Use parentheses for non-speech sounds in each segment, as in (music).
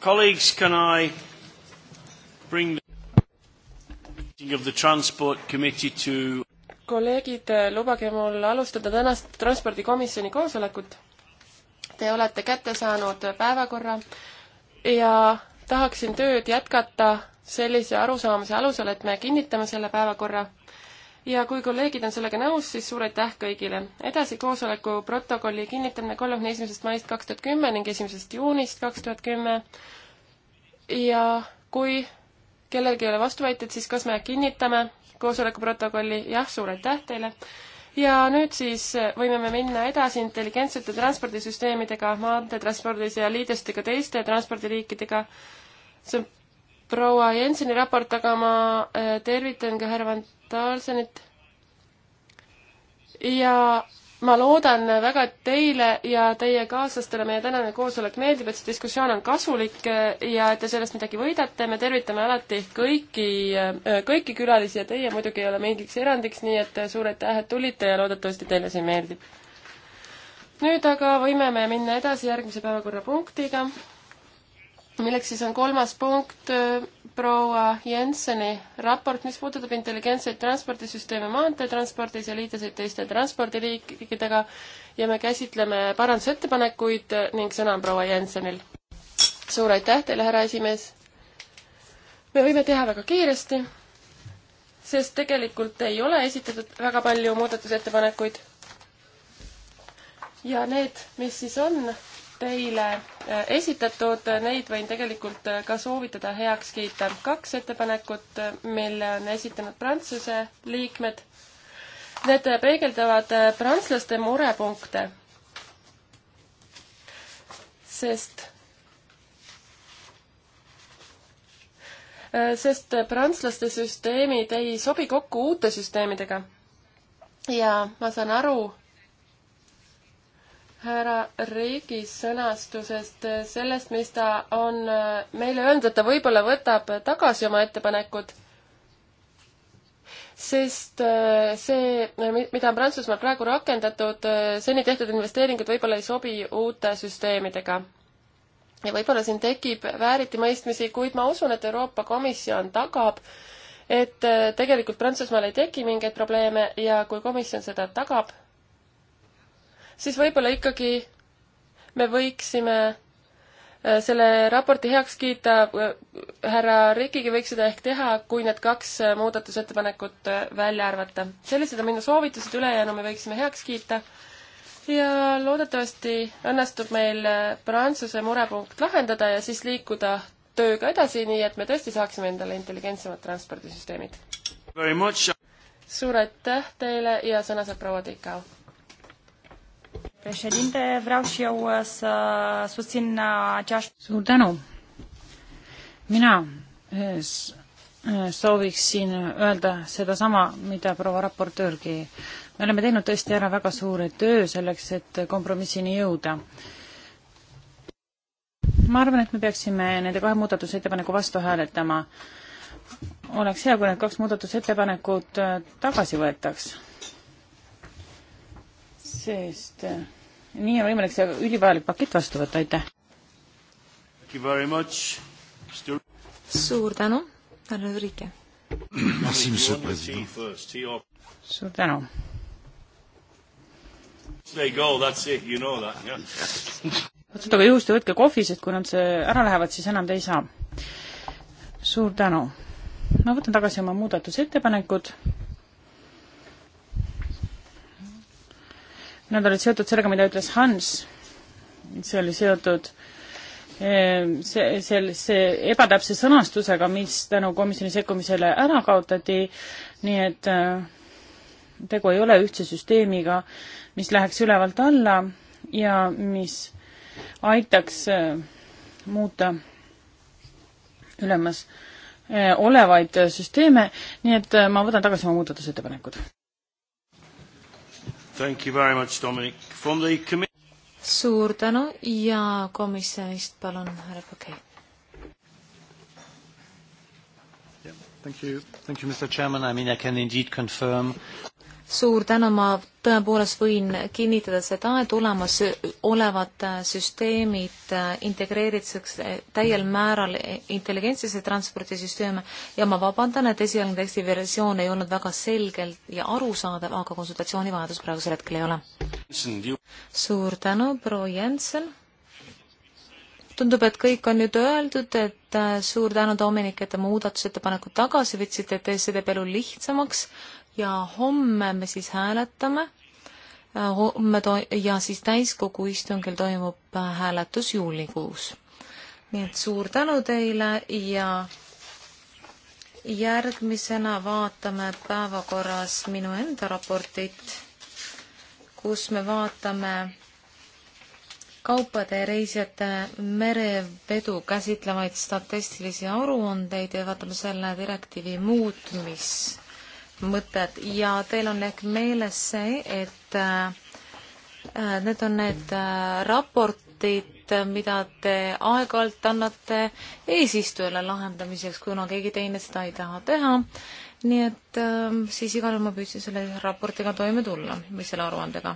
Colleagues, can I bring the meeting of the Transport Committee to kolleegid, lubage mul alustada tänast Transpordikomisjoni koosolekut. Te olete kätte saanud päevakorra ja tahaksin tööd jätkata sellise arusaamise alusel, et me kinnitame selle päevakorra ja kui kolleegid on sellega nõus, siis suur aitäh kõigile. edasi koosoleku protokolli kinnitamine kolmekümne esimesest maist kaks tuhat kümme ning esimesest juunist kaks tuhat kümme. ja kui kellelgi ei ole vastuväiteid, siis kas me kinnitame koosoleku protokolli? jah, suur aitäh teile. ja nüüd siis võime me minna edasi intelligentsete transpordisüsteemidega, maanteetranspordis ja liidestega teiste transpordiliikidega. see on proua Jenseni raport, aga ma äh, tervitan ka härra Van Dalsenit. ja ma loodan väga, et teile ja teie kaaslastele meie tänane koosolek meeldib, et see diskussioon on kasulik äh, ja et te sellest midagi võidate. me tervitame alati kõiki, äh, kõiki külalisi ja teie muidugi ei ole mingiks erandiks, nii et suur aitäh, et tulite ja loodetavasti teile see meeldib. nüüd aga võime me minna edasi järgmise päevakorrapunktiga milleks siis on kolmas punkt proua Jenseni raport, mis puudutab intelligentseid transpordisüsteeme maanteetranspordis ja liitlaseid teiste transpordiliikidega ja me käsitleme parandusettepanekuid ning sõna on proua Jensenil. suur aitäh teile, härra esimees! me võime teha väga kiiresti, sest tegelikult ei ole esitatud väga palju muudatusettepanekuid. ja need, mis siis on, teile äh, esitatud, neid võin tegelikult äh, ka soovitada heaks kiita. kaks ettepanekut, äh, mille on esitanud Prantsuse liikmed. Need peegeldavad prantslaste murepunkte, sest sest prantslaste süsteemid ei sobi kokku uute süsteemidega. ja ma saan aru, härra Riigis sõnastusest, sellest, mis ta on äh, meile öelnud, et ta võib-olla võtab tagasi oma ettepanekud, sest äh, see, äh, mida on Prantsusmaal praegu rakendatud, seni tehtud investeeringud võib-olla ei sobi uute süsteemidega. ja võib-olla siin tekib vääritimõistmisi, kuid ma usun, et Euroopa Komisjon tagab, et tegelikult Prantsusmaal ei teki mingeid probleeme ja kui komisjon seda tagab, siis võib-olla ikkagi me võiksime äh, selle raporti heaks kiita, äh, härra Rikkigi võiks seda ehk teha, kui need kaks äh, muudatusettepanekut välja arvata. sellised on minu soovitused, ülejäänu me võiksime heaks kiita ja loodetavasti õnnestub meil Prantsuse murepunkt lahendada ja siis liikuda tööga edasi, nii et me tõesti saaksime endale intelligentsemad transpordisüsteemid. suur aitäh teile ja sõna saab proua Tikau președinte, vreau și eu uh, să susțin uh, aceeași... suur tänu! mina eh, eh, sooviksin öelda sedasama, mida proua raportöörgi. me oleme teinud tõesti ära väga suure töö selleks, et kompromissini jõuda. ma arvan, et me peaksime nende kahe muudatusettepaneku vastu hääletama. oleks hea, kui need kaks muudatusettepanekut eh, tagasi võetaks sest nii on võimalik see ülivajalik pakett vastu võtta, aitäh! suur tänu, härra Ulrike! (clears throat) suur tänu! otsustage juhust ja võtke kohvi, sest kui nad see ära lähevad, siis enam te ei saa. suur tänu! ma võtan tagasi oma muudatusettepanekud Nad olid seotud sellega, mida ütles Hans. see oli seotud eh, see, sellise ebatäpse sõnastusega, mis tänu komisjoni sekkumisele ära kaotati, nii et eh, tegu ei ole ühtse süsteemiga, mis läheks ülevalt alla ja mis aitaks eh, muuta ülemas olevaid süsteeme, nii et ma võtan tagasi oma muudatusettepanekud. The... suur tänu ja komisjonist palun härra Pakei okay.. Thank you. Thank you, Mr. Chairman. I mean, I can indeed confirm suur tänu, ma tõepoolest võin kinnitada seda, et olemasolevad süsteemid integreeritakse täiel määral intelligentsesse transpordisüsteeme ja ma vabandan, et esialgne teksti versioon ei olnud väga selgelt ja arusaadav, aga konsultatsioonivajadus praegusel hetkel ei ole. suur tänu, proua Jensen. tundub, et kõik on nüüd öeldud, et suur tänu, Dominik, et te muudatusettepanekud tagasi võtsite, et teie seda elu lihtsamaks ja homme me siis hääletame äh, homme to- ja siis täiskogu istungil toimub äh, hääletus juulikuus. nii et suur tänu teile ja järgmisena vaatame päevakorras minu enda raportit, kus me vaatame kaupade ja reisijate merevedu käsitlevaid statistilisi aruandeid ja vaatame selle direktiivi muutmist mõtted ja teil on ehk meeles see, et äh, need on need äh, raportid, äh, mida te aeg-ajalt annate eesistujale lahendamiseks, kuna keegi teine seda ei taha teha. nii et siis igal juhul ma püüdsin selle raportiga toime tulla või selle aruandega.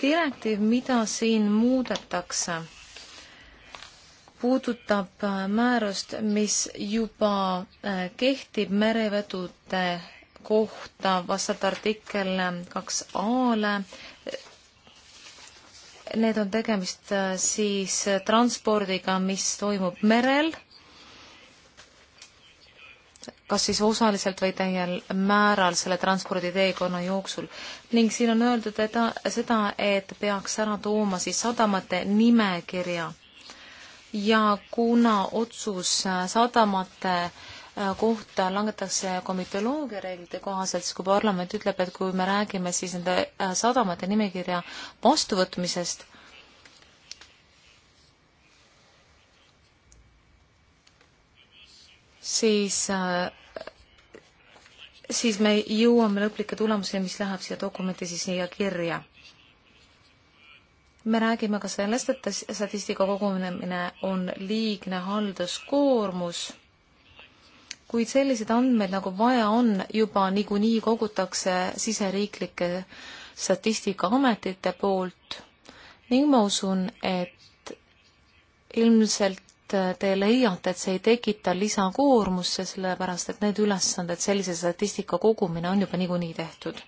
direktiiv, mida siin muudetakse, puudutab määrust, mis juba kehtib merevedude kohta vastavalt artikkel kaks A-le. Need on tegemist äh, siis transpordiga, mis toimub merel, kas siis osaliselt või täiel määral selle transporditeekonna jooksul. ning siin on öeldud seda, seda, et peaks ära tooma siis sadamate nimekirja ja kuna otsus äh, sadamate äh, Äh, kohta langetatakse komitoloogia reeglite kohaselt, siis kui parlament ütleb, et kui me räägime siis nende äh, sadamate nimekirja vastuvõtmisest, siis äh, siis me jõuame lõplike tulemuseni, mis läheb siia dokumenti siis siia kirja. me räägime ka sellest, et statistika kogumine on liigne halduskoormus kuid selliseid andmeid, nagu vaja on, juba niikuinii kogutakse siseriiklike statistikaametite poolt ning ma usun, et ilmselt te leiate, et see ei tekita lisakoormusse, sellepärast et need ülesanded, sellise statistika kogumine on juba niikuinii tehtud.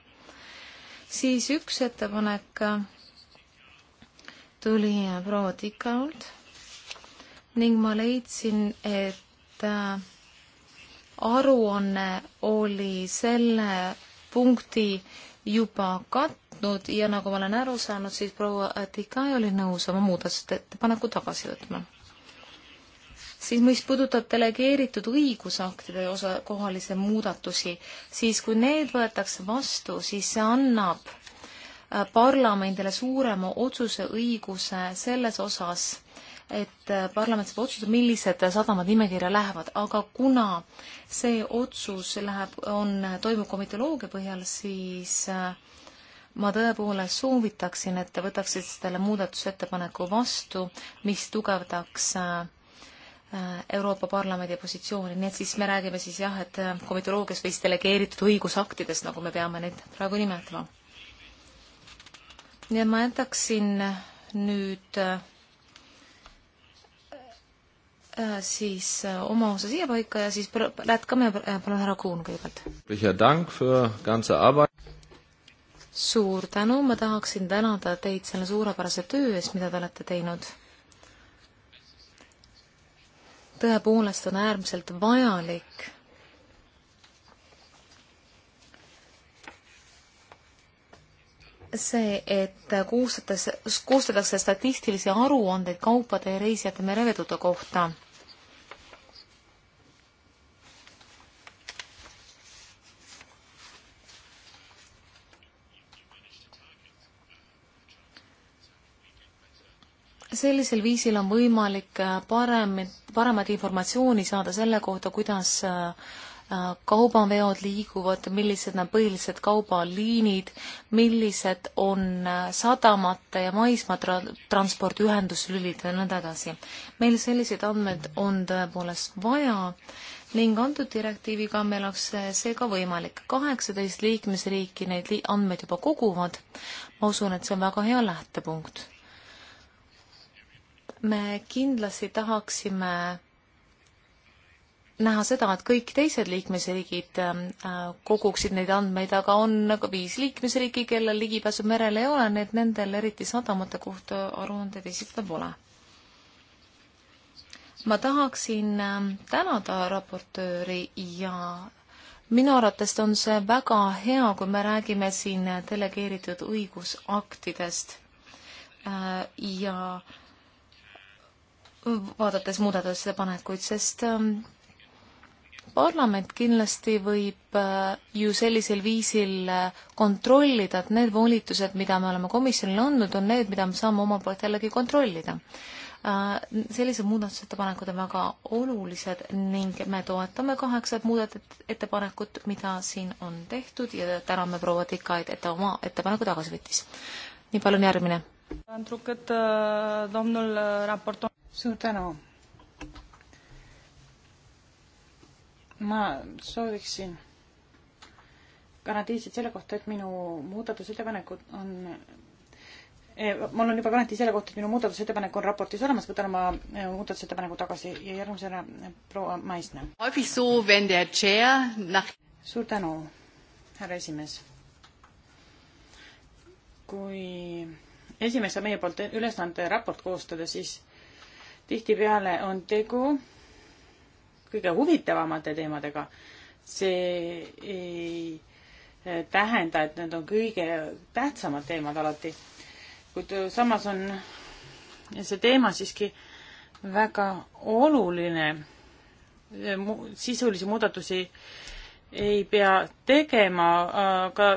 siis üks ettepanek tuli proua Tikault ning ma leidsin, et äh, aruanne oli selle punkti juba katnud ja nagu ma olen aru saanud, siis proua Tikai oli nõus oma muudatusettepaneku tagasi võtma. siis mis puudutab delegeeritud õigusaktide osa kohalisi muudatusi, siis kui need võetakse vastu, siis see annab äh, parlamendile suurema otsuseõiguse selles osas, et äh, parlament saab otsustada, millised sadamad nimekirja lähevad, aga kuna äh, see otsus läheb, on, toimub komitoloogia põhjal, siis äh, ma tõepoolest soovitaksin, et te võtaksite selle muudatusettepaneku vastu, mis tugevdaks äh, äh, Euroopa Parlamendi positsiooni, nii et siis me räägime siis jah, et komitoloogias või siis delegeeritud õigusaktidest, nagu me peame neid praegu nimetama. nii et ma jätaksin nüüd äh, Äh, siis äh, oma osa siia paika ja siis jätkame, äh, palun härra Kuhn kõigepealt. suur tänu, ma tahaksin tänada teid selle suurepärase töö eest, mida te olete teinud. tõepoolest on äärmiselt vajalik see, et koostatakse, koostatakse statistilisi aruandeid kaupade ja reisijate merevedude kohta sellisel viisil on võimalik äh, parem, paremat informatsiooni saada selle kohta, kuidas äh, äh, kaubaveod liiguvad, millised on põhilised kaubaliinid, millised on sadamate ja maismaatranspordi ühenduslülid ja nõnda edasi. meil selliseid andmeid on tõepoolest vaja ning antud direktiiviga meil oleks see ka võimalik. kaheksateist liikmesriiki neid andmeid juba koguvad. ma usun, et see on väga hea lähtepunkt me kindlasti tahaksime näha seda, et kõik teised liikmesriigid ähm, äh, koguksid neid andmeid, aga on ka nagu viis liikmesriiki, kellel ligipääsu merele ei ole, nii et nendel eriti sadamate kohta aruandeid esitada pole. ma tahaksin ähm, tänada raportööri ja minu arvates on see väga hea, kui me räägime siin delegeeritud õigusaktidest äh, ja äh, vaadates muudatusettepanekuid, sest ähm, parlament kindlasti võib äh, ju sellisel viisil äh, kontrollida, et need volitused, mida me oleme komisjonile andnud, on need, mida me saame omalt poolt jällegi kontrollida. Äh, sellised muudatusettepanekud on väga olulised ning me toetame kaheksat muudetud ettepanekut, mida siin on tehtud ja täname proua Tikaid, et ta oma ettepaneku tagasi võttis. nii, palun järgmine suur tänu. ma sooviksin garantiisid selle kohta, et minu muudatusettepanekud on e, mul on juba garantii selle kohta, et minu muudatusettepanek on raportis olemas, võtan oma e, muudatusettepaneku tagasi ja järgmisena proua Maisna. suur tänu, härra esimees. kui esimees on meie poolt ülesande raport koostada, siis tihtipeale on tegu kõige huvitavamate teemadega. see ei eh, tähenda, et need on kõige tähtsamad teemad alati, kuid eh, samas on see teema siiski väga oluline. Eh, sisulisi muudatusi ei pea tegema, aga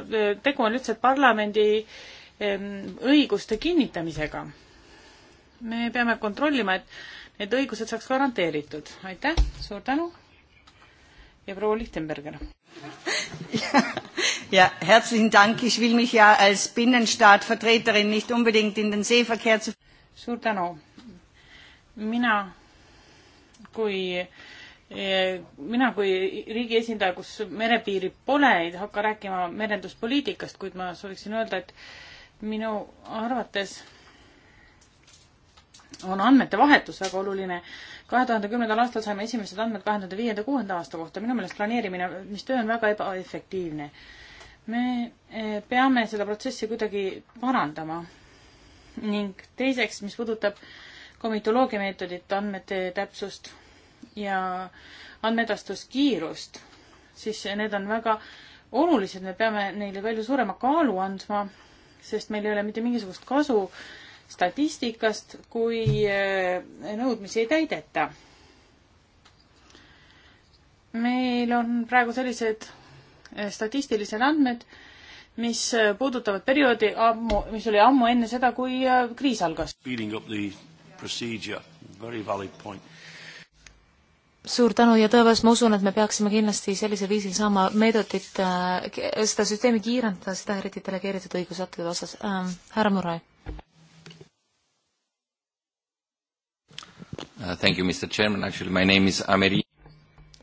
tegu on lihtsalt parlamendi õiguste kinnitamisega me peame kontrollima, et need õigused saaks garanteeritud. aitäh, suur tänu ja proua Lichtenberger. (laughs) Ja, herzlichen Dank. Ich will mich ja als Binnenstaatvertreterin nicht unbedingt in den Seeverkehr zu. Suur tänu. Mina kui, eh, mina kui riigi esindaja, kus merepiiri pole, ei hakka rääkima merenduspoliitikast, kuid ma sooviksin öelda, et minu arvates on andmete vahetus väga oluline. kahe tuhande kümnendal aastal saime esimesed andmed kahe tuhande viienda, kuuenda aasta kohta. minu meelest planeerimine, mis töö on väga ebaefektiivne. me eh, peame seda protsessi kuidagi parandama. ning teiseks, mis puudutab komitoloogia meetodit, andmete täpsust ja andmeedastuskiirust, siis need on väga olulised, me peame neile palju suurema kaalu andma, sest meil ei ole mitte mingisugust kasu äh, statistikast, kui eh, nõudmisi ei täideta. meil on praegu sellised eh, statistilised andmed, mis eh, puudutavad perioodi ammu, mis oli ammu enne seda, kui kriis algas. suur tänu ja tõepoolest ma usun, et me peaksime kindlasti sellisel viisil saama meetodit, seda süsteemi kiirendada, seda eriti delegeeritud õigusaktide osas ähm,. härra Murray uh,. Thank you, Mr Chairman, actually my name is Ameri.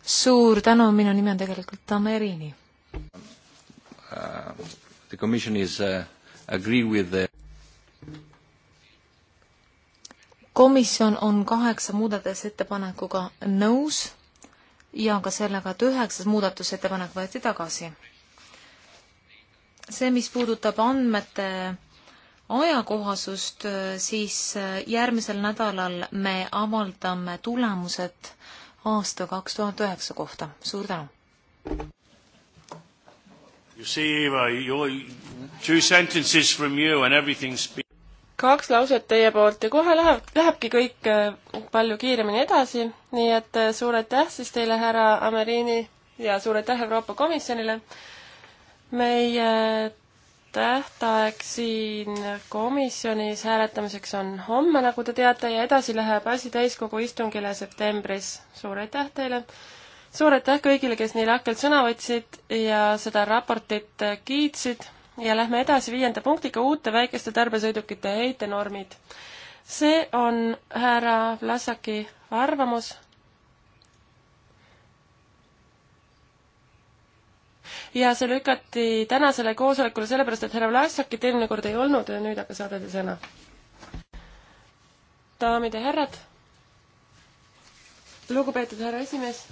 suur tänu, minu nimi on tegelikult Amerini uh,. The commission is uh, agree with the komisjon on kaheksa muudatusettepanekuga nõus ja ka sellega, et üheksas muudatusettepanek võeti tagasi. see, mis puudutab andmete ajakohasust, siis äh, järgmisel nädalal me avaldame tulemused aasta kaks tuhat üheksa kohta. suur tänu! kaks lauset teie poolt ja kohe läheb, lähebki kõik äh, palju kiiremini edasi, nii et äh, suur aitäh siis teile, härra Amerini, ja suur aitäh Euroopa Komisjonile. meie tähtaeg siin komisjonis hääletamiseks on homme, nagu te teate, ja edasi läheb asi täiskogu istungile septembris. suur aitäh teile! suur aitäh kõigile, kes nii lahkelt sõna võtsid ja seda raportit kiitsid ja lähme edasi viienda punktiga uute väikeste tarbesõidukite heitenormid. see on härra Vlasaki arvamus ja see lükati tänasele koosolekule sellepärast, et härra Vlasakit eelmine kord ei olnud ja nüüd aga saate te sõna. daamid ja härrad, lugupeetud härra esimees,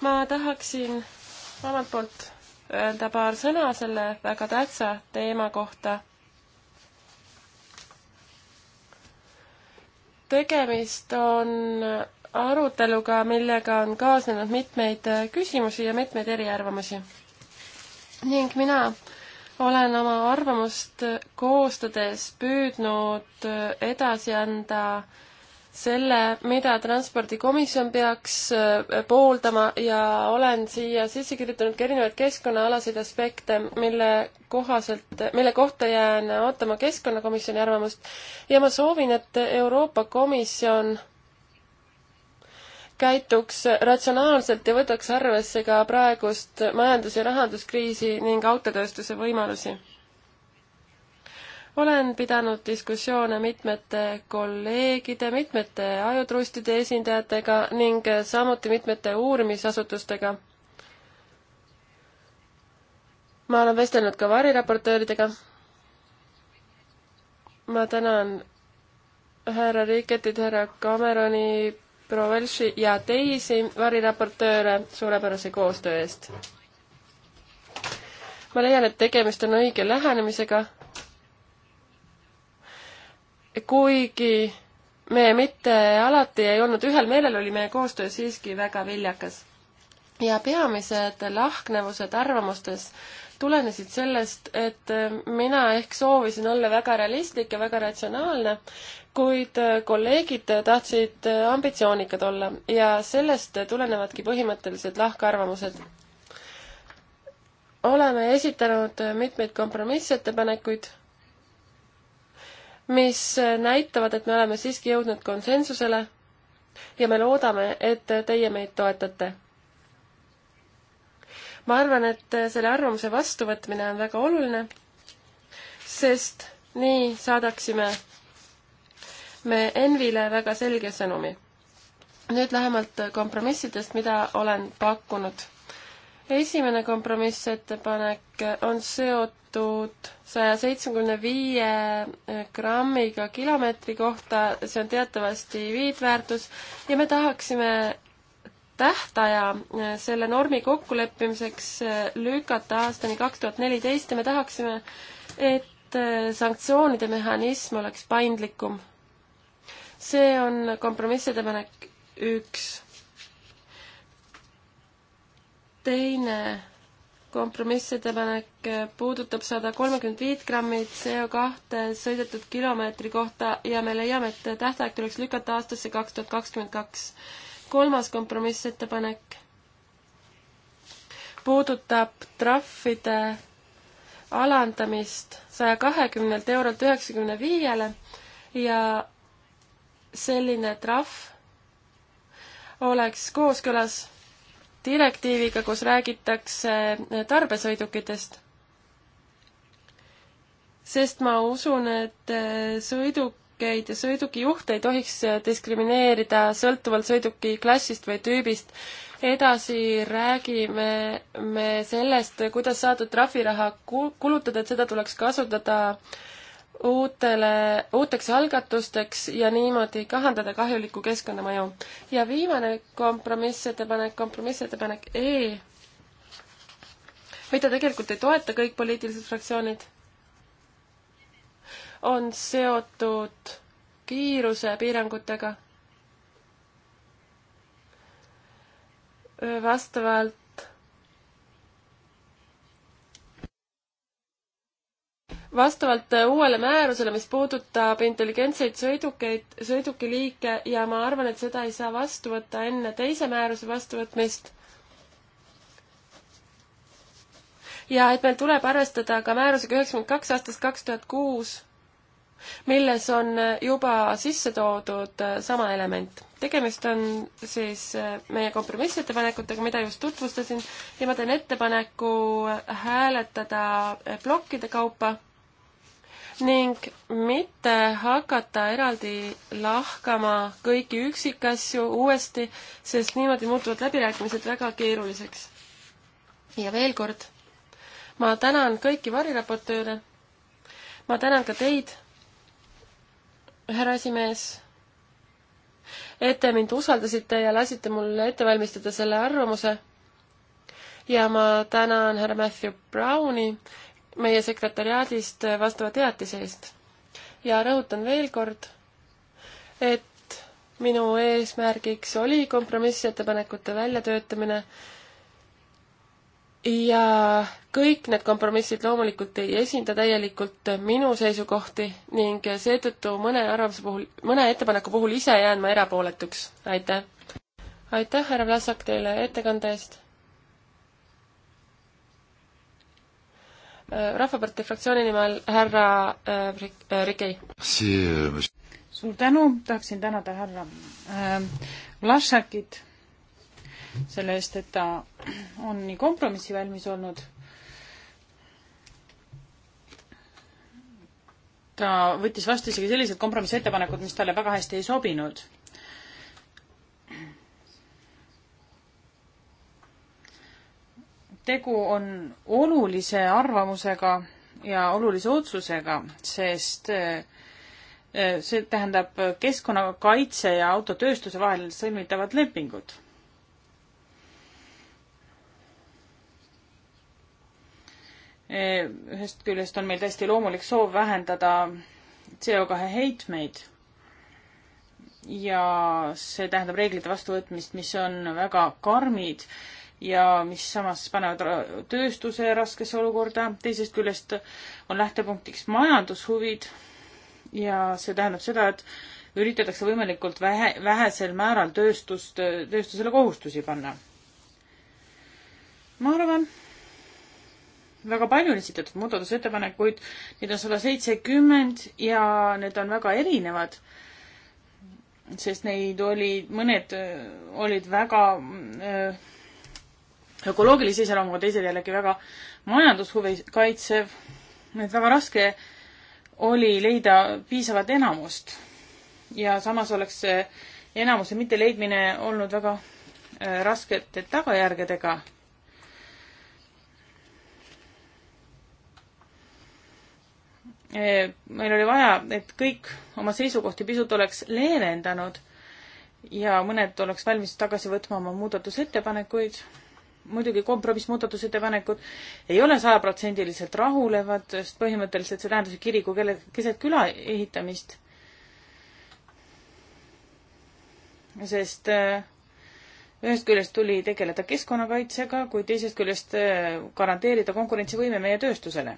ma tahaksin omalt poolt öelda paar sõna selle väga tähtsa teema kohta. tegemist on aruteluga, millega on kaasnenud mitmeid küsimusi ja mitmeid eriarvamusi ning mina olen oma arvamust koostades püüdnud edasi anda selle, mida Transpordikomisjon peaks pooldama ja olen siia sisse kirjutanud ka erinevaid keskkonnaalaseid aspekte, mille kohaselt, mille kohta jään ootama Keskkonnakomisjoni arvamust ja ma soovin, et Euroopa Komisjon käituks ratsionaalselt ja võtaks arvesse ka praegust majandus- ja rahanduskriisi ning autotööstuse võimalusi. olen pidanud diskussioone mitmete kolleegide, mitmete ajutrustide esindajatega ning samuti mitmete uurimisasutustega. ma olen vestelnud ka variraportööridega. ma tänan härra Riketit, härra Cameroni proua Velši ja teisi variraportööre suurepärase koostöö eest. ma leian, et tegemist on õige lähenemisega, kuigi me mitte alati ei olnud ühel meelel, oli meie koostöö siiski väga viljakas. ja peamised lahknevused arvamustes tulenesid sellest, et äh, mina ehk soovisin olla väga realistlik ja väga ratsionaalne, kuid äh, kolleegid tahtsid äh, ambitsioonikad olla ja sellest tulenevadki põhimõttelised lahkarvamused. oleme esitanud mitmeid kompromissettepanekuid, mis näitavad, et me oleme siiski jõudnud konsensusele ja me loodame, et teie meid toetate ma arvan, et äh, selle arvamuse vastuvõtmine on väga oluline, sest nii saadaksime me Envile väga selge sõnumi. nüüd lähemalt äh, kompromissidest, mida olen pakkunud. esimene kompromissettepanek äh, on seotud saja seitsmekümne viie grammiga kilomeetri kohta, see on teatavasti viidväärtus ja me tahaksime tähtaja äh, selle normi kokkuleppimiseks äh, lükata aastani kaks tuhat neliteist ja me tahaksime, et äh, sanktsioonide mehhanism oleks paindlikum. see on kompromissettepanek üks. teine kompromissettepanek puudutab sada kolmekümmend viit grammi CO kahte sõidetud kilomeetri kohta ja me leiame, et tähtaeg tuleks lükata aastasse kaks tuhat kakskümmend kaks kolmas kompromissettepanek puudutab trahvide alandamist saja kahekümnelt eurolt üheksakümne viiele ja selline trahv oleks kooskõlas direktiiviga, kus räägitakse tarbesõidukitest. sest ma usun, et sõiduk sõidukeid ja sõidukijuhte ei tohiks diskrimineerida sõltuvalt sõiduki klassist või tüübist. edasi räägime me sellest, kuidas saadud trahviraha kulutada, et seda tuleks kasutada uutele, uuteks algatusteks ja niimoodi kahandada kahjulikku keskkonnamõju. ja viimane kompromissettepanek, kompromissettepanek E, mida tegelikult ei toeta kõik poliitilised fraktsioonid on seotud kiiruse piirangutega. vastavalt, vastavalt uuele määrusele, mis puudutab intelligentseid sõidukeid, sõidukiliike ja ma arvan, et seda ei saa vastu võtta enne teise määruse vastuvõtmist ja et meil tuleb arvestada ka määrusega üheksakümmend kaks aastast kaks tuhat kuus, milles on juba sisse toodud sama element. tegemist on siis äh, meie kompromissettepanekutega, mida just tutvustasin ja ma teen ettepaneku hääletada äh, plokkide kaupa ning mitte hakata eraldi lahkama kõiki üksikasju uuesti, sest niimoodi muutuvad läbirääkimised väga keeruliseks. ja veel kord, ma tänan kõiki variraportööre, ma tänan ka teid härra esimees, et te mind usaldasite ja lasite mul ette valmistada selle arvamuse. ja ma tänan härra Matthew Browni meie sekretäriaadist vastava teatise eest. ja rõhutan veel kord, et minu eesmärgiks oli kompromissettepanekute väljatöötamine ja kõik need kompromissid loomulikult ei esinda täielikult minu seisukohti ning seetõttu mõne arvamuse puhul, mõne ettepaneku puhul ise jään ma erapooletuks. aitäh! aitäh, härra Vlasak, teile ettekande eest! Äh, rahvapartei fraktsiooni nimel härra äh, Rik-, äh, Rikei. Äh, suur tänu, tahaksin tänada härra äh, Vlasakit selle eest, et ta on nii kompromissi valmis olnud. ta võttis vastu isegi sellised kompromissettepanekud, mis talle väga hästi ei sobinud. tegu on olulise arvamusega ja olulise otsusega, sest eh, eh, see tähendab keskkonnakaitse ja autotööstuse vahel sõlmitavad lepingud Eh, ühest küljest on meil täiesti loomulik soov vähendada CO2 heitmeid ja see tähendab reeglite vastuvõtmist, mis on väga karmid ja mis samas panevad tööstuse raskesse olukorda, teisest küljest on lähtepunktiks majandushuvid ja see tähendab seda, et üritatakse võimalikult vähe, vähesel määral tööstust, tööstusele kohustusi panna. ma arvan, väga palju on esitatud muudatusettepanekuid, neid on sada seitsekümmend ja need on väga erinevad, sest neid oli, mõned äh, olid väga äh, ökoloogilise iseloomuga, teised jällegi väga majandushuvi kaitsev, et väga raske oli leida piisavat enamust. ja samas oleks see enamuse mitteleidmine olnud väga äh, raskete tagajärgedega Eh, meil oli vaja, et kõik oma seisukohti pisut oleks leevendanud ja mõned oleks valmis tagasi võtma oma muudatusettepanekuid. muidugi kompromissmuudatusettepanekud ei ole sajaprotsendiliselt rahulevad, sest põhimõtteliselt see tähendas kiriku kelle, keset küla ehitamist. sest eh, ühest küljest tuli tegeleda keskkonnakaitsega, kuid teisest küljest eh, garanteerida konkurentsivõime meie tööstusele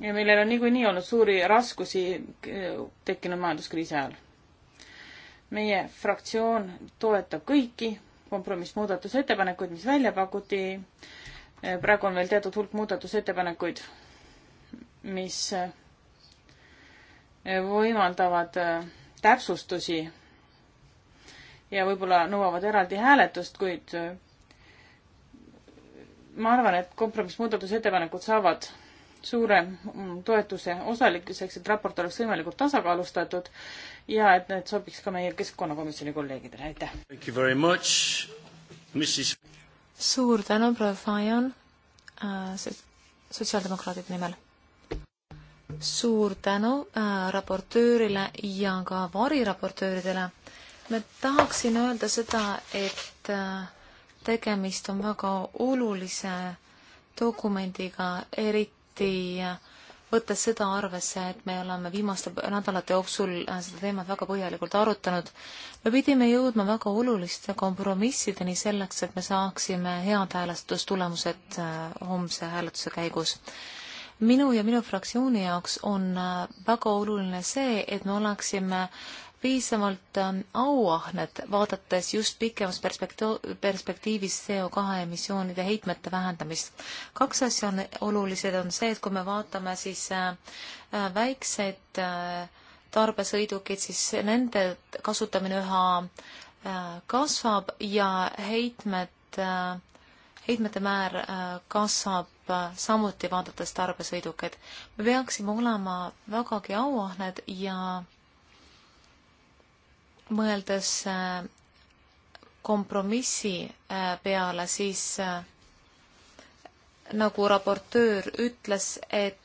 ja millel on niikuinii olnud suuri raskusi eh, tekkinud majanduskriisi ajal. meie fraktsioon toetab kõiki kompromissmuudatusettepanekuid, mis välja pakuti. Eh, praegu on veel teatud hulk muudatusettepanekuid, mis eh, võimaldavad täpsustusi ja võib-olla nõuavad eraldi hääletust, kuid ma arvan, et kompromissmuudatusettepanekud saavad suure mm, toetuse osaliseks, et raport oleks võimalikult tasakaalustatud ja et need sobiks ka meie keskkonnakomisjoni kolleegidele, aitäh! suur tänu, proua Fajon äh,, sotsiaaldemokraadide nimel! suur tänu äh, raportöörile ja ka variraportööridele. ma tahaksin öelda seda, et äh, tegemist on väga olulise dokumendiga, eriti eriti võttes seda arvesse, et me oleme viimaste nädalate jooksul äh, seda teemat väga põhjalikult arutanud, me pidime jõudma väga oluliste kompromissideni selleks, et me saaksime head hääletustulemused äh, homse hääletuse käigus. minu ja minu fraktsiooni jaoks on äh, väga oluline see, et me oleksime äh, piisavalt ähm, auahned, vaadates just pikemas perspektiivis CO2 emissioonide heitmete vähendamist. kaks asja on olulised, on see, et kui me vaatame siis äh, äh, väikseid äh, tarbesõidukeid, siis nende kasutamine üha kasvab ja heitmed, heitmete määr kasvab samuti, vaadates tarbesõidukeid. me peaksime olema vägagi auahned ja mõeldes äh, kompromissi äh, peale, siis äh, nagu raportöör ütles, et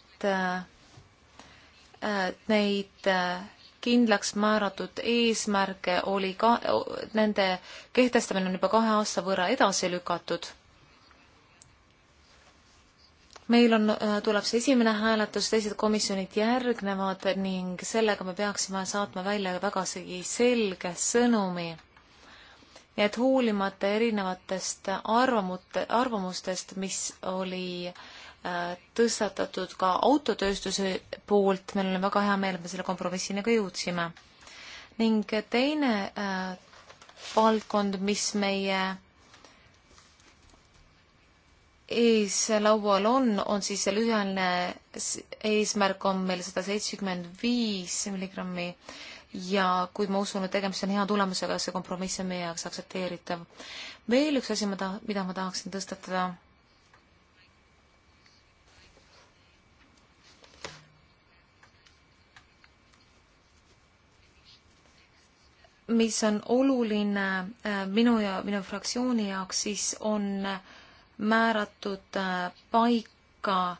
neid kindlaks määratud eesmärke oli ka, nende kehtestamine on juba kahe aasta võrra edasi lükatud meil on, äh, tuleb see esimene hääletus, teised komisjonid järgnevad ning sellega me peaksime saatma välja vägasegi selge sõnumi. nii et hoolimata erinevatest arvamute, arvamustest, mis oli äh, tõstatatud ka autotööstuse poolt, meil on väga hea meel, et me selle kompromissini ka jõudsime. ning teine äh, valdkond, mis meie ees laual on, on siis see lühiajaline eesmärk on meil sada seitsekümmend viis milligrammi ja kui ma usun, et tegemist on hea tulemusega, see kompromiss on meie jaoks aktsepteeritav. veel üks asi, ma taha, mida ma tahaksin tõstatada. mis on oluline äh, minu ja minu fraktsiooni jaoks, siis on äh, määratud äh, paika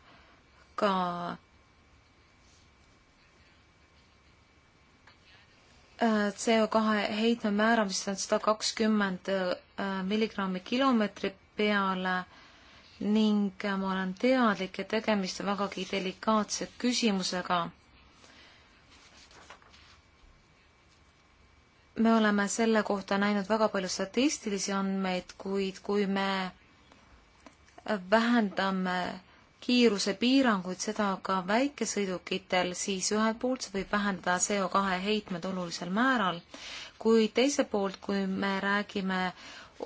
ka CO2 heitme määra, mis on sada kakskümmend äh, milligrammi kilomeetri peale ning äh, ma olen teadlik, et tegemist on vägagi delikaatse küsimusega. me oleme selle kohta näinud väga palju statistilisi andmeid, kuid kui me vähendame kiirusepiiranguid, seda ka väikesõidukitel, siis ühelt poolt see võib vähendada CO2 heitmed olulisel määral, kuid teiselt poolt, kui me räägime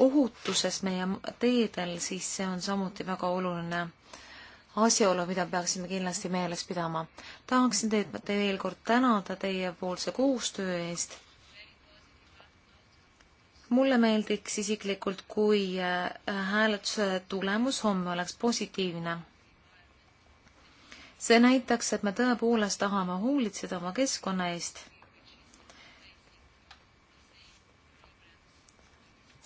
ohutusest meie teedel, siis see on samuti väga oluline asjaolu, mida peaksime kindlasti meeles pidama. tahaksin teid, teid veel kord tänada teiepoolse koostöö eest mulle meeldiks isiklikult, kui äh, hääletuse tulemus homme oleks positiivne. see näitaks, et me tõepoolest tahame hoolitseda oma keskkonna eest.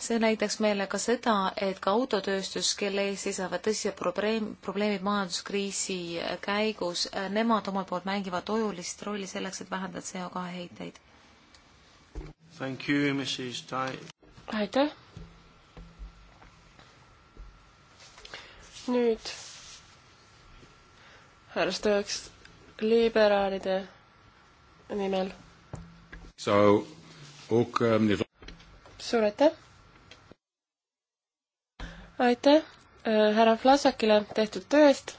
see näitaks meile ka seda, et ka autotööstus, kelle ees seisavad tõsised probleem, probleemid majanduskriisi käigus, äh, nemad omalt poolt mängivad olulist rolli selleks, et vähendada CO2 heiteid Thank you, Mrs. Tai. aitäh. nüüd härra Stõõks liberaalide nimel. So, ook meneer um... Suur aitäh! aitäh äh, härra Vlasakile tehtud töö eest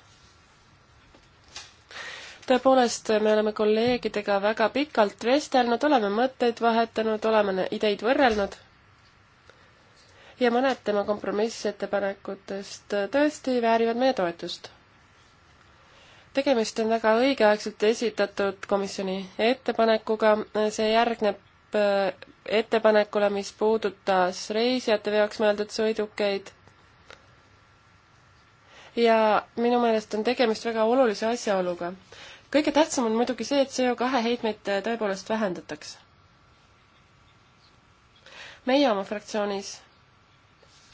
tõepoolest, me oleme kolleegidega väga pikalt vestelnud, oleme mõtteid vahetanud, oleme ideid võrrelnud ja mõned tema kompromissettepanekutest tõesti väärivad meie toetust. tegemist on väga õigeaegselt esitatud komisjoni ettepanekuga, see järgneb äh, ettepanekule, mis puudutas reisijate veoks mõeldud sõidukeid ja minu meelest on tegemist väga olulise asjaoluga kõige tähtsam on muidugi see, et CO2 heitmeid äh, tõepoolest vähendataks. meie oma fraktsioonis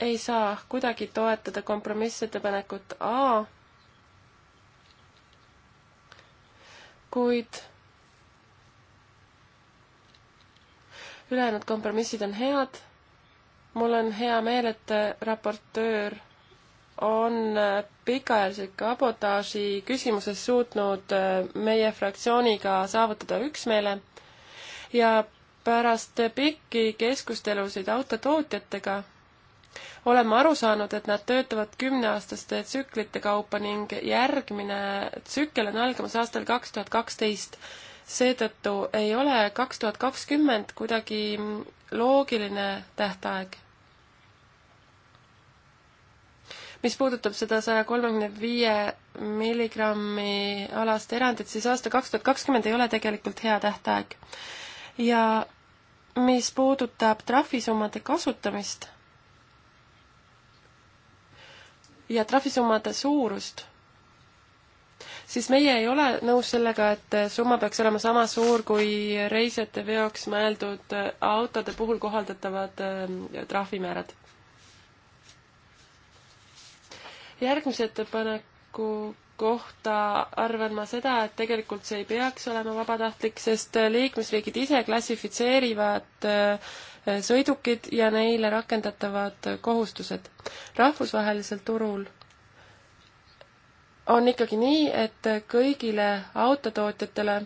ei saa kuidagi toetada kompromissettepanekut A, kuid ülejäänud kompromissid on head. mul on hea meel, et äh, raportöör on äh, pikaajalise kabotaaži küsimuses suutnud äh, meie fraktsiooniga saavutada üksmeele ja pärast pikki keskustelusid autotootjatega oleme aru saanud, et nad töötavad kümneaastaste tsüklite kaupa ning järgmine tsükkel on algamas aastal kaks tuhat kaksteist seetõttu ei ole kaks tuhat kakskümmend kuidagi loogiline tähtaeg. mis puudutab seda saja kolmekümne viie milligrammi alast erandit, siis aasta kaks tuhat kakskümmend ei ole tegelikult hea tähtaeg. ja mis puudutab trahvisummade kasutamist ja trahvisummade suurust, siis meie ei ole nõus sellega, et summa peaks olema sama suur kui reisijate veoks mõeldud autode puhul kohaldatavad äh, trahvimäärad järgmise ettepaneku kohta arvan ma seda, et tegelikult see ei peaks olema vabatahtlik, sest liikmesriigid ise klassifitseerivad äh, sõidukid ja neile rakendatavad kohustused. rahvusvahelisel turul on ikkagi nii, et kõigile autotootjatele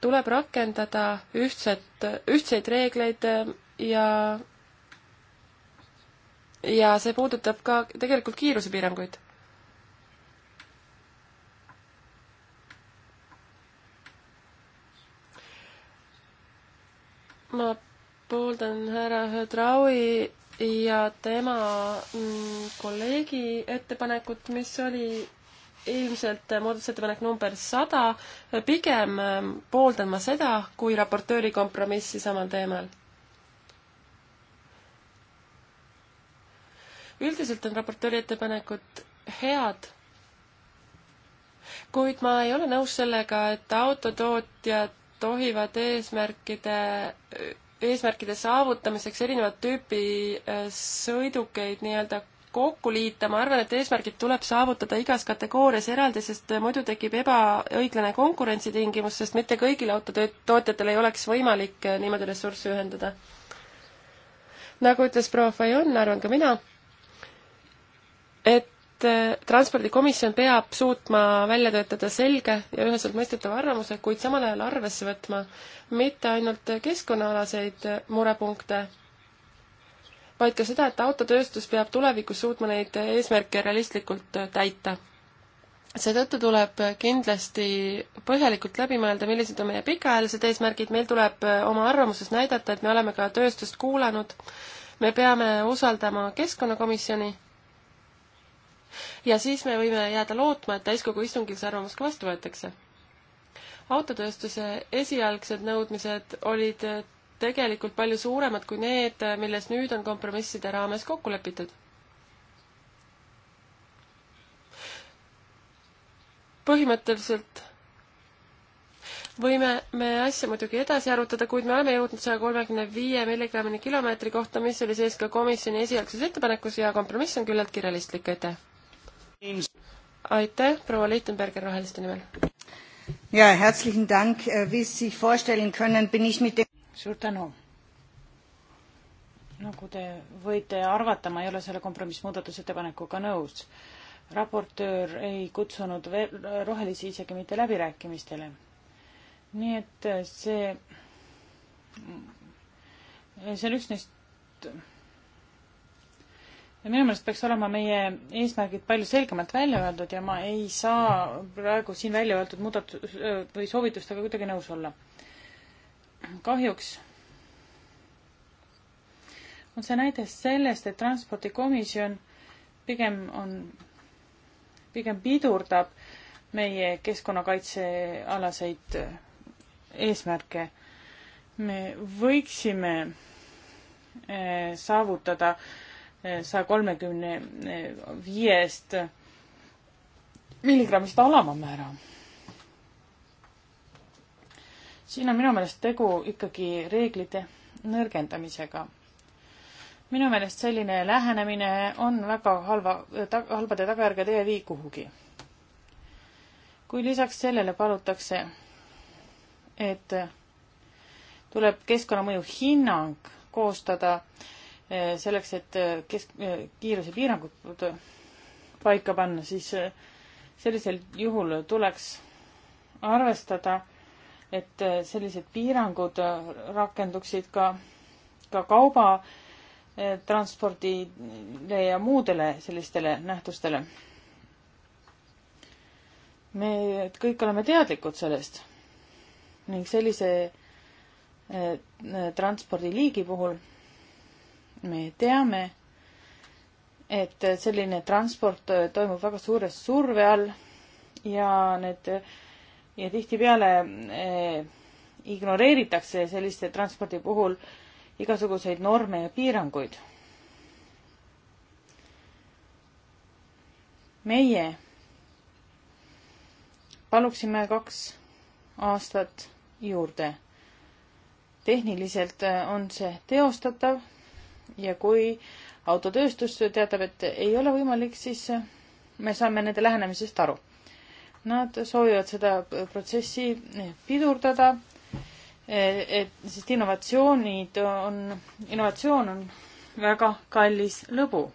tuleb rakendada ühtset, ühtseid reegleid äh, ja ja see puudutab ka tegelikult kiirusepiiranguid ma pooldan härra Hedraui ja tema mm, kolleegi ettepanekut, mis oli ilmselt muudatusettepanek number sada, pigem ähm, pooldan ma seda kui raportööri kompromissi samal teemal. üldiselt on raportööri ettepanekud head, kuid ma ei ole nõus sellega, et autotootjad tohivad eesmärkide, eesmärkide saavutamiseks erinevat tüüpi äh, sõidukeid nii-öelda kokku liita, ma arvan, et eesmärgid tuleb saavutada igas kategoorias eraldi, sest äh, muidu tekib ebaõiglane konkurentsitingimus, sest mitte kõigil autotootjatel ei oleks võimalik äh, niimoodi ressursse ühendada. nagu ütles proua Fajon, arvan ka mina, et Äh, transpordikomisjon peab suutma välja töötada selge ja üheselt mõistetava arvamuse, kuid samal ajal arvesse võtma mitte ainult keskkonnaalaseid äh, murepunkte, vaid ka seda, et autotööstus peab tulevikus suutma neid eesmärke realistlikult äh, täita. seetõttu tuleb kindlasti põhjalikult läbi mõelda, millised on meie pikaajalised eesmärgid, meil tuleb oma arvamuses näidata, et me oleme ka tööstust kuulanud, me peame usaldama Keskkonnakomisjoni ja siis me võime jääda lootma, et täiskogu istungil see arvamus ka vastu võetakse. autotööstuse esialgsed nõudmised olid tegelikult palju suuremad kui need, milles nüüd on kompromisside raames kokku lepitud. põhimõtteliselt võime me asja muidugi edasi arutada, kuid me oleme jõudnud saja kolmekümne viie milligrammini kilomeetri kohta, mis oli sees ka komisjoni esialgses ettepanekus ja kompromiss on küllaltki realistlik, aitäh! aitäh, proua Leitenberger Roheliste nimel. ja, herzlichen Dank, äh, wie Sie sich vorstellen können, bin ich mit suur tänu. nagu te võite arvata, ma ei ole selle kompromissmuudatusettepanekuga nõus. raportöör ei kutsunud rohelisi isegi mitte läbirääkimistele. nii et see, see on üks neist minu meelest peaks olema meie eesmärgid palju selgemalt välja öeldud ja ma ei saa praegu siin välja öeldud muudatus- või soovitustega kuidagi nõus olla. kahjuks on see näide sellest, et transpordikomisjon pigem on, pigem pidurdab meie keskkonnakaitsealaseid eesmärke. me võiksime eh, saavutada äh, saja kolmekümne viiest milligrammist alamamäära. siin on minu meelest tegu ikkagi reeglite nõrgendamisega. minu meelest selline lähenemine on väga halva ta,, halbade tagajärgedega ei vii kuhugi. kui lisaks sellele palutakse, et tuleb keskkonnamõju hinnang koostada äh, Eh, selleks, et eh, kesk, eh, kiirusepiirangud paika panna, siis sellisel juhul tuleks arvestada, et sellised piirangud rakenduksid ka, ka kaubatranspordile ja muudele sellistele nähtustele. me kõik oleme teadlikud sellest ning sellise transpordiliigi puhul me teame, et selline transport äh, toimub väga suure surve all ja need ja tihtipeale eh, ignoreeritakse selliste transpordi puhul igasuguseid norme ja piiranguid. meie paluksime kaks aastat juurde. tehniliselt äh, on see teostatav ja kui autotööstus teatab, et ei ole võimalik, siis me saame nende lähenemisest aru. Nad soovivad seda protsessi pidurdada, et sest innovatsioonid on, innovatsioon on väga kallis lõbu.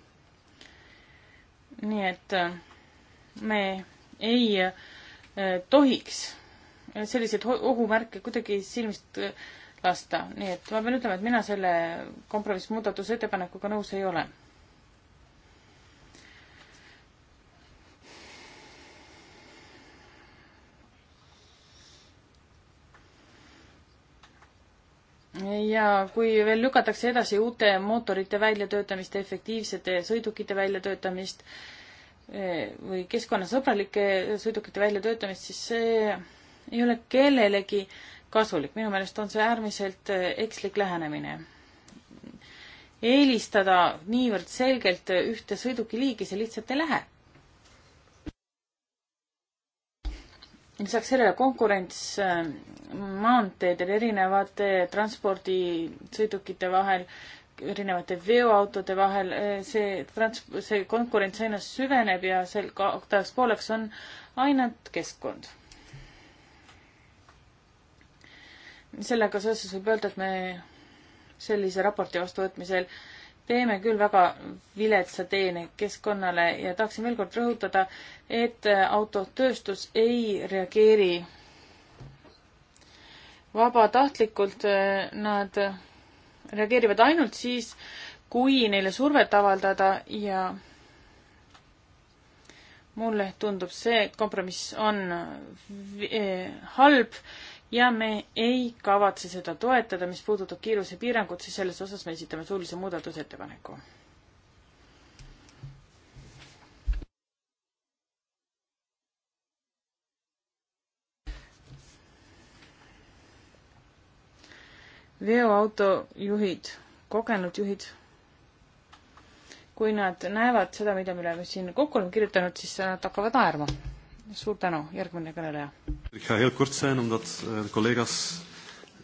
nii et me ei eh, tohiks selliseid ohumärke kuidagi silmist eh, lasta, nii et ma pean ütlema, et mina selle kompromissmuudatuse ettepanekuga nõus ei ole. ja kui veel lükatakse edasi uute mootorite väljatöötamist, efektiivsete sõidukite väljatöötamist e, või keskkonnasõbralike sõidukite väljatöötamist, siis see ei ole kellelegi äh, kasulik, minu meelest on see äärmiselt äh, ekslik lähenemine. eelistada niivõrd selgelt äh, ühte sõidukiliigi, see lihtsalt ei lähe. lisaks sellele konkurents äh, maanteedel erinevate transpordisõidukite vahel, erinevate veoautode vahel, see trans-, see konkurents aina süveneb ja seal ka-, tahaks pooleks on ainult keskkond sellega seoses võib öelda, et me sellise raporti vastuvõtmisel teeme küll väga viletsa teene keskkonnale ja tahaksin veel kord rõhutada, et autotööstus ei reageeri vabatahtlikult, nad reageerivad ainult siis, kui neile survet avaldada ja mulle tundub see kompromiss on eh, halb ja me ei kavatse seda toetada, mis puudutab kiirusepiirangut, siis selles osas me esitame suulise muudatusettepaneku. veoautojuhid, kogenud juhid, kui nad näevad seda, mida me oleme siin kokku oleme kirjutanud, siis nad hakkavad naerma suur tänu, järgmine kõneleja. Ik ga heel kort zijn omdat eh, de collega's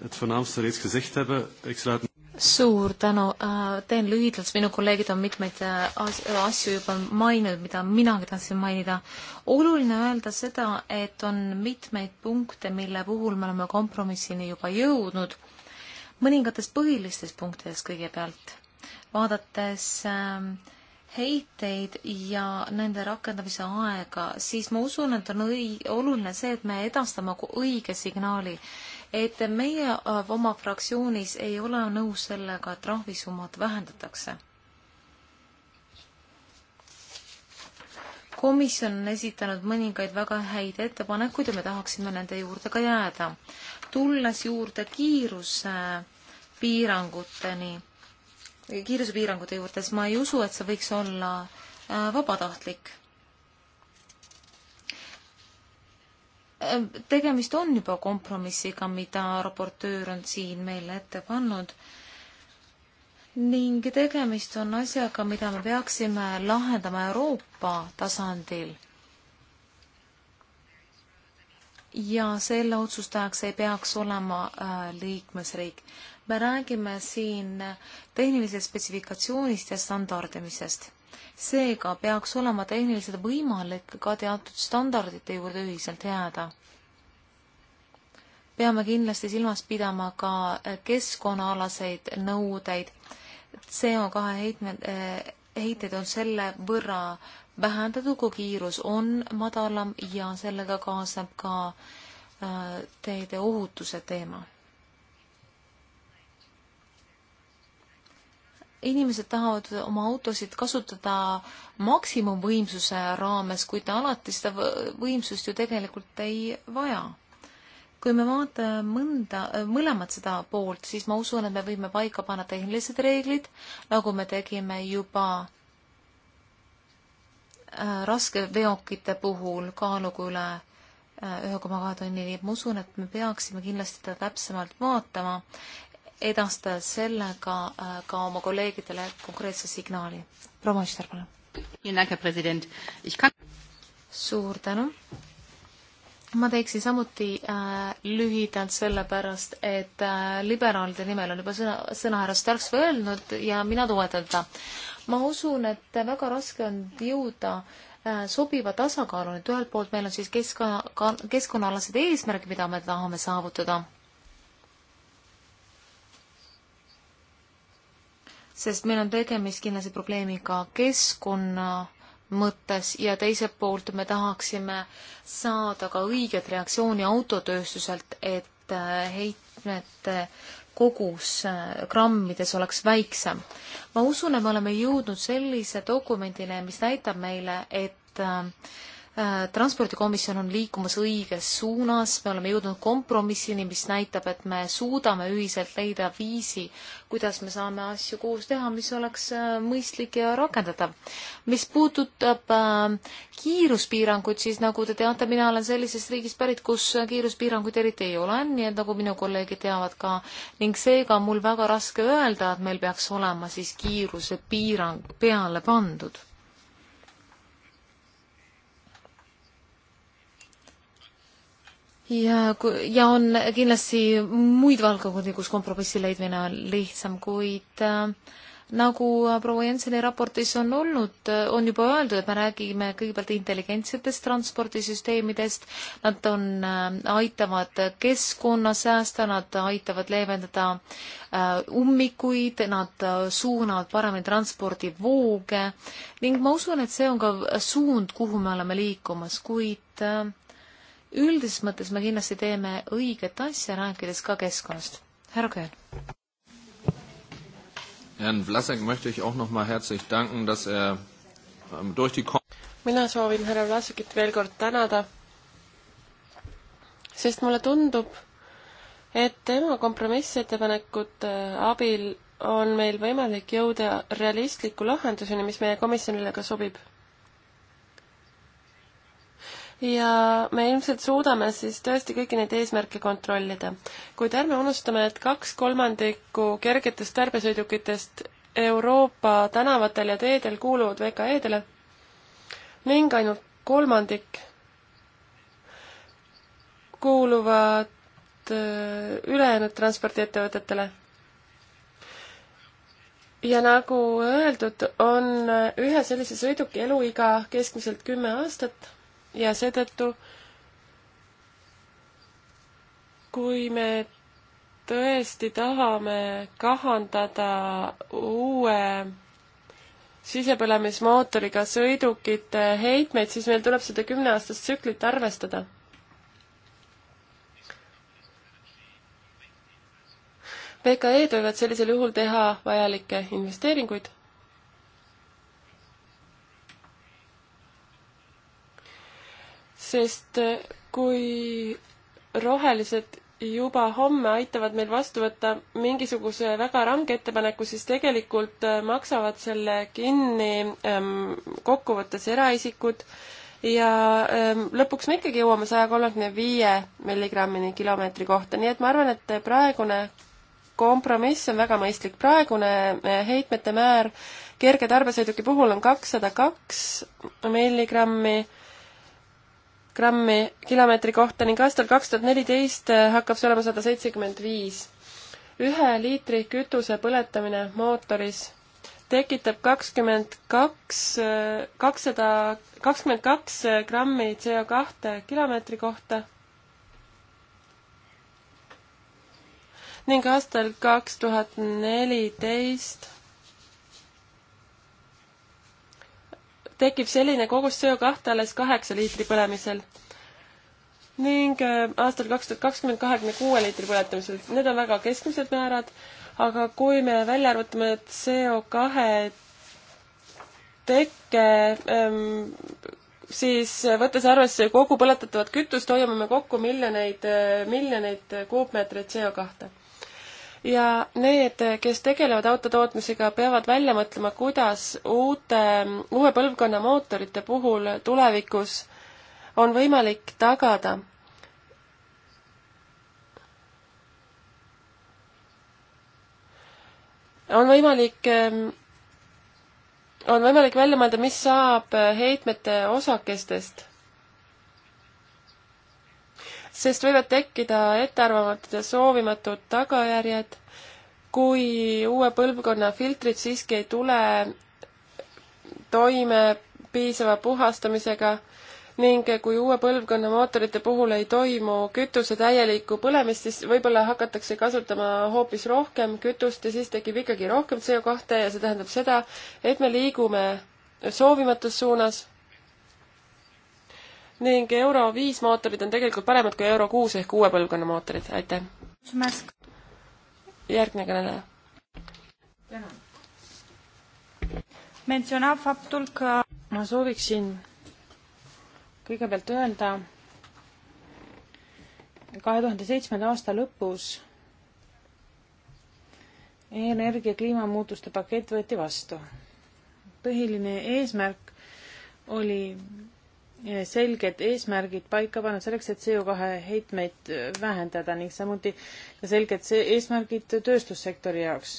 het voornaamste reeds gezegd hebben. Ik sluit suur tänu, äh, teen lühidalt, sest minu kolleegid on mitmeid äh, äh, asju juba maininud, mida minagi tahtsin mainida. oluline öelda seda, et on mitmeid punkte, mille puhul me oleme kompromissini juba jõudnud, mõningates põhilistes punktides kõigepealt, vaadates äh, heiteid ja nende rakendamise aega, siis ma usun, et on õi-, oluline see, et me edastame õige signaali. et meie äh, oma fraktsioonis ei ole nõus sellega, et trahvisummad vähendatakse komisjon on esitanud mõningaid väga häid ettepanekuid ja me tahaksime nende juurde ka jääda. tulles juurde kiiruse äh, piiranguteni, kiirusepiirangute juurde, siis ma ei usu, et see võiks olla äh, vabatahtlik. Äh, tegemist on juba kompromissiga, mida raportöör on siin meile ette pannud ning tegemist on asjaga, mida me peaksime lahendama Euroopa tasandil ja selle otsustajaks ei peaks olema äh, liikmesriik me räägime siin tehnilisest spetsifikatsioonist ja standardimisest. seega peaks olema tehniliselt võimalik ka teatud standardite juurde ühiselt jääda. peame kindlasti silmas pidama ka keskkonnaalaseid nõudeid. CO2 heitmed, eh, heiteid on selle võrra vähendatud, kui kiirus on madalam ja sellega kaasneb ka eh, teede ohutuse teema inimesed tahavad oma autosid kasutada maksimumvõimsuse raames, kuid alati seda võimsust ju tegelikult ei vaja. kui me vaatame mõnda, mõlemat seda poolt, siis ma usun, et me võime paika panna tehnilised reeglid, nagu me tegime juba äh, raskeveokite puhul kaaluga üle äh, ühe koma kahe tonni, nii et ma usun, et me peaksime kindlasti seda täpsemalt vaatama edastada sellega äh, ka oma kolleegidele konkreetse signaali. proua Maister, palun. suur tänu. ma teeksin samuti äh, lühidalt, sellepärast et äh, liberaalide nimel on juba sõna, sõna härra Starks öelnud ja mina toetan teda. ma usun, et väga raske on jõuda äh, sobiva tasakaaluni, et ühelt poolt meil on siis kesk-, keskkonnaalased eesmärgid, mida me tahame saavutada sest meil on tegemist kindlasti probleemiga keskkonna mõttes ja teiselt poolt me tahaksime saada ka õiget reaktsiooni autotööstuselt, et äh, heitmete kogus äh, grammides oleks väiksem. ma usun, et me oleme jõudnud sellise dokumendile, mis näitab meile, et äh, Äh, transpordikomisjon on liikumas õiges suunas, me oleme jõudnud kompromissini, mis näitab, et me suudame ühiselt leida viisi, kuidas me saame asju koos teha, mis oleks äh, mõistlik ja rakendatav. mis puudutab äh, kiiruspiiranguid, siis nagu te teate, mina olen sellisest riigist pärit, kus kiiruspiiranguid eriti ei ole, nii et nagu minu kolleegid teavad ka, ning seega on mul väga raske öelda, et meil peaks olema siis kiirusepiirang peale pandud ja, ja on kindlasti muid valdkondi, kus kompromissi leidmine on lihtsam, kuid äh, nagu proua Jenseni raportis on olnud, äh, on juba öeldud, et me räägime kõigepealt intelligentsetest transpordisüsteemidest, nad on äh,, aitavad keskkonna säästa, nad aitavad leevendada äh, ummikuid, nad äh, suunavad paremini transpordivooge ning ma usun, et see on ka suund, kuhu me oleme liikumas, kuid äh, üldises mõttes me kindlasti teeme õiget asja, rääkides ka keskkonnast. härra Köön. Herrn Vlasek möchte ich auch nochmal herzlich danken, dass er ähm, durch die mina soovin härra Vlasakit veel kord tänada, sest mulle tundub, et tema kompromissettepanekute äh, abil on meil võimalik jõuda realistliku lahenduseni, mis meie komisjonile ka sobib ja me ilmselt suudame siis tõesti kõiki neid eesmärke kontrollida. kuid ärme unustame, et kaks kolmandikku kergetest tarbesõidukitest Euroopa tänavatel ja teedel kuuluvad VKE-dele ning ainult kolmandik kuuluvad äh, ülejäänud transpordiettevõtetele ja nagu öeldud, on ühe sellise sõiduki eluiga keskmiselt kümme aastat ja seetõttu, kui me tõesti tahame kahandada uue sisepõlemismootoriga sõidukite heitmeid, siis meil tuleb seda kümneaastast tsüklit arvestada. VKE-d võivad sellisel juhul teha vajalikke investeeringuid sest eh, kui rohelised juba homme aitavad meil vastu võtta mingisuguse väga range ettepaneku, siis tegelikult eh, maksavad selle kinni ähm, kokkuvõttes eraisikud ja ähm, lõpuks me ikkagi jõuame saja kolmekümne viie milligrammini kilomeetri kohta, nii et ma arvan, et praegune kompromiss on väga mõistlik. praegune eh, heitmete määr kerge tarbesõiduki puhul on kakssada kaks milligrammi grammi kilomeetri kohta ning aastal kaks tuhat neliteist äh, hakkab see olema sada seitsekümmend viis. ühe liitri kütuse põletamine mootoris tekitab kakskümmend kaks, äh, kakssada, kakskümmend kaks äh, grammi CO kahte kilomeetri kohta. ning aastal kaks tuhat neliteist tekib selline kogus CO2 alles kaheksa liitri põlemisel ning äh, aastal kaks tuhat kakskümmend kahekümne kuue liitri põletamisel. Need on väga keskmised määrad, aga kui me välja arvutame CO2 tekke, ähm, siis võttes arvesse kogu põletatavat kütust, hoiame me kokku miljoneid, äh, miljoneid kuupmeetreid CO2 ja need, kes tegelevad autotootmisega, peavad välja mõtlema, kuidas uute, uue põlvkonna mootorite puhul tulevikus on võimalik tagada on võimalik, ähm, on võimalik välja mõelda, mis saab heitmete osakestest sest võivad tekkida ettearvamatud ja soovimatud tagajärjed, kui uue põlvkonna filtrid siiski ei tule toime piisava puhastamisega ning kui uue põlvkonna mootorite puhul ei toimu kütuse täielikku põlemist, siis võib-olla hakatakse kasutama hoopis rohkem kütust ja siis tekib ikkagi rohkem CO2 ja see tähendab seda, et me liigume soovimatus suunas ning Euro viis mootorid on tegelikult paremad kui Euro kuus ehk uue põlvkonna mootorid, aitäh! järgmine kõneleja. tänan! Äh, ma sooviksin kõigepealt öelda, kahe tuhande seitsmenda aasta lõpus energia kliimamuutuste pakett võeti vastu. põhiline eesmärk oli selged eesmärgid paika panna selleks, et CO2 heitmeid äh, vähendada ning samuti ka selged eesmärgid tööstussektori jaoks.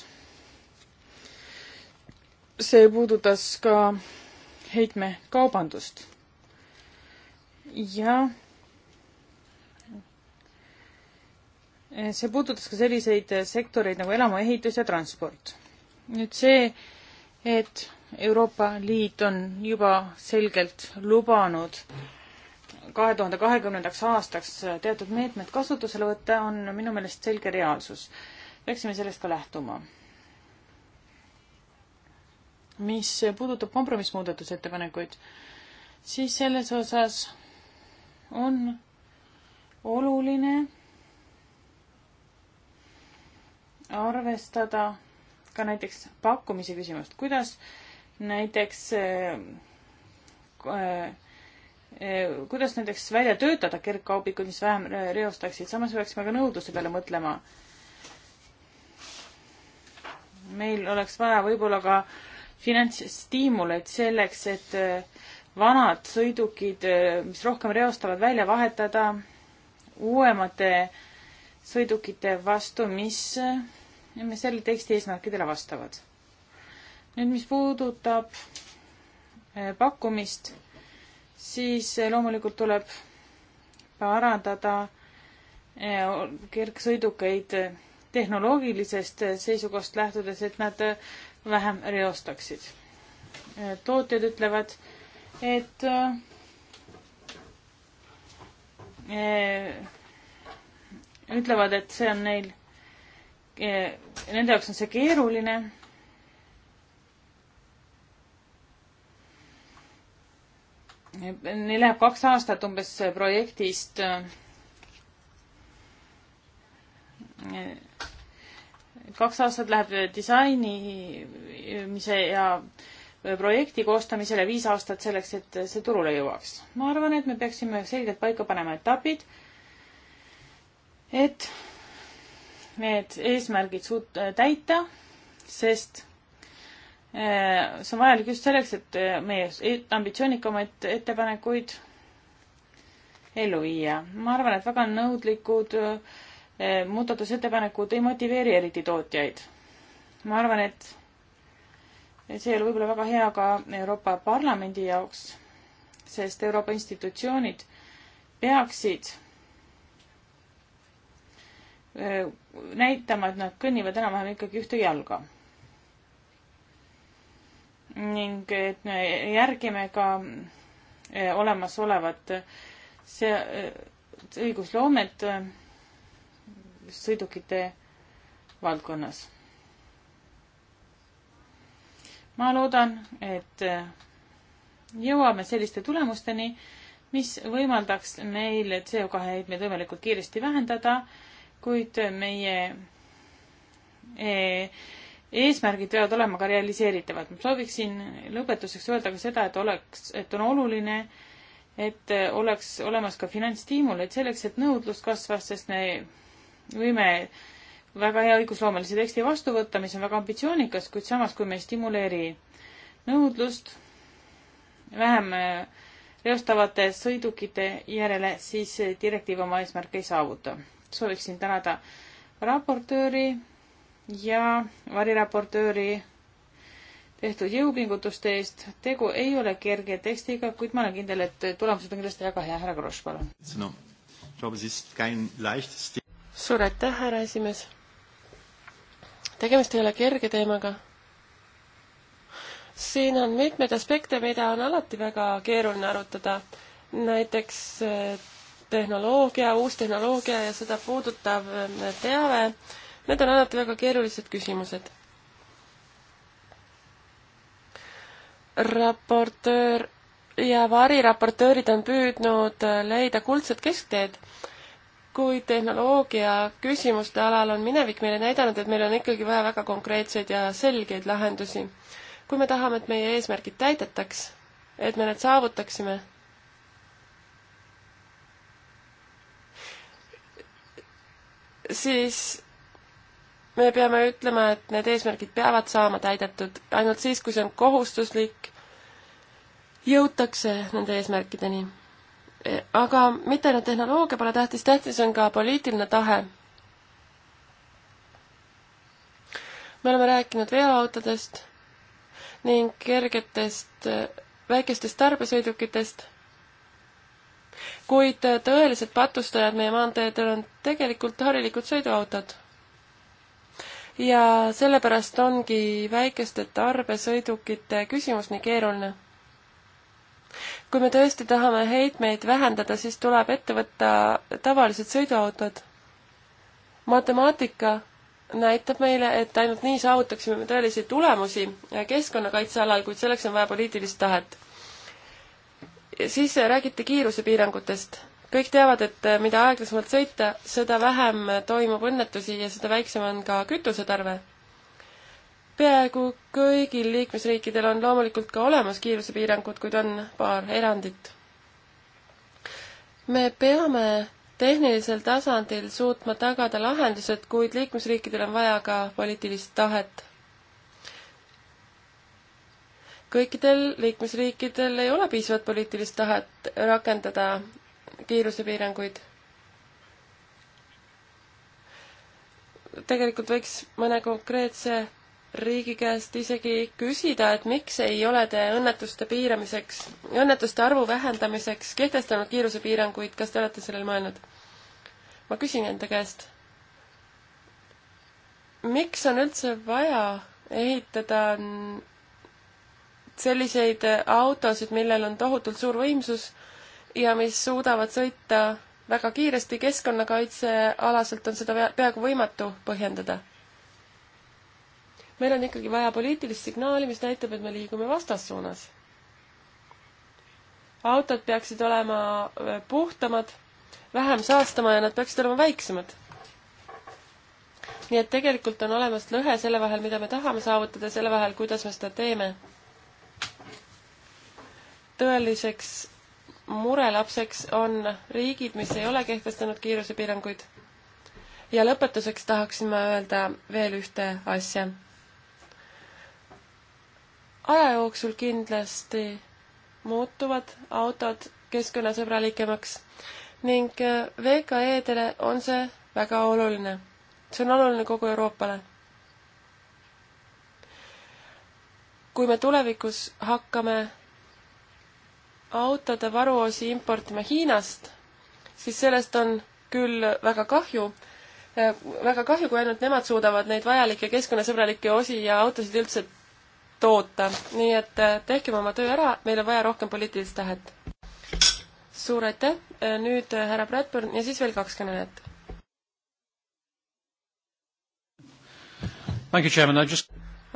see puudutas ka heitmekaubandust. ja see puudutas ka selliseid sektoreid nagu elamuehitus ja transport. nüüd see, et Euroopa Liit on juba selgelt lubanud kahe tuhande kahekümnendaks aastaks teatud meetmed kasutusele võtta, on minu meelest selge reaalsus. peaksime sellest ka lähtuma. mis puudutab kompromissmuudatusettepanekuid, siis selles osas on oluline arvestada ka näiteks pakkumise küsimust, kuidas äh, näiteks eh, eh, kuidas näiteks välja töötada kergkaubikud, mis vähem reostaksid, samas peaksime ka nõudluse peale mõtlema. meil oleks vaja võib-olla ka finantsstiimuleid selleks, et eh, vanad sõidukid, mis rohkem reostavad, välja vahetada uuemate sõidukite vastu, mis, mis selle teksti eesmärkidele vastavad nüüd, mis puudutab eh, pakkumist, siis eh, loomulikult tuleb parandada eh, kergsõidukeid tehnoloogilisest seisukohast lähtudes, et nad vähem reostaksid. tootjad ütlevad, et ütlevad, et see on neil, nende jaoks on see keeruline Neil läheb kaks aastat umbes projektist äh, kaks aastat läheb disainimise ja projekti koostamisele, viis aastat selleks, et see turule jõuaks. ma arvan, et me peaksime selgelt paika panema etapid, et need eesmärgid suut-, täita, sest Eh, see on vajalik just selleks, et eh, meie e-, ambitsioonikamaid ettepanekuid ellu viia. ma arvan, et väga nõudlikud eh, muudatusettepanekud ei motiveeri eriti tootjaid. ma arvan, et see ei ole võib-olla väga hea ka Euroopa Parlamendi jaoks, sest Euroopa institutsioonid peaksid näitama, et nad kõnnivad enam-vähem ikkagi ühte jalga ning et me järgime ka eh, olemasolevat see eh, õigusloomet eh, sõidukite valdkonnas. ma loodan, et jõuame selliste tulemusteni, mis võimaldaks meil CO2 heitmeid võimalikult kiiresti vähendada, kuid meie e eesmärgid peavad olema ka realiseeritavad. ma sooviksin lõpetuseks öelda ka seda, et oleks, et on oluline, et oleks olemas ka finantsstiimulid selleks, et nõudlus kasvas, sest me võime väga hea õigusloomelise teksti vastu võtta, mis on väga ambitsioonikas, kuid samas, kui me ei stimuleeri nõudlust vähem äh, reostavate sõidukite järele, siis äh, direktiiv oma eesmärke ei saavuta. sooviksin tänada raportööri ja variraportööri tehtud jõupingutuste eest. tegu ei ole kerge tekstiga, kuid ma olen kindel, et tulemused on kindlasti väga hea. härra Kross, palun no,. suur aitäh, härra esimees. tegemist ei ole kerge teemaga siin on mitmeid aspekte, mida on alati väga keeruline arutada. näiteks eh, tehnoloogia, uus tehnoloogia ja seda puudutav eh, teave Need on alati väga keerulised küsimused. raportöör ja variraportöörid on püüdnud äh, leida kuldset keskteed kui tehnoloogia küsimuste alal on minevik meile näidanud, et meil on ikkagi vaja väga konkreetseid ja selgeid lahendusi. kui me tahame, et meie eesmärgid täidetaks, et me need saavutaksime, siis me peame ütlema, et need eesmärgid peavad saama täidetud, ainult siis, kui see on kohustuslik, jõutakse nende eesmärkideni. E, aga mitte ainult tehnoloogia pole tähtis, tähtis on ka poliitiline tahe. me oleme rääkinud veoautodest ning kergetest väikestest tarbesõidukitest, kuid tõelised patustajad meie maanteedel on tegelikult harilikud sõiduautod ja sellepärast ongi väikeste tarbesõidukite küsimus nii keeruline. kui me tõesti tahame heitmeid vähendada, siis tuleb ette võtta tavalised sõiduautod. matemaatika näitab meile, et ainult nii saavutaksime me tõelisi tulemusi keskkonnakaitse alal, kuid selleks on vaja poliitilist tahet. siis räägiti kiirusepiirangutest kõik teavad, et äh, mida aeglasemalt sõita, seda vähem äh, toimub õnnetusi ja seda väiksem on ka kütusetarve. peaaegu kõigil liikmesriikidel on loomulikult ka olemas kiirusepiirangud, kuid on paar erandit. me peame tehnilisel tasandil suutma tagada lahendused, kuid liikmesriikidel on vaja ka poliitilist tahet. kõikidel liikmesriikidel ei ole piisavat poliitilist tahet rakendada kiirusepiiranguid. tegelikult võiks mõne konkreetse riigi käest isegi küsida, et miks ei ole te õnnetuste piiramiseks, õnnetuste arvu vähendamiseks kehtestanud kiirusepiiranguid, kas te olete sellele mõelnud? ma küsin enda käest. miks on üldse vaja ehitada selliseid autosid, millel on tohutult suur võimsus ja mis suudavad sõita väga kiiresti, keskkonnakaitsealaselt on seda peaaegu võimatu põhjendada. meil on ikkagi vaja poliitilist signaali, mis näitab, et me liigume vastassuunas. autod peaksid olema äh, puhtamad, vähem saastama ja nad peaksid olema väiksemad. nii et tegelikult on olemas lõhe selle vahel, mida me tahame saavutada, selle vahel, kuidas me seda teeme. tõeliseks murelapseks on riigid, mis ei ole kehtestanud kiirusepiiranguid. ja lõpetuseks tahaksime öelda veel ühte asja. aja jooksul kindlasti muutuvad autod keskkonnasõbralikemaks ning VKE-dele on see väga oluline. see on oluline kogu Euroopale kui me tulevikus hakkame autode varuosi importime Hiinast, siis sellest on küll väga kahju, väga kahju, kui ainult nemad suudavad neid vajalikke keskkonnasõbralikke osi ja autosid üldse toota. nii et äh, tehkem oma töö ära, meil on vaja rohkem poliitilist tahet. suur aitäh, äh, nüüd äh, härra Bradburn ja siis veel kaks kõnelejat.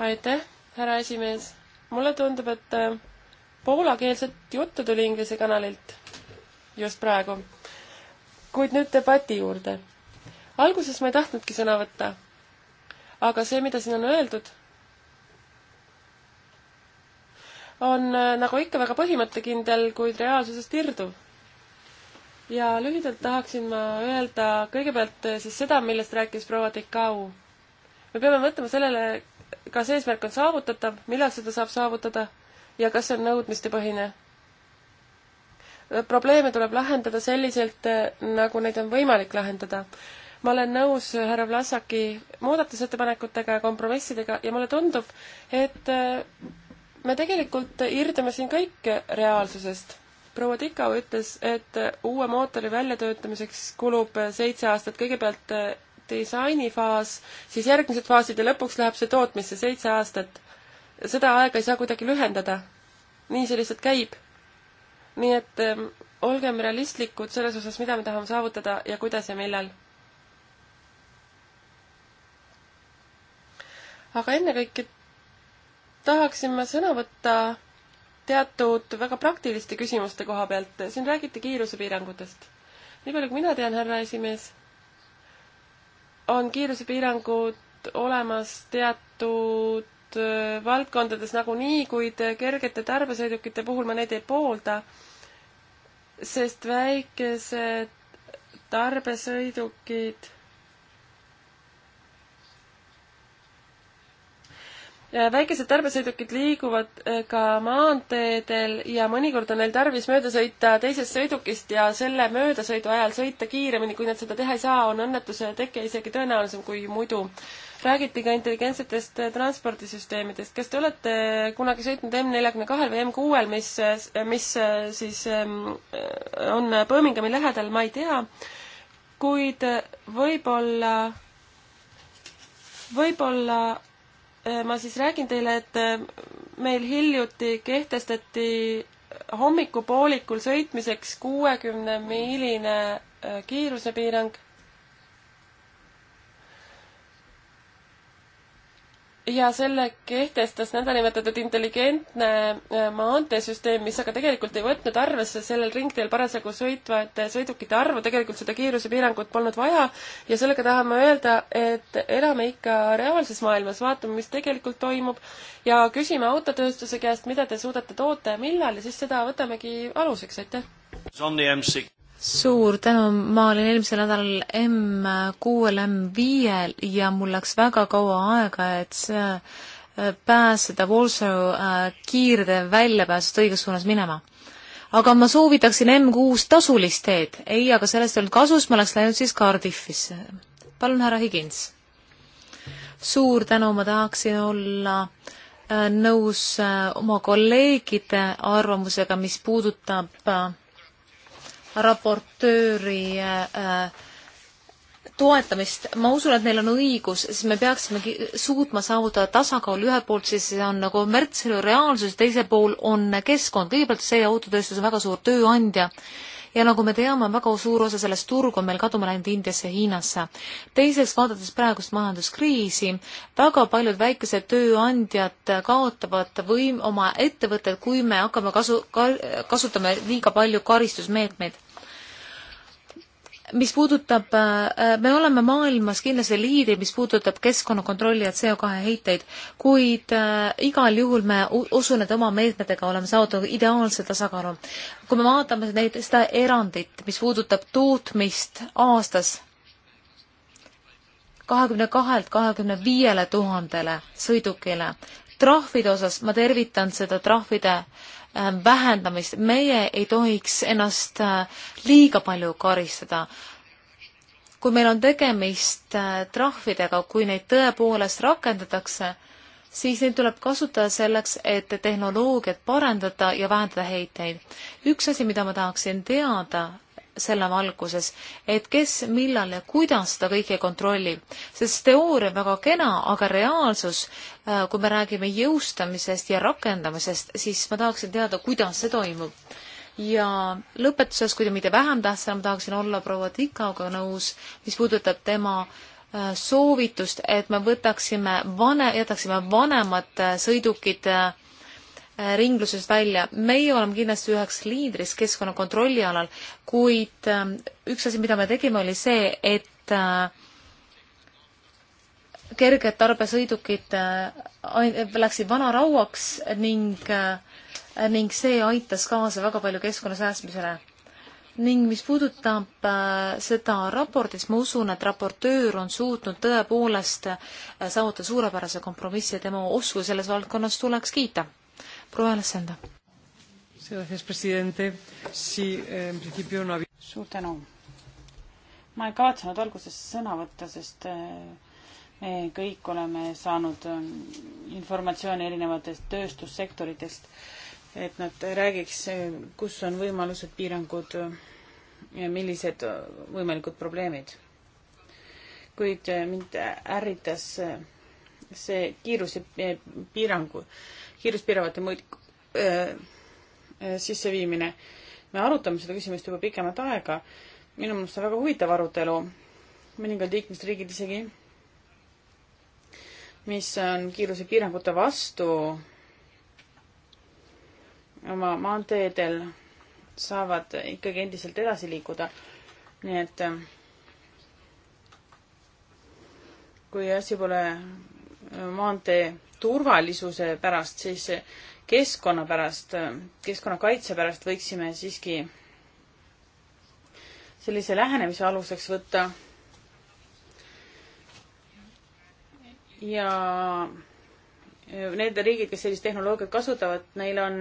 aitäh, härra esimees. mulle tundub, et poolakeelset juttu tuli Inglise kanalilt just praegu. kuid nüüd debati juurde. alguses ma ei tahtnudki sõna võtta. aga see, mida siin on öeldud, on äh, nagu ikka väga põhimõttekindel, kuid reaalsusest irduv. ja lühidalt tahaksin ma öelda kõigepealt äh, siis seda, millest rääkis proua Tikau. me peame mõtlema sellele, kas eesmärk on saavutatav, millal seda saab saavutada ja kas see on nõudmistepõhine. probleeme tuleb lahendada selliselt, eh, nagu neid on võimalik lahendada. ma olen nõus härra Vlasaki muudatusettepanekutega ja kompromissidega ja mulle tundub, et eh, me tegelikult irdame siin kõik reaalsusest proua Tikau ütles, et eh, uue mootori väljatöötamiseks kulub seitse aastat, kõigepealt disainifaas, siis järgmised faasid ja lõpuks läheb see tootmisse seitse aastat seda aega ei saa kuidagi lühendada. nii see lihtsalt käib. nii et ähm, olgem realistlikud selles osas, mida me tahame saavutada ja kuidas ja millal. aga ennekõike tahaksin ma sõna võtta teatud väga praktiliste küsimuste koha pealt. siin räägiti kiirusepiirangutest. nii palju, kui mina tean, härra esimees, on kiirusepiirangud olemas teatud teatud valdkondades nagunii, kuid kergete tarbesõidukite puhul ma neid ei poolda, sest väikesed tarbesõidukid väikesed tarbesõidukid liiguvad äh, ka maanteedel ja mõnikord on neil tarvis mööda sõita teisest sõidukist ja selle möödasõidu ajal sõita kiiremini, kui nad seda teha ei saa, on õnnetuse teke isegi tõenäolisem kui muidu räägiti ka intelligentsetest äh, transpordisüsteemidest. kas te olete kunagi sõitnud M42-l või M6-l, mis, äh, mis äh, siis ähm, on Birminghami lähedal, ma ei tea, kuid võib-olla, võib-olla ma siis räägin teile, et meil hiljuti kehtestati hommikupoolikul sõitmiseks kuuekümne miiline kiirusepiirang ja selle kehtestas nõndanimetatud intelligentne äh, maanteesüsteem, mis aga tegelikult ei võtnud arvesse sellel ringteel parasjagu sõitvate äh, sõidukite arvu, tegelikult seda kiirusepiirangut polnud vaja ja sellega tahame öelda, et elame ikka reaalses maailmas, vaatame, mis tegelikult toimub ja küsime autotööstuse käest, mida te suudate toota ja millal ja siis seda võtamegi aluseks, aitäh suur tänu, ma olin eelmisel nädalal M6-l, M5-l ja mul läks väga kaua aega, et see äh, pääseda Walsall äh, kiirde väljapääsust õiges suunas minema. aga ma soovitaksin M6 tasulist teed. ei, aga sellest ei olnud kasu, siis ma oleks läinud siis Cardiffisse. palun, härra Higins. suur tänu, ma tahaksin olla äh, nõus äh, oma kolleegide arvamusega, mis puudutab äh, raportööri äh, äh, toetamist, ma usun, et neil on õigus, siis me peaksimegi suutma saavutada tasakaalu, ühelt poolt siis on nagu märtsile reaalsus, teisel pool on keskkond, kõigepealt see autotööstus on väga suur tööandja ja nagu me teame, väga suur osa sellest turgu on meil kaduma läinud Indiasse ja Hiinasse. teiseks, vaadates praegust majanduskriisi, väga paljud väikesed tööandjad kaotavad võim-, oma ettevõtted, kui me hakkame kasu ka,, kasutame liiga palju karistusmeetmeid mis puudutab, äh, me oleme maailmas kindlasti liidrid, mis puudutab keskkonnakontrolli ja CO2 heiteid, kuid äh, igal juhul me usun, et oma meetmetega oleme saavutanud ideaalse tasakaalu. kui me vaatame neid, seda erandit, mis puudutab tootmist aastas kahekümne kahelt kahekümne viiele tuhandele sõidukile, trahvide osas ma tervitan seda trahvide äh, Äh, vähendamist. meie ei tohiks ennast äh, liiga palju karistada. kui meil on tegemist äh, trahvidega, kui neid tõepoolest rakendatakse, siis neid tuleb kasutada selleks, et tehnoloogiat parandada ja vähendada heiteid. üks asi, mida ma tahaksin teada, selle valguses, et kes, millal ja kuidas seda kõike kontrollib, sest teooria on väga kena, aga reaalsus, äh, kui me räägime jõustamisest ja rakendamisest, siis ma tahaksin teada, kuidas see toimub. ja lõpetuseks, kuid mitte vähem tähtsam, tahaksin olla proua Tikaga nõus, mis puudutab tema äh, soovitust, et me võtaksime vane, jätaksime vanemad äh, sõidukid äh, Äh, ringlusest välja. meie oleme kindlasti üheks liidris keskkonnakontrolli alal, kuid ähm, üks asi, mida me tegime, oli see, et äh, kerged tarbesõidukid äh, läksid vanarauaks ning, ning see aitas kaasa väga palju keskkonna säästmisele. ning mis puudutab seda raportit, siis ma usun, et raportöör on suutnud tõepoolest saavutada suurepärase kompromissi ja tema osku selles valdkonnas tuleks kiita proua Alessandra. Eh, suur tänu. ma ei kavatsenud alguses sõna võtta, sest eh, me kõik oleme saanud eh, informatsiooni erinevatest tööstussektoritest, et nad räägiks, kus on võimalused, piirangud ja millised võimalikud probleemid. kuid mind ärritas see kiiruse piirangu kiiruspiiravate mõõdik- äh, äh,, sisseviimine. me arutame seda küsimust juba pikemat aega. minu meelest on väga huvitav arutelu, mõningad liikmesriigid isegi, mis on kiirusepiirangute vastu oma maanteedel, saavad ikkagi endiselt edasi liikuda. nii et äh, kui asi pole maantee turvalisuse pärast, siis keskkonna pärast, keskkonnakaitse pärast võiksime siiski sellise lähenemise aluseks võtta. ja need riigid, kes sellist tehnoloogiat kasutavad, neil on,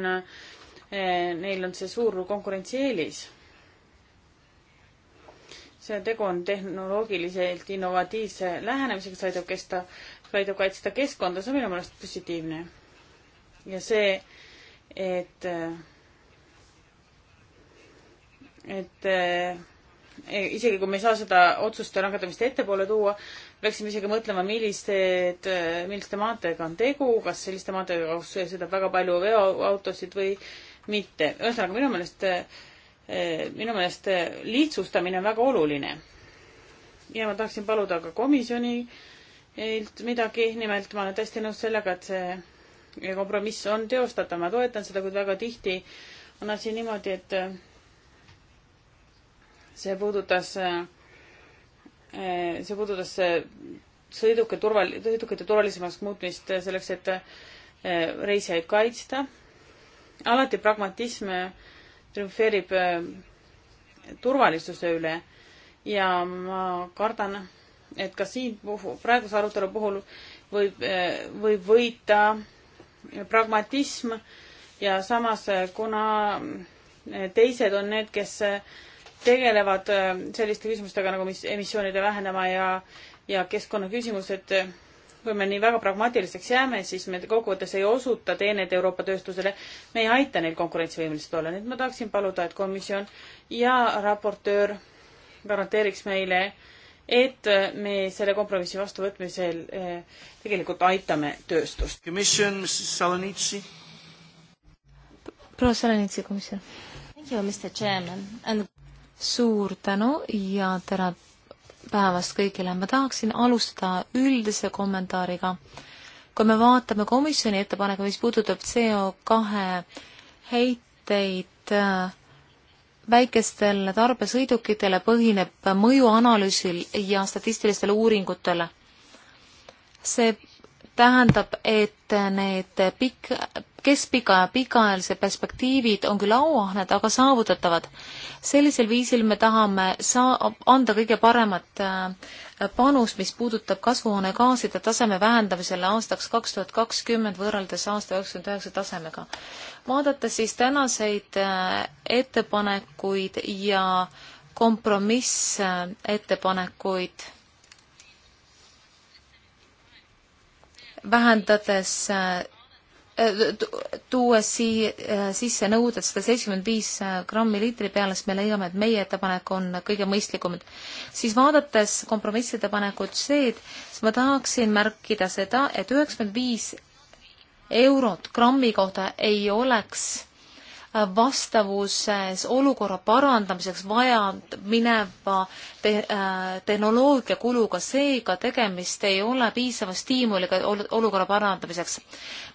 neil on see suur konkurentsieelis. see tegu on tehnoloogiliselt innovatiivse lähenemisega, see aitab kesta vaid ju kaitsta keskkonda, see on minu meelest positiivne. ja see, et, et e, isegi kui me ei saa seda otsuste langetamist ettepoole tuua, peaksime isegi mõtlema, millised, milliste maanteedega on tegu, kas selliste maanteedega, kus sõidab väga palju veoautosid või mitte. ühesõnaga, minu meelest, e, minu meelest lihtsustamine on väga oluline. ja ma tahaksin paluda ka komisjoni äh, meilt midagi, nimelt ma olen täiesti nõus sellega, et see kompromiss on teostatav, ma toetan seda, kuid väga tihti on asi niimoodi, et äh, see puudutas, äh, see puudutas äh, sõiduki turval-, sõidukite turvalisemaks muutmist selleks, et reisijaid kaitsta. alati pragmatism triumfeerib turvalisuse üle ja ma kardan, et ka siin puhul, praeguse arutelu puhul võib, eh, võib võita pragmatism ja samas, eh, kuna eh, teised on need, kes tegelevad selliste küsimustega nagu mis emissioonide vähendama ja, ja keskkonnaküsimused, kui me nii väga pragmaatiliseks jääme, siis me kokkuvõttes ei osuta teeneid Euroopa tööstusele, me ei aita neil konkurentsivõimelised olla, nii et ma tahaksin paluda, et komisjon ja raportöör garanteeriks meile äh, et me selle kompromissi vastuvõtmisel eh, tegelikult aitame tööstust. proua Salenitsi komisjon. suur tänu ja tere päevast kõigile. ma tahaksin alustada üldise kommentaariga. kui me vaatame komisjoni ettepaneku, mis puudutab CO2 heiteid äh, väikestel tarbesõidukitele põhineb mõjuanalüüsil ja statistilistele uuringutele. see tähendab, et need pikk, keskpika ja pikaajalise perspektiivid on küll auahned, aga saavutatavad. sellisel viisil me tahame saa-, anda kõige paremat äh, panust, mis puudutab kasvuhoonegaaside taseme vähendamisele aastaks kaks tuhat kakskümmend võrreldes aasta üheksakümmend üheksa tasemega vaadates siis tänaseid äh, ettepanekuid ja kompromissettepanekuid, vähendades äh, äh, tuues sii-, sisse nõuded sada seitsekümmend viis grammi liitri peale, siis me leiame, et meie ettepanek on kõige mõistlikum. siis vaadates kompromissettepanekut C-d, siis ma tahaksin märkida seda, et üheksakümmend viis eurot grammi kohta ei oleks vastavuses olukorra parandamiseks vaja mineva te äh, tehnoloogia kuluga, seega tegemist ei ole piisava stiimuliga olukorra parandamiseks.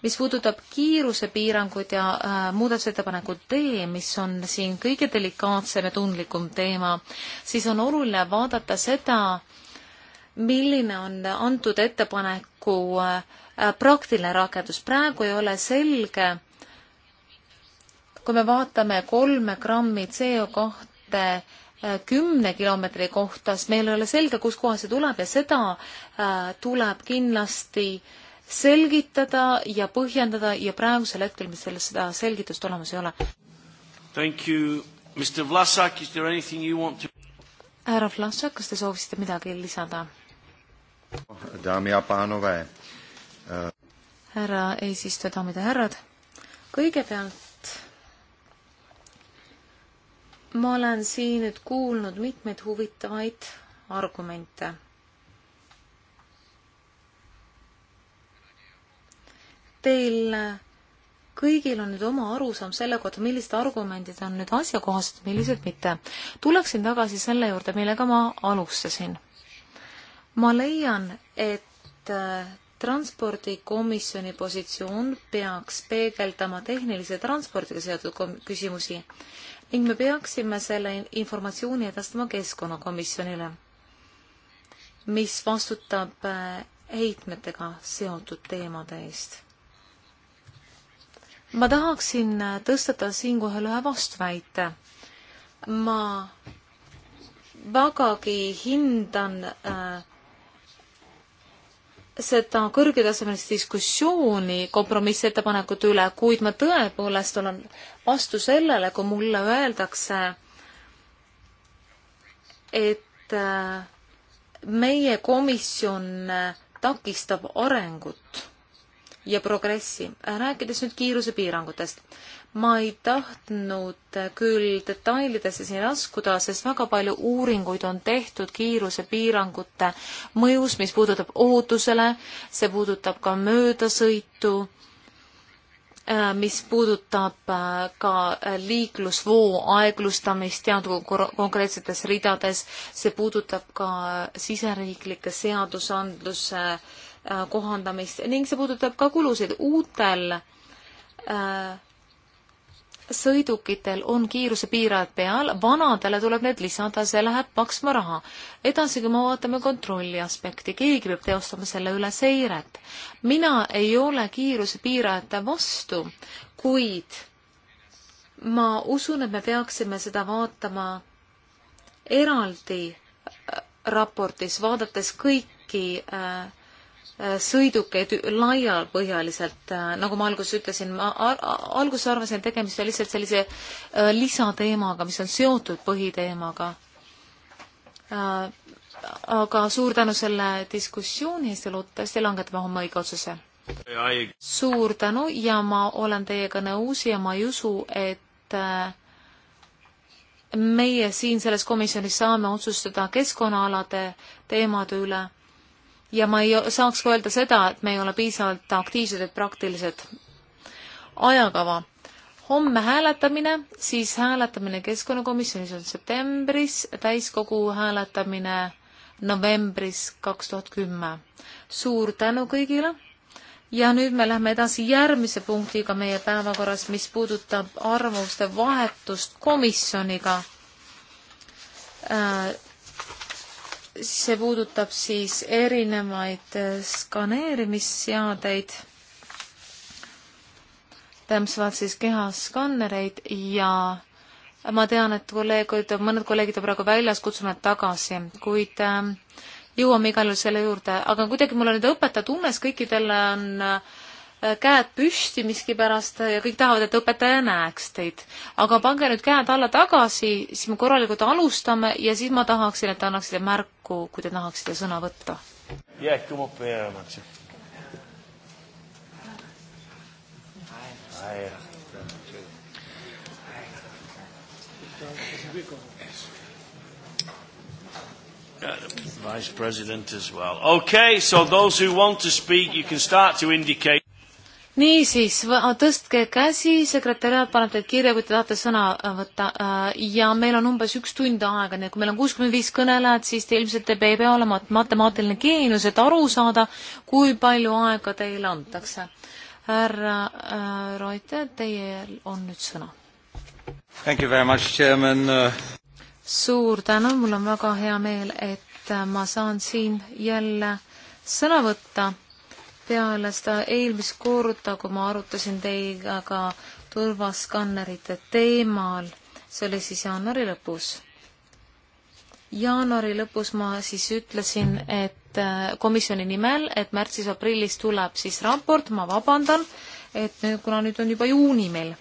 mis puudutab kiirusepiiranguid ja äh, muudatusettepaneku D, mis on siin kõige delikaatsem ja tundlikum teema, siis on oluline vaadata seda, milline on antud ettepaneku äh, Äh, praktiline rakendus. praegu ei ole selge, kui me vaatame kolme grammi CO kahte äh, kümne kilomeetri kohta, siis meil ei ole selge, kuskohast see tuleb ja seda äh, tuleb kindlasti selgitada ja põhjendada ja praegusel hetkel meil sellest, seda selgitust olemas ei ole. Thank you, Mr Vlasak, is there anything you want to? härra Vlasak, kas te soovisite midagi lisada? daamid ja paanove härra eesistuja, daamid ja härrad, kõigepealt ma olen siin nüüd kuulnud mitmeid huvitavaid argumente teil kõigil on nüüd oma arusaam selle kohta, millised argumendid on nüüd asjakohased, millised mitte. tuleksin tagasi selle juurde, millega ma alustasin. ma leian, et transpordikomisjoni positsioon peaks peegeldama tehnilise transpordiga seotud küsimusi ning me peaksime selle informatsiooni edastama Keskkonnakomisjonile, mis vastutab äh, heitmetega seotud teemade eest. ma tahaksin äh, tõstata siinkohal ühe vastuväite. ma vägagi hindan äh, seda kõrgetasemelist diskussiooni kompromissettepanekute üle, kuid ma tõepoolest olen vastu sellele, kui mulle öeldakse, et äh, meie komisjon äh, takistab arengut ja progressi. rääkides nüüd kiirusepiirangutest, ma ei tahtnud küll detailidesse siin laskuda, sest väga palju uuringuid on tehtud kiirusepiirangute mõjus, mis puudutab ohutusele, see puudutab ka möödasõitu, mis puudutab äh, ka liiklusvoo aeglustamist teatud konkreetsetes ridades, see puudutab ka siseriiklike seadusandluse äh, Äh, kohandamist ning see puudutab ka kulusid. uutel äh, sõidukitel on kiirusepiirajad peal, vanadele tuleb need lisada, see läheb maksma raha. edasi, kui me vaatame kontrolli aspekti, keegi peab teostama selle üle seiret. mina ei ole kiirusepiirajate vastu, kuid ma usun, et me peaksime seda vaatama eraldi äh, raportis, vaadates kõiki äh, Äh, sõidukeid laialpõhjaliselt, äh, nagu ma alguses ütlesin, ma alguses arvasin, et tegemist on lihtsalt sellise äh, lisateemaga, mis on seotud põhiteemaga. aga suur tänu selle diskussiooni eest ja loodetavasti langetame homme õige otsuse. suur tänu ja ma olen teiega nõus ja ma ei usu, et meie siin selles komisjonis saame otsustada keskkonnaalade teemade üle ja ma ei saaks ka öelda seda, et me ei ole piisavalt aktiivsed, et praktilised. ajakava. homme hääletamine, siis hääletamine Keskkonnakomisjonis on septembris, täiskogu hääletamine novembris kaks tuhat kümme. suur tänu kõigile ja nüüd me lähme edasi järgmise punktiga meie päevakorras, mis puudutab arvamuste vahetust komisjoniga äh, see puudutab siis erinevaid äh, skaneerimisseadeid, täpsemalt siis kehaskannereid ja ma tean, et kolleegid, mõned kolleegid on praegu väljas, kutsume nad tagasi, kuid äh, jõuame igal juhul selle juurde, aga kuidagi mul on nüüd õpetaja tunnes, kõikidel on äh, Äh, käed püsti miskipärast ja kõik tahavad, et õpetaja näeks teid. aga pange nüüd käed alla tagasi, siis me korralikult alustame ja siis ma tahaksin, et te annaksite märku, kui te tahaksite sõna võtta. jah, come up here, Maxi. Vice President as well. Okay, so those who want to speak, you can start to indicate niisiis, tõstke käsi, sekretäriaat paneb teid kirja, kui te tahate sõna äh, võtta äh, ja meil on umbes üks tund aega, nii et kui meil on kuuskümmend viis kõnelejat, siis te ilmselt te ei pea olema matemaatiline geenius, et aru saada, kui palju aega teile antakse. härra äh, Reuter, teil on nüüd sõna. Thank you very much, chairman uh.... suur tänu, mul on väga hea meel, et äh, ma saan siin jälle sõna võtta peale seda eelmist korda, kui ma arutasin teiega ka turvaskannerite teemal, see oli siis jaanuari lõpus. jaanuari lõpus ma siis ütlesin, et äh, komisjoni nimel, et märtsis-aprillis tuleb siis raport, ma vabandan, et nüüd, kuna nüüd on juba juuni meil,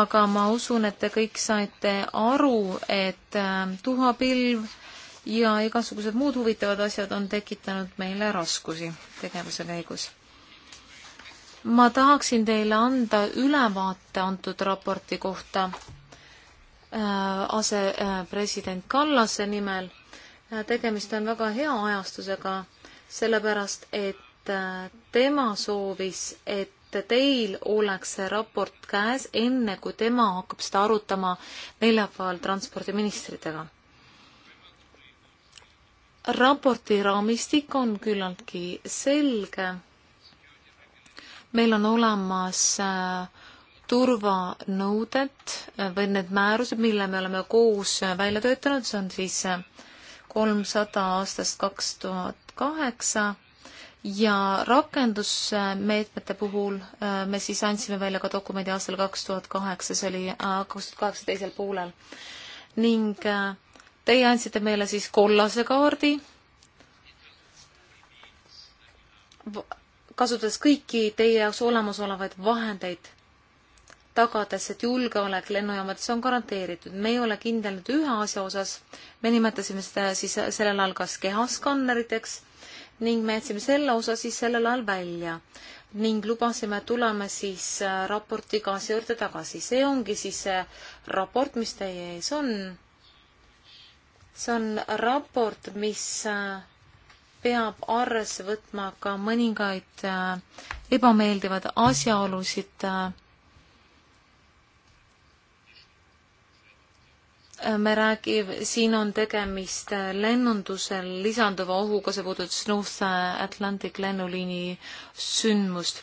aga ma usun, et te kõik saite aru, et tuhapilv äh, ja igasugused muud huvitavad asjad on tekitanud meile raskusi tegevuse käigus. ma tahaksin teile anda ülevaate antud raporti kohta äh, asepresident äh, Kallase nimel. Äh, tegemist on väga hea ajastusega, sellepärast et tema soovis, et teil oleks see raport käes, enne kui tema hakkab seda arutama neljapäeval transpordiministritega raporti raamistik on küllaltki selge. meil on olemas äh, turvanõuded äh, või need määrused, mille me oleme koos äh, välja töötanud, see on siis kolmsada aastast kaks tuhat kaheksa ja rakendusmeetmete puhul me siis andsime välja ka dokumendi aastal kaks tuhat kaheksa, see oli kaks tuhat kaheksa teisel poolel ning äh, Teie andsite meile siis kollase kaardi, kasutades kõiki teie jaoks olemasolevaid vahendeid, tagades, et julgeolek lennujaamades on garanteeritud. me ei ole kindel nüüd ühe asja osas, me nimetasime seda siis sellel ajal kas kehaskanneriteks ning me jätsime selle osa siis sellel ajal välja ning lubasime, tuleme siis äh, raportiga asja juurde tagasi. see ongi siis see raport, mis teie ees on see on raport, mis äh, peab arvesse võtma ka mõningaid äh, ebameeldivad asjaolusid, äh, me räägime, siin on tegemist lennundusel lisanduva ohuga, see puudutas North Atlantic lennuliini sündmust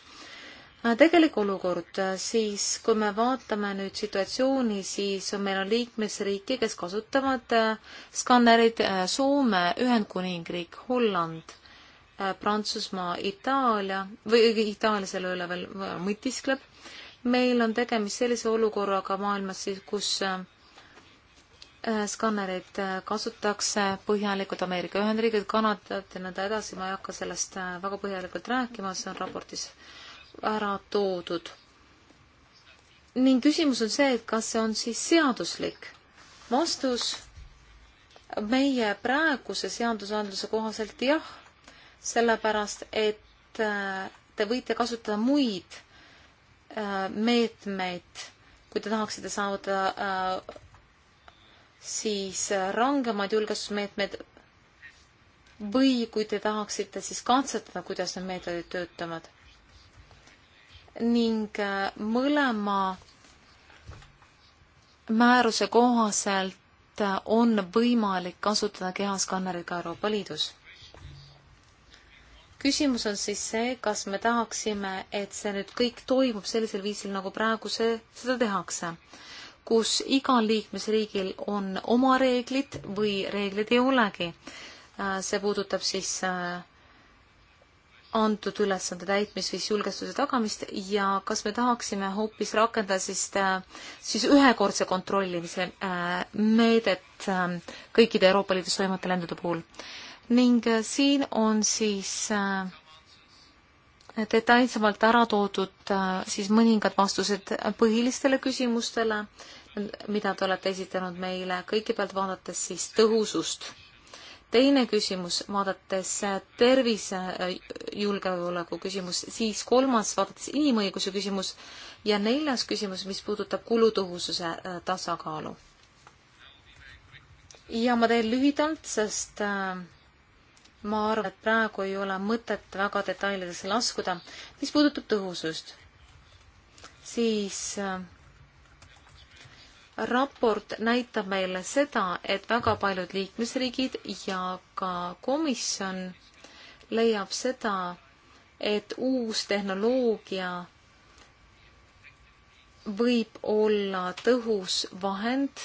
Äh, tegelik olukord, äh, siis kui me vaatame nüüd situatsiooni, siis on, meil on liikmesriike, kes kasutavad äh, skannerid Soome, Ühendkuningriik, Holland, Prantsusmaa, Itaalia või Itaalia selle üle veel mõtiskleb. meil on tegemist sellise olukorraga maailmas siis, kus skannereid kasutatakse põhjalikult Ameerika Ühendriigid, Kanadat ja nõnda edasi, ma ei hakka sellest väga põhjalikult rääkima, see on raportis äh, ära toodud. ning küsimus on see, et kas see on siis seaduslik. vastus meie praeguse seadusandluse kohaselt jah, sellepärast et äh, te võite kasutada muid äh, meetmeid, kui te tahaksite saavutada äh, siis rangemaid julgestusmeetmeid või kui te tahaksite siis katsetada, kuidas need meetodid töötavad ning äh, mõlema määruse kohaselt äh, on võimalik kasutada kehaskannerit ka Euroopa Liidus. küsimus on siis see, kas me tahaksime, et see nüüd kõik toimub sellisel viisil, nagu praegu see, seda tehakse, kus igal liikmesriigil on oma reeglid või reegleid ei olegi. Äh, see puudutab siis äh, antud ülesande täitmist või julgestuse tagamist ja kas me tahaksime hoopis rakendada siis, äh, siis ühekordse kontrollimise äh, meedet äh, kõikide Euroopa Liidus toimuvate lendude puhul. ning siin on siis detailsemalt ära toodud siis mõningad vastused põhilistele küsimustele, mida te olete esitanud meile, kõigepealt vaadates siis tõhusust teine küsimus, vaadates tervisejulgeoleku küsimus, siis kolmas, vaadates inimõiguse küsimus ja neljas küsimus, mis puudutab kulutõhususe äh, tasakaalu. ja ma teen lühidalt, sest äh, ma arvan, et praegu ei ole mõtet väga detailidesse laskuda. mis puudutab tõhusust, siis äh, raport näitab meile seda, et väga paljud liikmesriigid ja ka komisjon leiab seda, et uus tehnoloogia võib olla tõhus vahend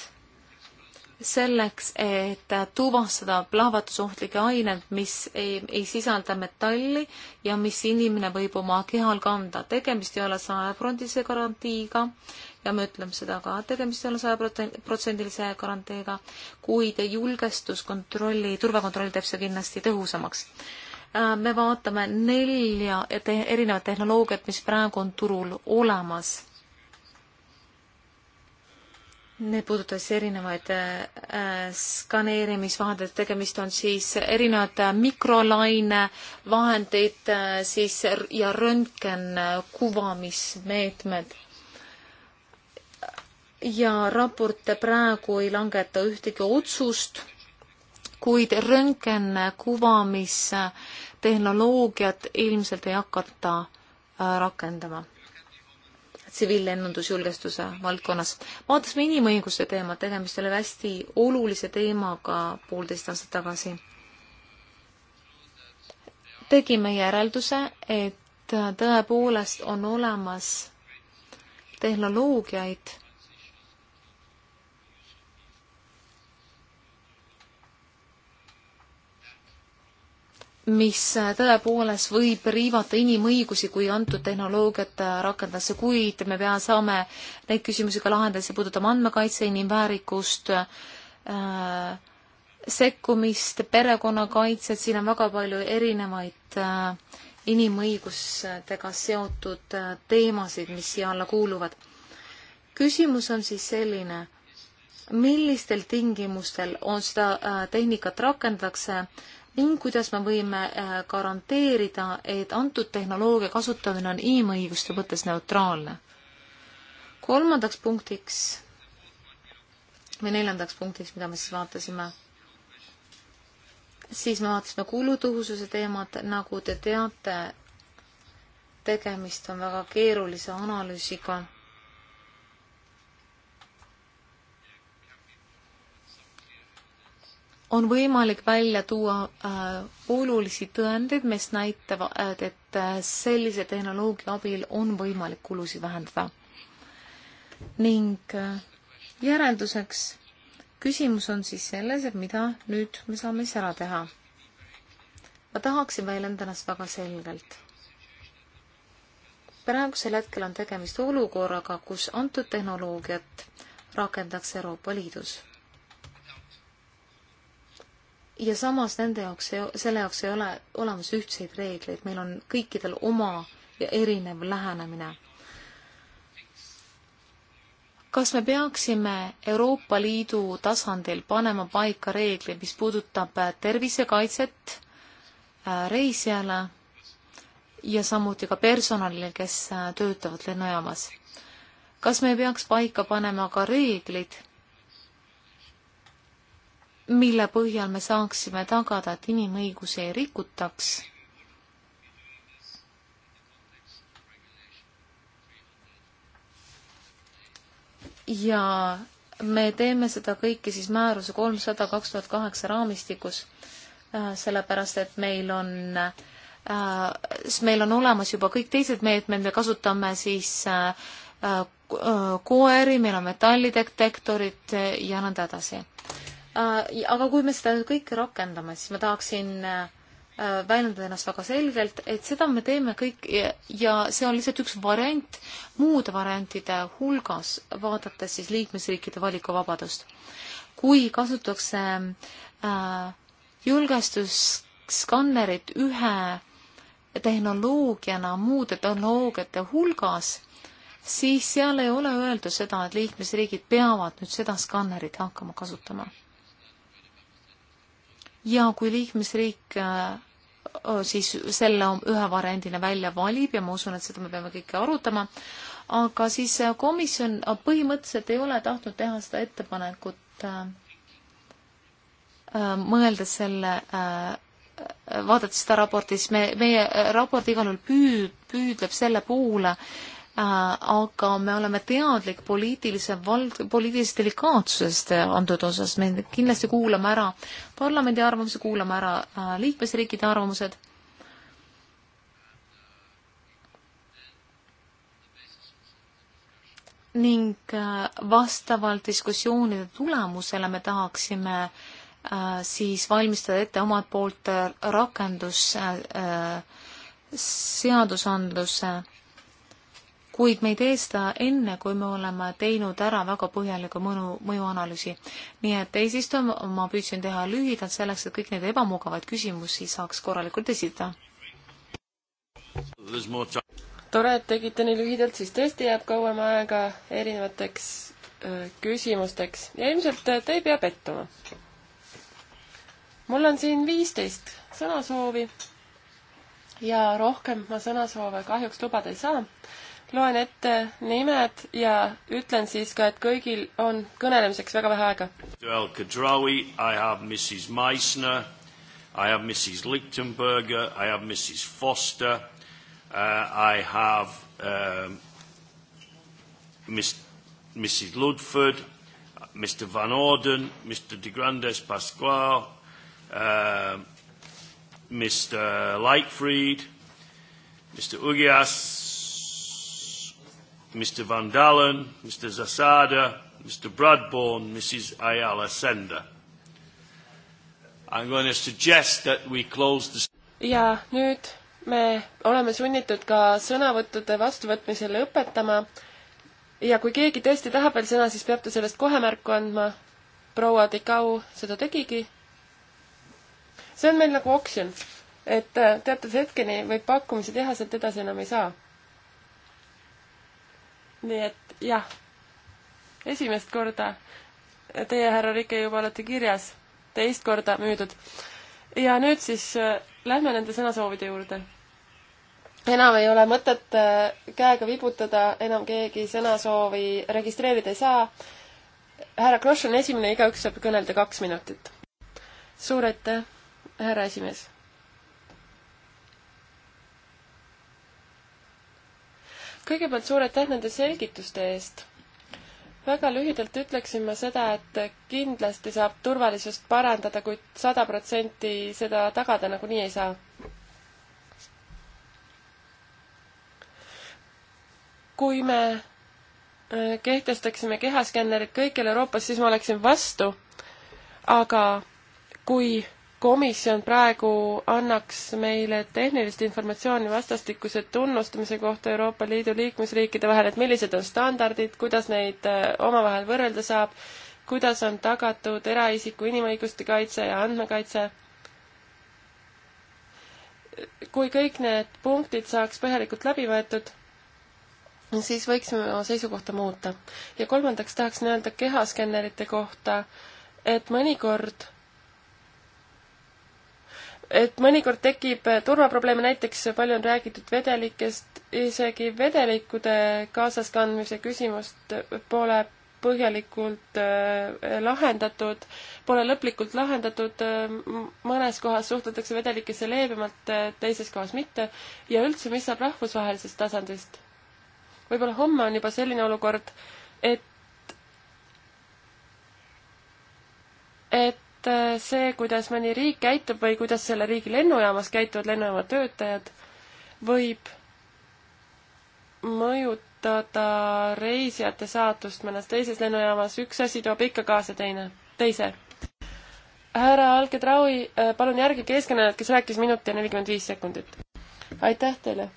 selleks, et tuvastada plahvatusohtlikke aineid, mis ei, ei sisalda metalli ja mis inimene võib oma kehal kanda. tegemist ei ole sajaprotsendise garantiiga äh,, peame ütlema seda ka, tegemist ei ole sajaprotsendilise garanteega, kuid julgestuskontrolli, turvakontrolli teeb see kindlasti tõhusamaks äh, me vaatame nelja te erinevat tehnoloogiat, mis praegu on turul olemas. Need puudutas erinevaid äh, skaneerimisvahendeid, tegemist on siis erinevad mikrolainevahendid äh, siis ja röntgenkuvamismeetmed äh, ja raport praegu ei langeta ühtegi otsust, kuid röntgenkuvamistehnoloogiat ilmselt ei hakata äh, rakendama tsiviillennundusjulgestuse valdkonnas. vaatasime inimõiguste teemat, tegemist oli hästi olulise teemaga poolteist aastat tagasi. tegime järelduse, et tõepoolest on olemas tehnoloogiaid mis äh, tõepoolest võib riivata inimõigusi, kui antud tehnoloogiat äh, rakendatakse, kuid me pea saame neid küsimusi ka lahendada, see puudutab andmekaitse, inimväärikust äh,, sekkumist, perekonnakaitset, siin on väga palju erinevaid äh, inimõigustega seotud äh, teemasid, mis siia alla kuuluvad. küsimus on siis selline, millistel tingimustel on seda äh, tehnikat rakendatakse äh, ning kuidas me võime äh, garanteerida, et antud tehnoloogia kasutamine on inimõiguste mõttes neutraalne. kolmandaks punktiks või neljandaks punktiks, mida me siis vaatasime, siis me vaatasime kulutõhususe teemat, nagu te teate, tegemist on väga keerulise analüüsiga on võimalik välja tuua äh, olulisi tõendeid, mis näitavad, äh, et äh, sellise tehnoloogia abil on võimalik kulusid vähendada. ning äh, järelduseks küsimus on siis selles, et mida nüüd me saame siis ära teha. ma tahaksin väljenda ennast väga selgelt. praegusel hetkel on tegemist olukorraga, kus antud tehnoloogiat rakendatakse Euroopa Liidus ja samas nende jaoks, selle jaoks ei ole olemas ühtseid reegleid, meil on kõikidel oma ja erinev lähenemine. kas me peaksime Euroopa Liidu tasandil panema paika reeglid, mis puudutab äh, tervisekaitset äh, reisijale ja samuti ka personalile, kes äh, töötavad lennujaamas? kas me ei peaks paika panema ka reeglid, mille põhjal me saaksime tagada, et inimõigusi ei rikutaks ja me teeme seda kõike siis määruse kolmsada kaks tuhat kaheksa raamistikus, äh, sellepärast et meil on äh, meil on olemas juba kõik teised meetmed, me kasutame siis äh, koeri, meil on metallidetektorid ja nõnda edasi. Äh, aga kui me seda kõike rakendame, siis ma tahaksin äh, väljendada ennast väga selgelt, et seda me teeme kõik ja, ja see on lihtsalt üks variant muude variantide hulgas, vaadates siis liikmesriikide valikuvabadust. kui kasutatakse äh, julgestusskannerit ühe tehnoloogiana muude tehnoloogiate hulgas, siis seal ei ole öeldud seda, et liikmesriigid peavad nüüd seda skannerit hakkama kasutama ja kui liikmesriik äh, äh, siis selle ühe variandina välja valib ja ma usun, et seda me peame kõike arutama, aga siis äh, komisjon põhimõtteliselt ei ole tahtnud teha seda ettepanekut mõeldes selle, vaadates seda raporti, siis me, meie raport igal juhul püüd, püüdleb selle poole, Äh, aga me oleme teadlik poliitilise vald-, poliitilisest delikaatsusest äh, antud osas, me kindlasti kuulame ära parlamendi arvamuse, kuulame ära äh, liikmesriikide arvamused ning vastavalt diskussioonide tulemusele me tahaksime äh, siis valmistada ette omalt poolt rakendus äh, seadusandluse äh, kuid me ei tee seda enne, kui me oleme teinud ära väga põhjaliku mõju, mõjuanalüüsi. nii et eesistuja, ma püüdsin teha lühidalt selleks, et kõik neid ebamugavaid küsimusi saaks korralikult esitada. tore, et tegite nii lühidalt, siis tõesti jääb kauem aega erinevateks öö, äh, küsimusteks ja ilmselt te ei pea pettuma. mul on siin viisteist sõnasoovi ja rohkem ma sõnasoove kahjuks lubada ei saa loen ette nimed ja ütlen siis ka, et kõigil on kõnelemiseks väga vähe aega. Joel Kadrawi, I have Mrs Meissner, I have Mrs Lichtenberger, I have Mrs Foster uh,, I have um, Miss, Mrs Ludford, Mr Van Orden, Mr De Grandes Pascual uh,, Mr Lightfried, Mr Ugias, Mr Van Dalen, Mr Zasada, Mr Bradbourne, Mrs Ayala Sender. I'm going to suggest that we close the ja nüüd me oleme sunnitud ka sõnavõttude vastuvõtmise lõpetama ja kui keegi tõesti tahab veel sõna, siis peab ta sellest kohe märku andma. proua Tikau seda tegigi. see on meil nagu oksjon, et äh, teatud hetkeni võib pakkumise teha, sealt edasi enam ei saa nii et jah, esimest korda teie, härra Rike, juba olete kirjas, teist korda müüdud. ja nüüd siis äh, lähme nende sõnasoovide juurde. enam ei ole mõtet äh, käega vibutada, enam keegi sõnasoovi registreerida ei saa. härra Kross on esimene, igaüks saab kõnelda kaks minutit. suur aitäh, härra esimees kõigepealt suur aitäh nende selgituste eest. väga lühidalt ütleksin ma seda, et kindlasti saab turvalisust parandada kuid, kuid sada protsenti seda tagada nagunii ei saa. kui me äh, kehtestaksime kehaskännerid kõikjal Euroopas, siis ma oleksin vastu, aga kui komisjon praegu annaks meile tehnilist informatsiooni vastastikuse tunnustamise kohta Euroopa Liidu liikmesriikide vahel, et millised on standardid, kuidas neid äh, omavahel võrrelda saab, kuidas on tagatud eraisiku inimõiguste kaitse ja andmekaitse. kui kõik need punktid saaks põhjalikult läbi võetud, siis võiksime oma seisukohta muuta. ja kolmandaks tahaksin öelda kehaskännerite kohta, et mõnikord et mõnikord tekib eh, turvaprobleeme, näiteks palju on räägitud vedelikest, isegi vedelikude eh, kaasaskandmise küsimust pole põhjalikult eh, lahendatud, pole lõplikult lahendatud, mõnes kohas suhtutakse vedelikesse leebemalt, teises kohas mitte, ja üldse, mis saab rahvusvahelisest tasandist? võib-olla homme on juba selline olukord, et et et äh, see, kuidas mõni riik käitub või kuidas selle riigi lennujaamas käituvad lennujaama töötajad, võib mõjutada reisijate saatust mõnes teises lennujaamas, üks asi toob ikka kaasa teine, teise. härra Algetraui, äh, palun järgige eeskõnelejat, kes rääkis minut ja nelikümmend viis sekundit. aitäh teile!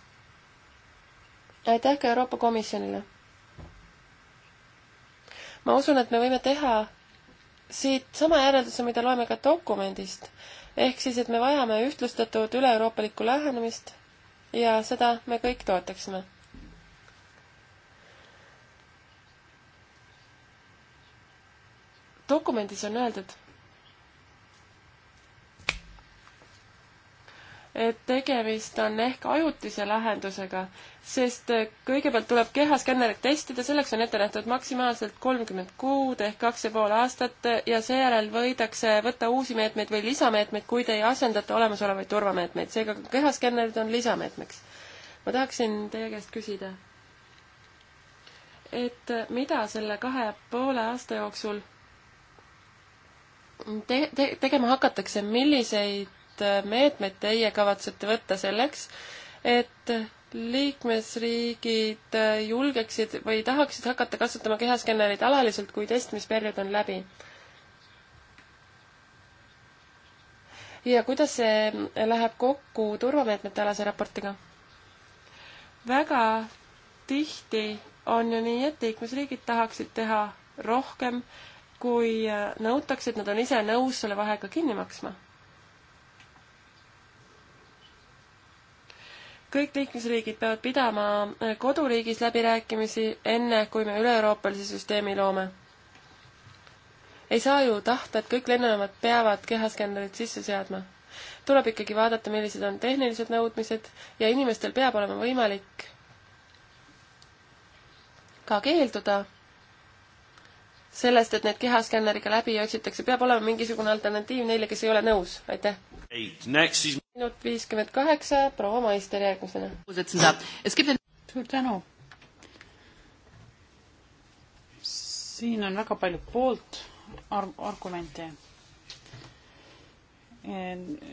aitäh ka Euroopa Komisjonile! ma usun, et me võime teha siit sama järelduse, mida loeme ka dokumendist, ehk siis, et me vajame ühtlustatud üle-euroopalikku lähenemist ja seda me kõik toetaksime. dokumendis on öeldud, et tegemist on ehk ajutise lahendusega, sest kõigepealt tuleb kehaskännerit testida, selleks on ette nähtud maksimaalselt kolmkümmend kuud ehk kaks ja pool aastat ja seejärel võidakse võtta uusi meetmeid või lisameetmeid, kuid ei asendata olemasolevaid turvameetmeid, seega kehaskännerid on lisameetmeks. ma tahaksin teie käest küsida, et mida selle kahe poole aasta jooksul te-, te-, tegema hakatakse, milliseid milliseid meetmeid teie kavatsete võtta selleks, et liikmesriigid julgeksid või tahaksid hakata kasutama kehaskännereid alaliselt, kui testimisperiood on läbi? ja kuidas see läheb kokku turvameetmete alase raportiga? väga tihti on ju nii, et liikmesriigid tahaksid teha rohkem, kui nõutakse, et nad on ise nõus selle vahega kinni maksma kõik liikmesriigid peavad pidama eh, koduriigis läbirääkimisi, enne kui me üle-euroopalise süsteemi loome. ei saa ju tahta, et kõik lennujaamad peavad kehaskännerid sisse seadma. tuleb ikkagi vaadata, millised on tehnilised nõudmised ja inimestel peab olema võimalik ka keelduda sellest, et need kehaskänneriga läbi otsitakse, peab olema mingisugune alternatiiv neile, kes ei ole nõus. aitäh! minut viiskümmend kaheksa, proua Maister järgmisena. suur tänu. siin on väga palju poolt arg-, argumente. E,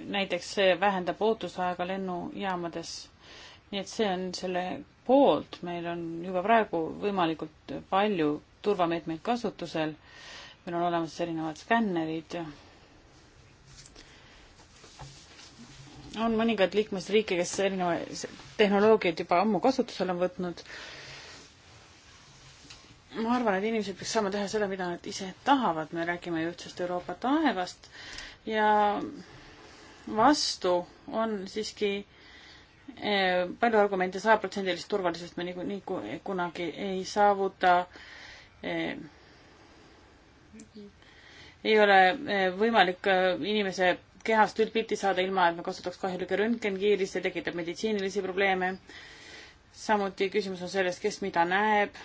näiteks see vähendab ootusaega lennujaamades. nii et see on selle poolt, meil on juba praegu võimalikult palju turvameetmeid kasutusel, meil on olemas erinevad skännerid on mõningaid liikmesriike, kes erinevaid tehnoloogiaid juba ammu kasutusele on võtnud. ma arvan, et inimesed peaks saama teha seda, mida nad ise tahavad, me räägime ju ühtsest Euroopa taevast ja vastu on siiski eh, palju argumente sajaprotsendilist turvalisust me niikuinii nii, kunagi ei saavuta. Eh, ei ole eh, võimalik inimese kehast üldpilti saada, ilma et me kasutaks kahjulikke röntgenkiiri, see tekitab meditsiinilisi probleeme. samuti küsimus on selles, kes mida näeb,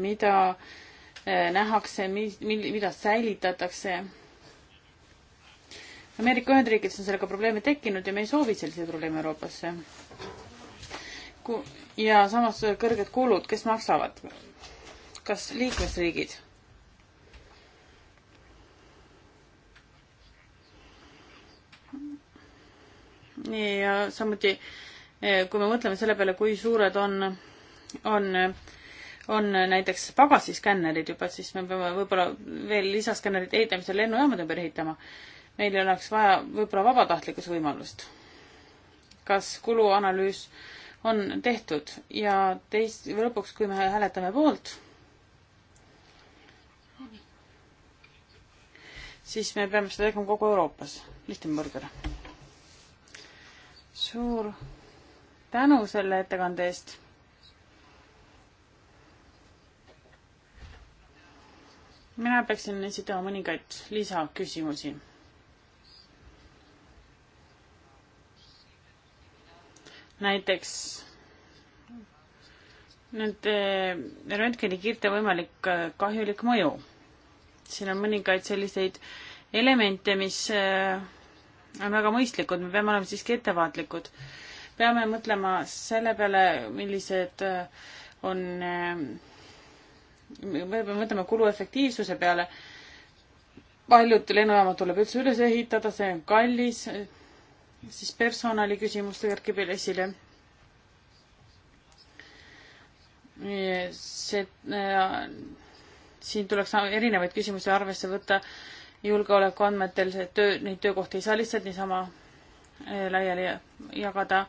mida eh, nähakse, mida säilitatakse. Ameerika Ühendriikides on sellega probleeme tekkinud ja me ei soovi selliseid probleeme Euroopasse. ja samas kõrged kulud, kes maksavad? kas liikmesriigid? ja samuti eh, kui me mõtleme selle peale, kui suured on, on, on näiteks pagasiskännerid juba, siis me peame võib-olla veel lisaskännerid ehitamisel lennujaamade ümber ehitama. meil oleks vaja võib-olla vabatahtlikkusvõimalust. kas kuluanalüüs on tehtud ja teist, lõpuks, kui me hääletame poolt, siis me peame seda tegema kogu Euroopas, Lichtenberger suur tänu selle ettekande eest. mina peaksin esitama mõningaid lisaküsimusi. näiteks nüüd röntgenikiirte võimalik kahjulik mõju. siin on mõningaid selliseid elemente, mis äh, on väga mõistlikud, me peame olema siiski ettevaatlikud. peame mõtlema selle peale, millised äh, on, äh, me peame mõtlema kuluefektiivsuse peale. paljud lennujaamad tuleb üldse üles ehitada, see on kallis, äh, siis personali küsimus kerkib veel esile. see, siin tuleks erinevaid küsimusi arvesse võtta julgeolekuandmetel see töö, neid töökohti ei saa lihtsalt niisama äh, laiali jagada.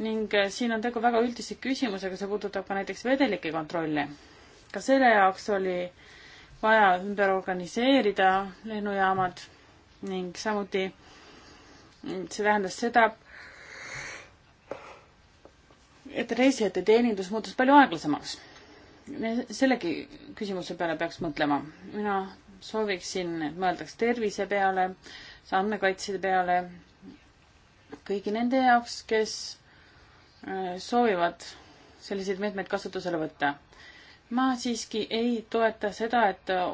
ning äh, siin on tegu väga üldise küsimusega, see puudutab ka näiteks vedelike kontrolli. ka selle jaoks oli vaja ümber organiseerida lennujaamad ning samuti mm, see tähendas seda, et reisijate teenindus muutus palju aeglasemaks. sellegi küsimuse peale peaks mõtlema. mina sooviksin, et mõeldaks tervise peale, andmekaitse peale, kõigi nende jaoks, kes äh, soovivad selliseid meetmeid kasutusele võtta. ma siiski ei toeta seda, et äh,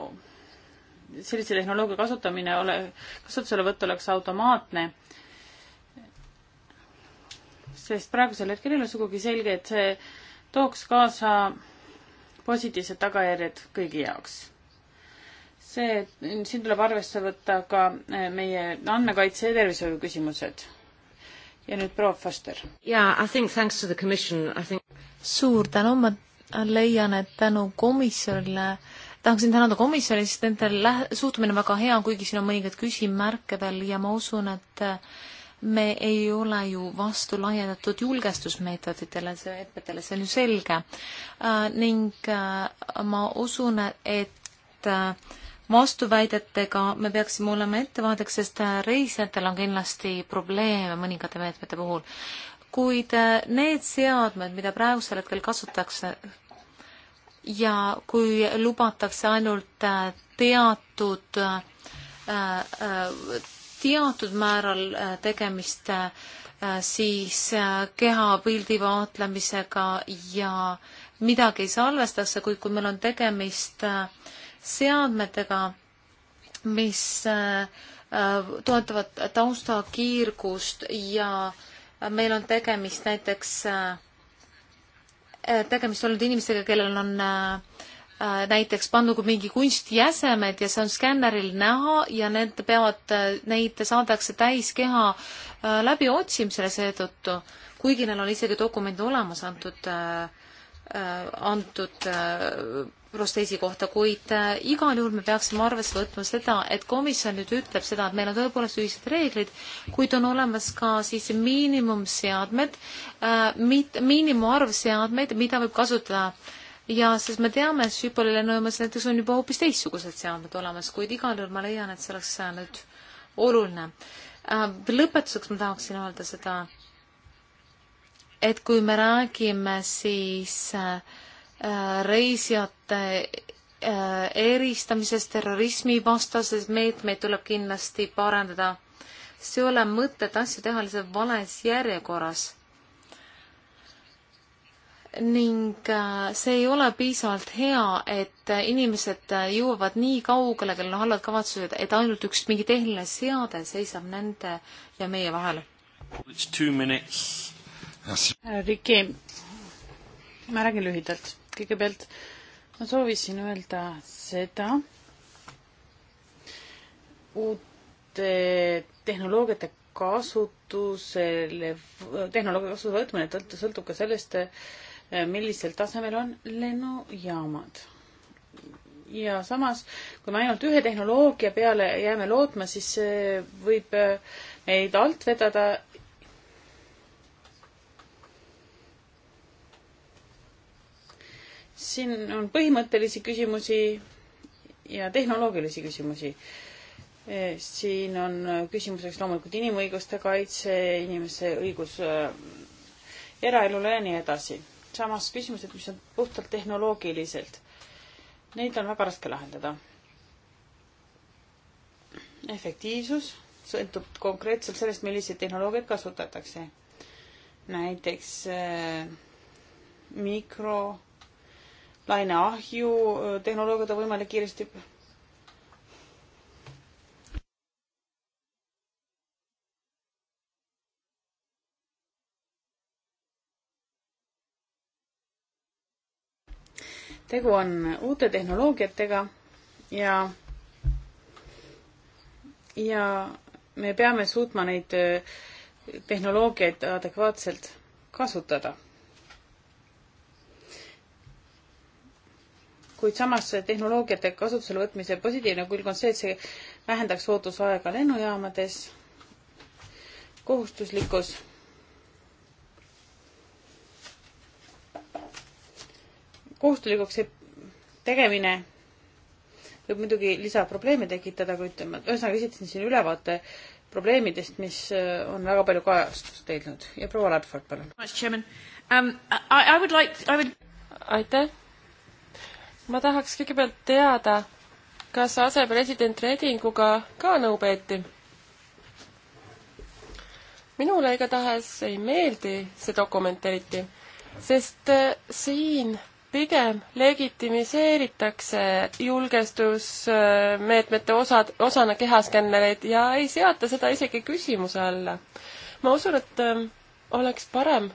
sellise tehnoloogia kasutamine ole, kasutuselevõtt oleks automaatne, sest praegusel hetkel ei ole sugugi selge, et see tooks kaasa positiivsed tagajärjed kõigi jaoks see, siin tuleb arvesse võtta ka eh, meie andmekaitse ja tervishoiu küsimused. ja nüüd proua Foster. jaa, I think thanks to the commission, I think suur tänu, ma leian, et tänu komisjonile tahaksin tänada komisjoni, sest nende lähe-, suhtumine on väga hea, kuigi siin on mõningaid küsimärke veel ja ma usun, et me ei ole ju vastu laiendatud julgestusmeetoditele, see, etmetele, see on ju selge äh,. ning äh, ma usun, et äh, vastuväidetega me peaksime olema ettevaatlik, sest reisijatel on kindlasti probleeme mõningate meetmete puhul. kuid äh, need seadmed, mida praegusel hetkel kasutatakse ja kui lubatakse ainult äh, teatud, äh, teatud määral tegemist siis kehapildi vaatlemisega ja midagi ei salvestatakse, kuid kui meil on tegemist äh, seadmetega, mis äh, äh, toetavad taustakiirgust ja meil on tegemist näiteks, äh, tegemist olnud inimestega, kellel on näiteks pandud mingi kunstjäsemed ja see on skänneril näha ja need peavad, neid saadakse täis keha läbiotsimisele seetõttu, kuigi neil on isegi dokument olemas antud, antud prosteesi kohta, kuid äh, igal juhul me peaksime arvesse võtma seda, et komisjon nüüd ütleb seda, et meil on tõepoolest ühised reeglid, kuid on olemas ka siis miinimumseadmed, äh, mit-, miinimumarvseadmeid, mida võib kasutada ja sest me teame, et Schipholi lennujaamas näiteks on juba hoopis teistsugused seadmed olemas, kuid igal juhul ma leian, et see oleks äh, nüüd oluline. lõpetuseks ma tahaksin öelda seda, et kui me räägime siis reisijate Äh, eristamises, terrorismivastases meetmeid tuleb kindlasti parandada. see ei ole mõtet asju teha lihtsalt vales järjekorras. ning äh, see ei ole piisavalt hea, et inimesed äh, jõuavad nii kaugele, kellel on halvad kavatsused, et ainult üks mingi tehniline seade seisab nende ja meie vahel. Riki, ma räägin lühidalt. kõigepealt ma soovisin öelda seda uute tehnoloogiate kasutusele, tehnoloogia kasutuse võtmine sõltub ka sellest, millisel tasemel on lennujaamad. ja samas, kui me ainult ühe tehnoloogia peale jääme lootma, siis see võib meid alt vedada siin on põhimõttelisi küsimusi ja tehnoloogilisi küsimusi. E, siin on küsimuseks loomulikult inimõiguste kaitse, inimese õigus e, eraelule ja nii edasi. samas küsimused, mis on puhtalt tehnoloogiliselt, neid on väga raske lahendada. efektiivsus sõltub konkreetselt sellest, milliseid tehnoloogiaid kasutatakse. näiteks äh, mikro laineahju, tehnoloogiat on võimalik kiiresti tegu on uute tehnoloogiatega ja, ja me peame suutma neid tehnoloogiaid adekvaatselt kasutada. kuid samas tehnoloogiate kasutusele võtmise positiivne külg on see, et see vähendaks ootusaega lennujaamades. kohustuslikkus. kohustuslikuks tegemine võib muidugi lisaprobleeme tekitada, kuid ma ühesõnaga esitasin siin ülevaate probleemidest, mis äh, on väga palju kajastust leidnud ja proua Ladford, palun. Um, aitäh ma tahaks kõigepealt teada, kas asepresident Redinguga ka nõu peeti? minule igatahes ei meeldi see dokument eriti, sest äh, siin pigem legitimiseeritakse julgestusmeetmete osad, osana kehaskännereid ja ei seata seda isegi küsimuse alla. ma usun, et ähm, oleks parem,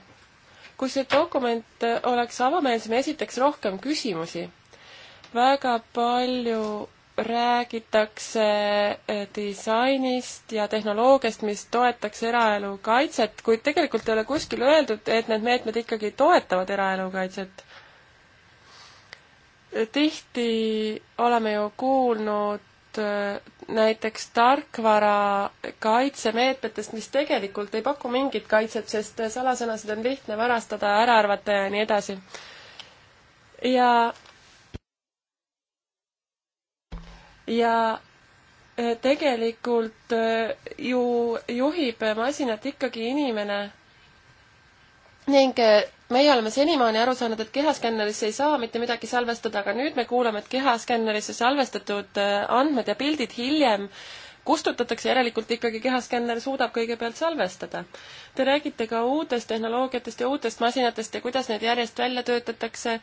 kui see dokument äh, oleks avameelsem ja esitaks rohkem küsimusi väga palju räägitakse eh, disainist ja tehnoloogiast, mis toetaks eraelu kaitset, kuid tegelikult ei ole kuskil öeldud, et need meetmed ikkagi toetavad eraelu kaitset. tihti oleme ju kuulnud eh, näiteks tarkvara kaitsemeetmetest, mis tegelikult ei paku mingit kaitset, sest salasõnasid on lihtne varastada, ära arvata ja nii edasi. ja ja eh, tegelikult eh, ju juhib eh, masinat ikkagi inimene. ning meie oleme senimaani aru saanud, et kehaskännerisse ei saa mitte midagi salvestada, aga nüüd me kuuleme, et kehaskännerisse salvestatud andmed ja pildid hiljem kustutatakse, järelikult ikkagi kehaskänner suudab kõigepealt salvestada. Te räägite ka uutest tehnoloogiatest ja uutest masinatest ja kuidas neid järjest välja töötatakse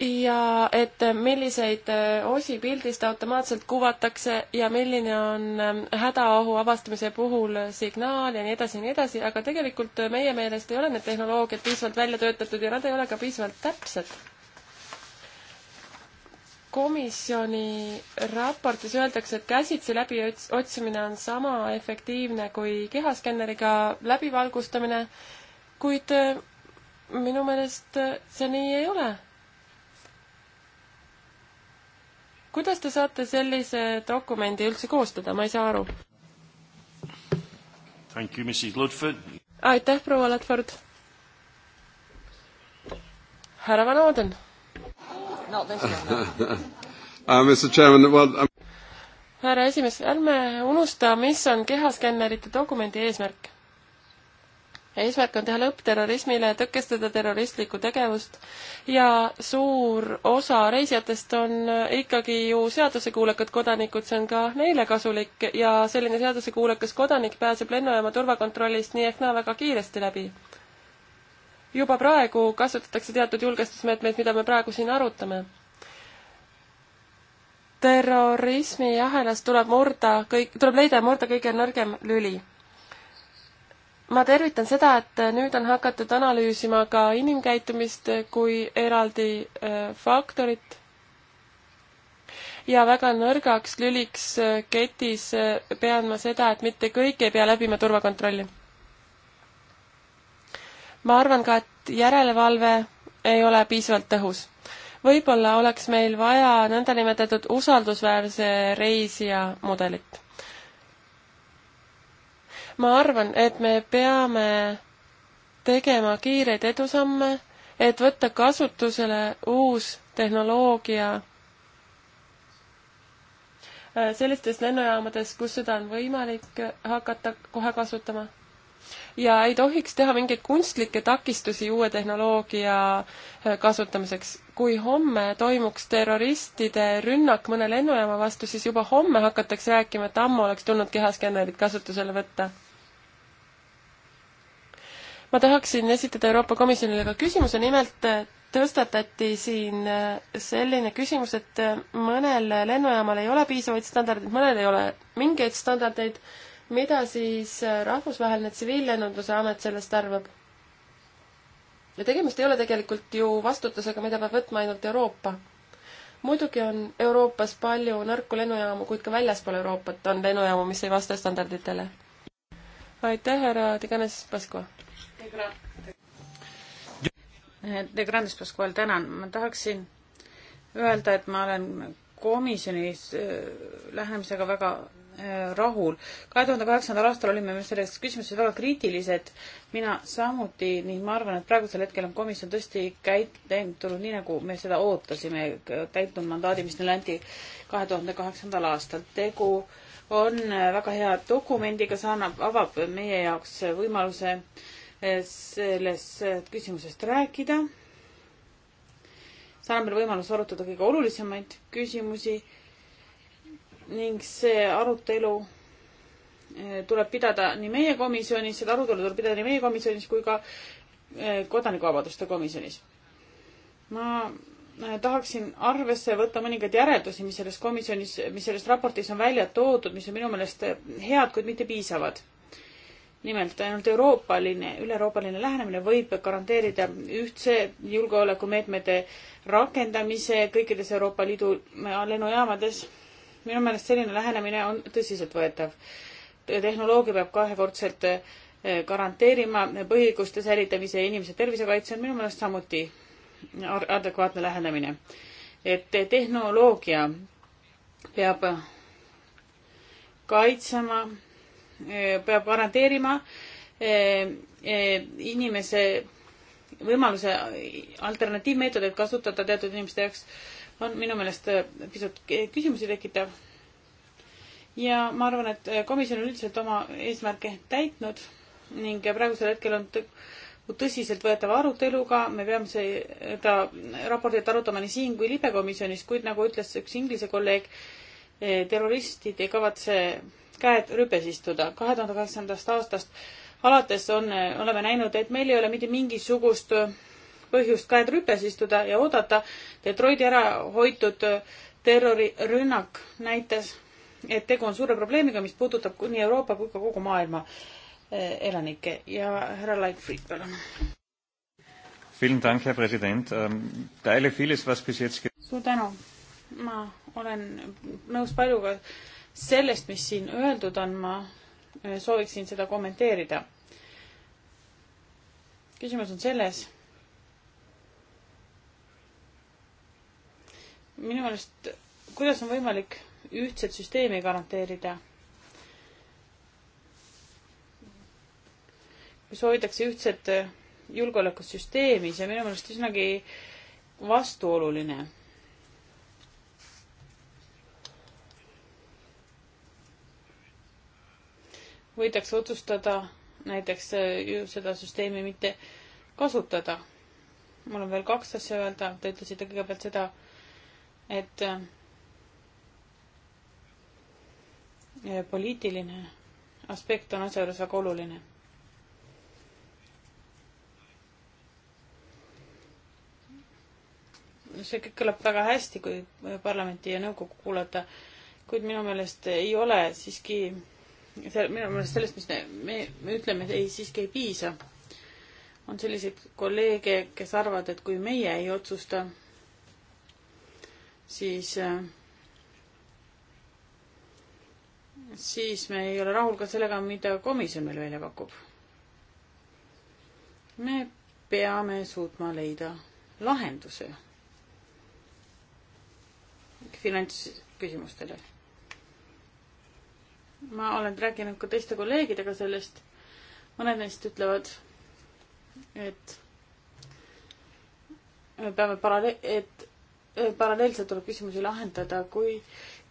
ja et milliseid äh, osi pildist automaatselt kuvatakse ja milline on ähm, hädaohu avastamise puhul signaal ja nii edasi ja nii edasi, aga tegelikult äh, meie meelest ei ole need tehnoloogiad piisavalt välja töötatud ja nad ei ole ka piisavalt täpsed. komisjoni raportis öeldakse, et käsitsi läbiotsimine on sama efektiivne kui kehaskanneriga läbivalgustamine, kuid äh, minu meelest see nii ei ole kuidas te saate sellise dokumendi üldse koostada, ma ei saa aru? aitäh, proua Ladford. härra Van Oden. (laughs) Uh, um, härra esimees, ärme unusta, mis on kehaskännerite dokumendi eesmärk eesmärk on teha lõpp terrorismile, tõkestada terroristlikku tegevust ja suur osa reisijatest on ikkagi ju seadusekuulekad kodanikud, see on ka neile kasulik ja selline seadusekuulekas kodanik pääseb lennujaama turvakontrollist nii ehk naa väga kiiresti läbi juba praegu kasutatakse teatud julgestusmeetmeid, mida me praegu siin arutame terrorismi ahelas tuleb murda kõik, tuleb leida ja murda kõige nõrgem lüli ma tervitan seda, et nüüd on hakatud analüüsima ka inimkäitumist kui eraldi äh, faktorit ja väga nõrgaks lüliks äh, ketis äh, pean ma seda, et mitte kõik ei pea läbima turvakontrolli. ma arvan ka, et järelevalve ei ole piisavalt tõhus. võib-olla oleks meil vaja nõndanimetatud usaldusväärse reisija mudelit ma arvan, et me peame tegema kiireid edusamme, et võtta kasutusele uus tehnoloogia sellistes lennujaamades, kus seda on võimalik hakata kohe kasutama. ja ei tohiks teha mingeid kunstlikke takistusi uue tehnoloogia kasutamiseks. kui homme toimuks terroristide rünnak mõne lennujaama vastu, siis juba homme hakatakse rääkima, et ammu oleks tulnud kehaskännerid kasutusele võtta ma tahaksin esitada Euroopa Komisjonile ka küsimuse, nimelt äh, tõstatati siin äh, selline küsimus, et äh, mõnel lennujaamal ei ole piisavaid standardeid, mõnel ei ole mingeid standardeid, mida siis Rahvusvaheline Tsiviillennunduse Amet sellest arvab? ja tegemist ei ole tegelikult ju vastutusega, mida peab võtma ainult Euroopa. muidugi on Euroopas palju nõrku lennujaamu, kuid ka väljaspool Euroopat on lennujaamu, mis ei vasta standarditele. aitäh, härra Diganes Paskva! De Grandes Pascual, tänan. ma tahaksin öelda, et ma olen komisjonis äh, lähenemisega väga äh, rahul. kahe tuhande kaheksandal aastal olime me selles küsimuses väga kriitilised, mina samuti ning ma arvan, et praegusel hetkel on komisjon tõesti käitunud nii, nagu me seda ootasime, täitnud mandaadi, mis neile anti kahe tuhande kaheksandal aastal. tegu on äh, väga hea dokumendiga, see annab, avab meie jaoks võimaluse äh, sellest küsimusest rääkida. see annab meile võimaluse arutada kõige olulisemaid küsimusi ning see arutelu eh, tuleb pidada nii meie komisjonis, seda arutelu tuleb pidada nii meie komisjonis kui ka eh, kodanikuvabaduste komisjonis. ma eh, tahaksin arvesse võtta mõningaid järeldusi, mis selles komisjonis, mis selles raportis on välja toodud, mis on minu meelest head, kuid mitte piisavad nimelt ainult euroopaline, üleeuroopaline lähenemine võib garanteerida ühtse julgeolekumeetmete rakendamise kõikides Euroopa Liidu lennujaamades. minu meelest selline lähenemine on tõsiseltvõetav. tehnoloogia peab kahekordselt eh, garanteerima põhiõiguste säilitamise ja inimese tervisekaitse on minu meelest samuti adekvaatne lähenemine. et tehnoloogia peab kaitsema peab garanteerima eh, eh, inimese võimaluse alternatiivmeetodeid kasutada teatud inimeste jaoks on minu meelest eh, pisut küsimusi tekitav. ja ma arvan, et komisjon on üldiselt oma eesmärke täitnud ning praegusel hetkel on tõsiseltvõetava aruteluga, me peame seda raportit arutama nii siin kui libekomisjonis, kuid nagu ütles üks Inglise kolleeg, terroristid ei kavatse käed rüpes istuda. kahe tuhande kaheksandast aastast alates on, oleme näinud, et meil ei ole mitte mingisugust põhjust käed rüpes istuda ja oodata. Detroiti ära hoitud terrorirünnak näitas, et tegu on suure probleemiga, mis puudutab nii Euroopa kui ka kogu maailma eh, elanikke ja härra Leitfried, palun. Ähm, suur tänu. ma olen nõus paljuga sellest, mis siin öeldud on, ma äh, sooviksin seda kommenteerida. küsimus on selles, minu meelest, kuidas on võimalik ühtset süsteemi garanteerida? kui soovitakse ühtset äh, julgeolekusüsteemi, see on minu meelest üsnagi vastuoluline võidakse otsustada näiteks äh, seda süsteemi mitte kasutada. mul on veel kaks asja öelda, te ütlesite kõigepealt seda, et äh, poliitiline aspekt on asja juures väga oluline. see kõik kõlab väga hästi, kui parlamenti ja nõukogu kuulata, kuid minu meelest ei ole siiski minu meelest sellest, mis me, me, me ütleme, ei, siiski ei piisa. on selliseid kolleege, kes arvavad, et kui meie ei otsusta, siis, äh, siis me ei ole rahul ka sellega, mida komisjon meile välja pakub. me peame suutma leida lahenduse finantsküsimustele ma olen rääkinud ka teiste kolleegidega sellest, mõned neist ütlevad, et me äh, peame paralleel, et äh, paralleelselt tuleb küsimusi lahendada, kui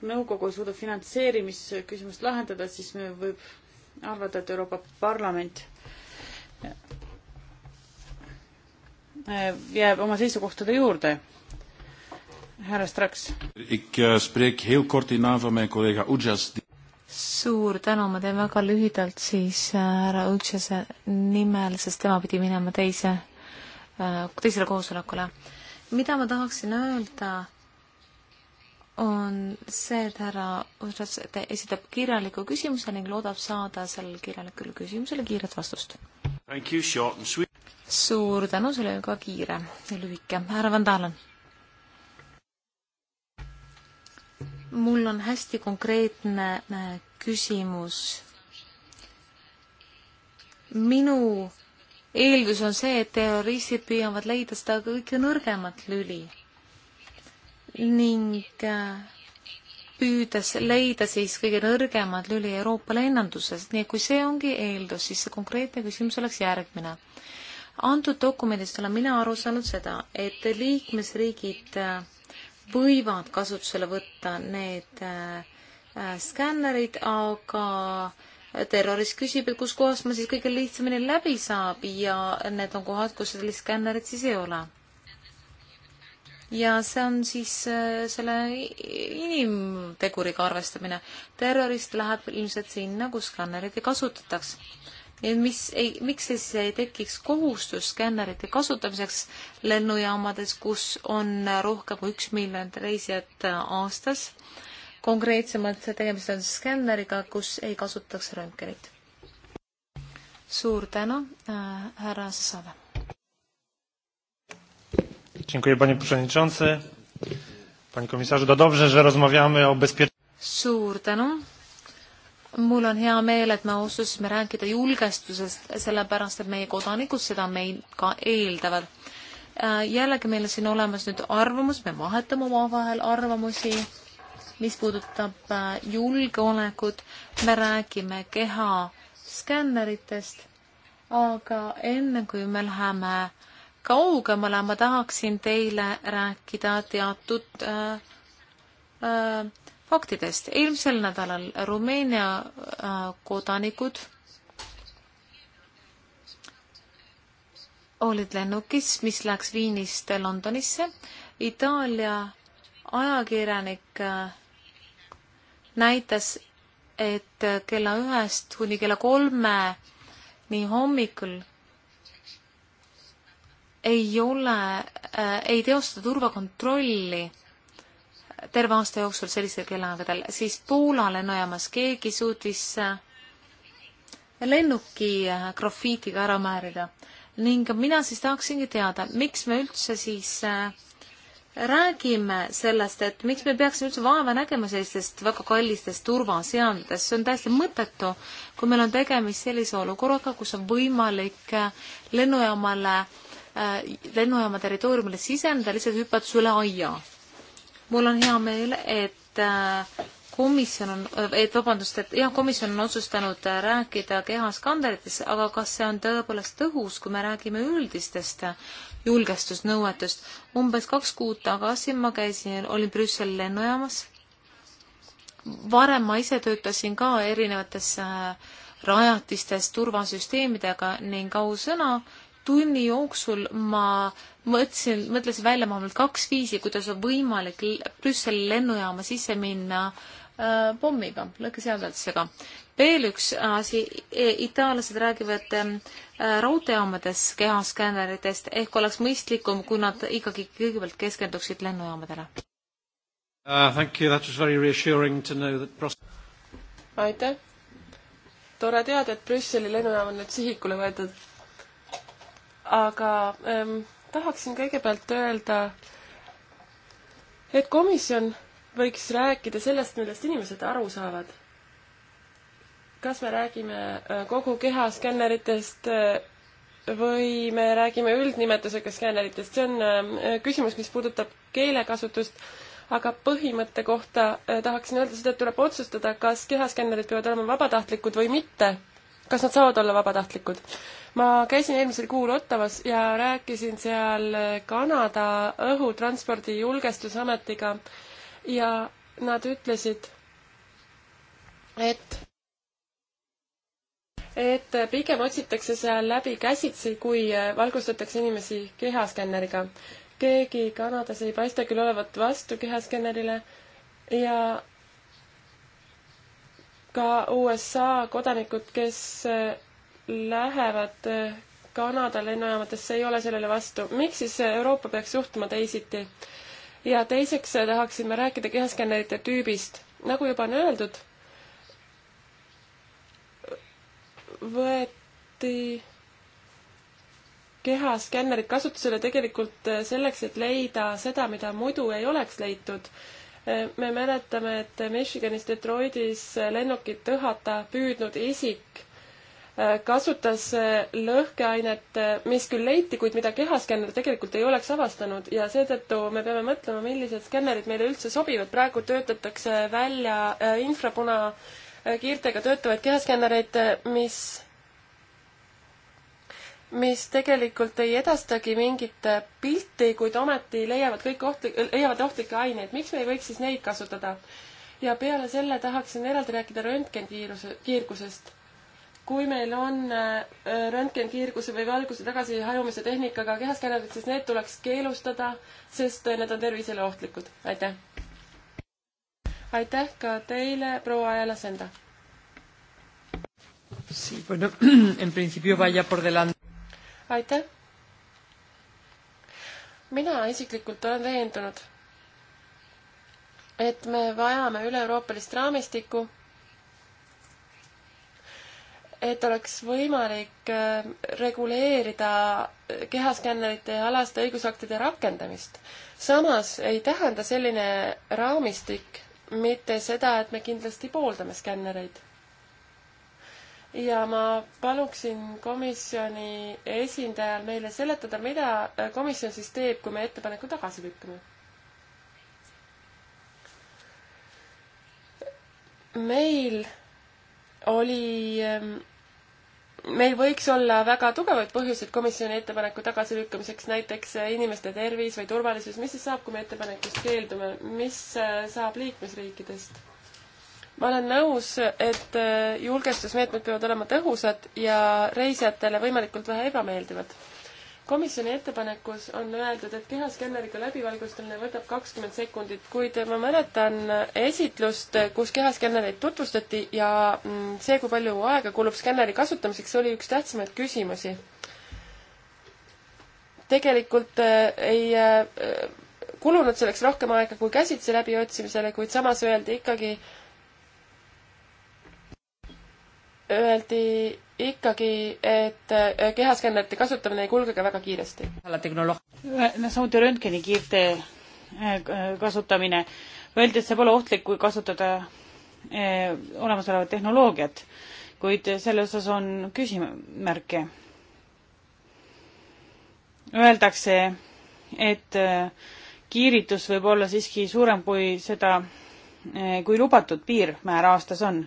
nõukogu suudab finantseerimisküsimust lahendada, siis me võib arvata, et Euroopa Parlament äh, jääb oma seisukohtade juurde. härra Straks. Ik spreek heel kort in naam van mijn collega Udžas suur tänu, ma teen väga lühidalt siis äh, härra Õltsese nimel, sest tema pidi minema teise, äh, teisele koosolekule. mida ma tahaksin öelda, on see, et härra Õltses esitab kirjaliku küsimuse ning loodab saada sellele kirjalikule küsimusele kiiret vastust. suur tänu, see oli väga kiire ja lühike. härra Van Dalen mul on hästi konkreetne äh, küsimus. minu eeldus on see, et terroristid püüavad leida seda kõige nõrgemat lüli ning äh, püüdes leida siis kõige nõrgemad lüli Euroopa lennunduses, nii et kui see ongi eeldus, siis see konkreetne küsimus oleks järgmine. antud dokumendist olen mina aru saanud seda, et liikmesriigid äh, võivad kasutusele võtta need äh, äh, skännerid, aga terrorist küsib, et kuskohast ma siis kõige lihtsamini läbi saab ja need on kohad, kus sellist skännerit siis ei ole. ja see on siis äh, selle inimteguriga arvestamine. terrorist läheb ilmselt sinna, kus skännerit ei kasutataks et mis ei, miks siis ei tekiks kohustus skännerite kasutamiseks lennujaamades, kus on rohkem kui üks miljon reisijat aastas. konkreetsemalt tegemist on skänneriga, kus ei kasutaks röntgenit. suur tänu äh,, härra Sassada. Dziękuję panie przewodniczący. Panie komisarzu, to dobrze, że rozmawiamy o bezpieczeństwie. Suur tänu mul on hea meel, et me otsustasime rääkida julgestusest, sellepärast et meie kodanikud seda meil ka eeldavad. Äh, jällegi meil on siin olemas nüüd arvamus, me vahetame omavahel arvamusi, mis puudutab äh, julgeolekut, me räägime kehaskänneritest, aga enne kui me läheme kaugemale, ma tahaksin teile rääkida teatud äh, äh, faktidest. eelmisel nädalal Rumeenia äh, kodanikud olid lennukis, mis läks Viinist Londonisse. Itaalia ajakirjanik äh, näitas, et kella ühest kuni kella kolmeni hommikul ei ole äh,, ei teosta turvakontrolli terve aasta jooksul sellistel kellaaegadel, siis Poola lennujaamas keegi suutis äh, lennuki äh, grafiitiga ära määrida ning mina siis tahaksingi teada, miks me üldse siis äh, räägime sellest, et miks me peaksime üldse vaeva nägema sellistest väga kallistest turvaseadmetest, see on täiesti mõttetu, kui meil on tegemist sellise olukorraga, kus on võimalik lennujaamale, lennujaama territooriumile siseneda, lihtsalt hüppad üle aia mul on hea meel, et äh, komisjon on, äh, et vabandust, et jah, komisjon on otsustanud äh, rääkida kehaskandalitest, aga kas see on tõepoolest tõhus, kui me räägime üldistest julgestusnõuetest? umbes kaks kuud tagasi ma käisin, olin Brüsseli lennujaamas. varem ma ise töötasin ka erinevates rajatistes turvasüsteemidega ning ausõna, tunni jooksul ma mõtlesin, mõtlesin välja vähemalt kaks viisi, kuidas on võimalik Brüsseli lennujaama sisse minna äh, pommiga, lõhkeseadmeldusega. veel üks asi, e, itaallased räägivad ähm, äh, raudteejaamades kehaskänneritest ehk oleks mõistlikum, kui nad ikkagi kõigepealt keskenduksid lennujaamadele uh,. Thank you, that was very reassuring to know that pros-. aitäh! tore teada, et Brüsseli lennujaam on nüüd sihikule võetud aga ähm, tahaksin kõigepealt öelda, et komisjon võiks rääkida sellest, millest inimesed aru saavad. kas me räägime äh, kogu keha skänneritest äh, või me räägime üldnimetusega skänneritest, see on ähm, küsimus, mis puudutab keelekasutust, aga põhimõtte kohta äh, tahaksin öelda seda, et tuleb otsustada, kas kehaskännerid peavad olema vabatahtlikud või mitte. kas nad saavad olla vabatahtlikud? ma käisin eelmisel kuul Ottawas ja rääkisin seal Kanada õhutranspordi julgestusametiga ja nad ütlesid, et et pigem otsitakse seal läbi käsitsi, kui valgustatakse inimesi kehaskänneriga. keegi Kanadas ei paista küll olevat vastu kehaskännerile ja ka USA kodanikud, kes lähevad äh, Kanada lennujaamadesse, ei ole sellele vastu. miks siis Euroopa peaks suhtuma teisiti? ja teiseks äh, tahaksime rääkida kehaskännerite tüübist. nagu juba on öeldud, võeti kehaskännerid kasutusele tegelikult äh, selleks, et leida seda, mida muidu ei oleks leitud. me mäletame, et Michiganis Detroitis lennukit õhata püüdnud isik kasutas äh, lõhkeainet, äh, mis küll leiti, kuid mida kehaskänner tegelikult ei oleks avastanud ja seetõttu me peame mõtlema, millised skännerid meile üldse sobivad. praegu töötatakse välja äh, infrapunakiirtega töötavaid kehaskännereid, mis mis tegelikult ei edastagi mingit pilti, kuid ometi leiavad kõik ohtlik, leiavad ohtlikke aineid. miks me ei võiks siis neid kasutada? ja peale selle tahaksin eraldi rääkida röntgenkiiruse, kiirgusest kui meil on äh, röntgenkiirguse või valguse tagasihajumise tehnikaga kehaskännerid, siis need tuleks keelustada, sest äh, need on tervisele ohtlikud. aitäh! aitäh ka teile, proua Ajala Senda! Sí, bueno, (clears throat) en principio vaya por delante. aitäh! mina isiklikult olen veendunud, et me vajame üle-euroopalist raamistikku et oleks võimalik äh, reguleerida äh, kehaskännerite ja alaste õigusaktide rakendamist. samas ei tähenda selline raamistik mitte seda, et me kindlasti pooldame skännereid. ja ma paluksin komisjoni esindajal meile seletada, mida äh, komisjon siis teeb, kui me ettepaneku tagasi lükkame meil oli, ähm, meil võiks olla väga tugevaid põhjuseid komisjoni ettepaneku tagasilükkamiseks, näiteks äh, inimeste tervis või turvalisus, mis siis saab, kui me ettepanekust keeldume, mis äh, saab liikmesriikidest? ma olen nõus, et äh, julgestusmeetmed peavad olema tõhusad ja reisijatele võimalikult vähe ebameeldivad komisjoni ettepanekus on öeldud, et kehaskänneriga läbivalgustamine võtab kakskümmend sekundit, kuid ma mäletan esitlust, kus kehaskännereid tutvustati ja mm, see, kui palju aega kulub skänneri kasutamiseks, oli üks tähtsamaid küsimusi. tegelikult äh, ei äh, kulunud selleks rohkem aega kui käsitsi läbiotsimisele, kuid samas öeldi ikkagi, öeldi ikkagi, et äh, kehaskännerite kasutamine ei kulge ka väga kiiresti. samuti röntgenikiirte äh, kasutamine. Öeldi, et see pole ohtlik, kui kasutada äh, olemasolevat tehnoloogiat, kuid selle osas on küsimärke. Öeldakse, et kiiritus võib olla siiski suurem, kui seda, kui lubatud piirmäär aastas on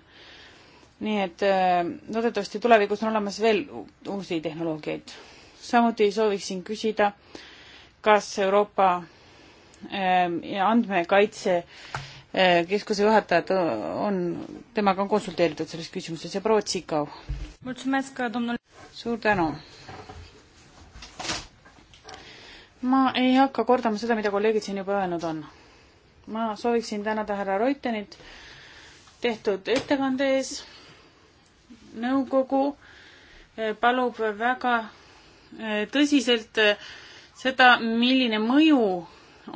nii et äh, loodetavasti tulevikus on olemas veel uusi tehnoloogiaid. samuti sooviksin küsida, kas Euroopa ähm, andmekaitse äh, keskuse juhatajad on, temaga on konsulteeritud selles küsimuses ja proua Tsikau. suur tänu. ma ei hakka kordama seda, mida kolleegid siin juba öelnud on. ma sooviksin tänada härra Reutenit tehtud ettekande ees nõukogu eh, palub väga eh, tõsiselt eh, seda, milline mõju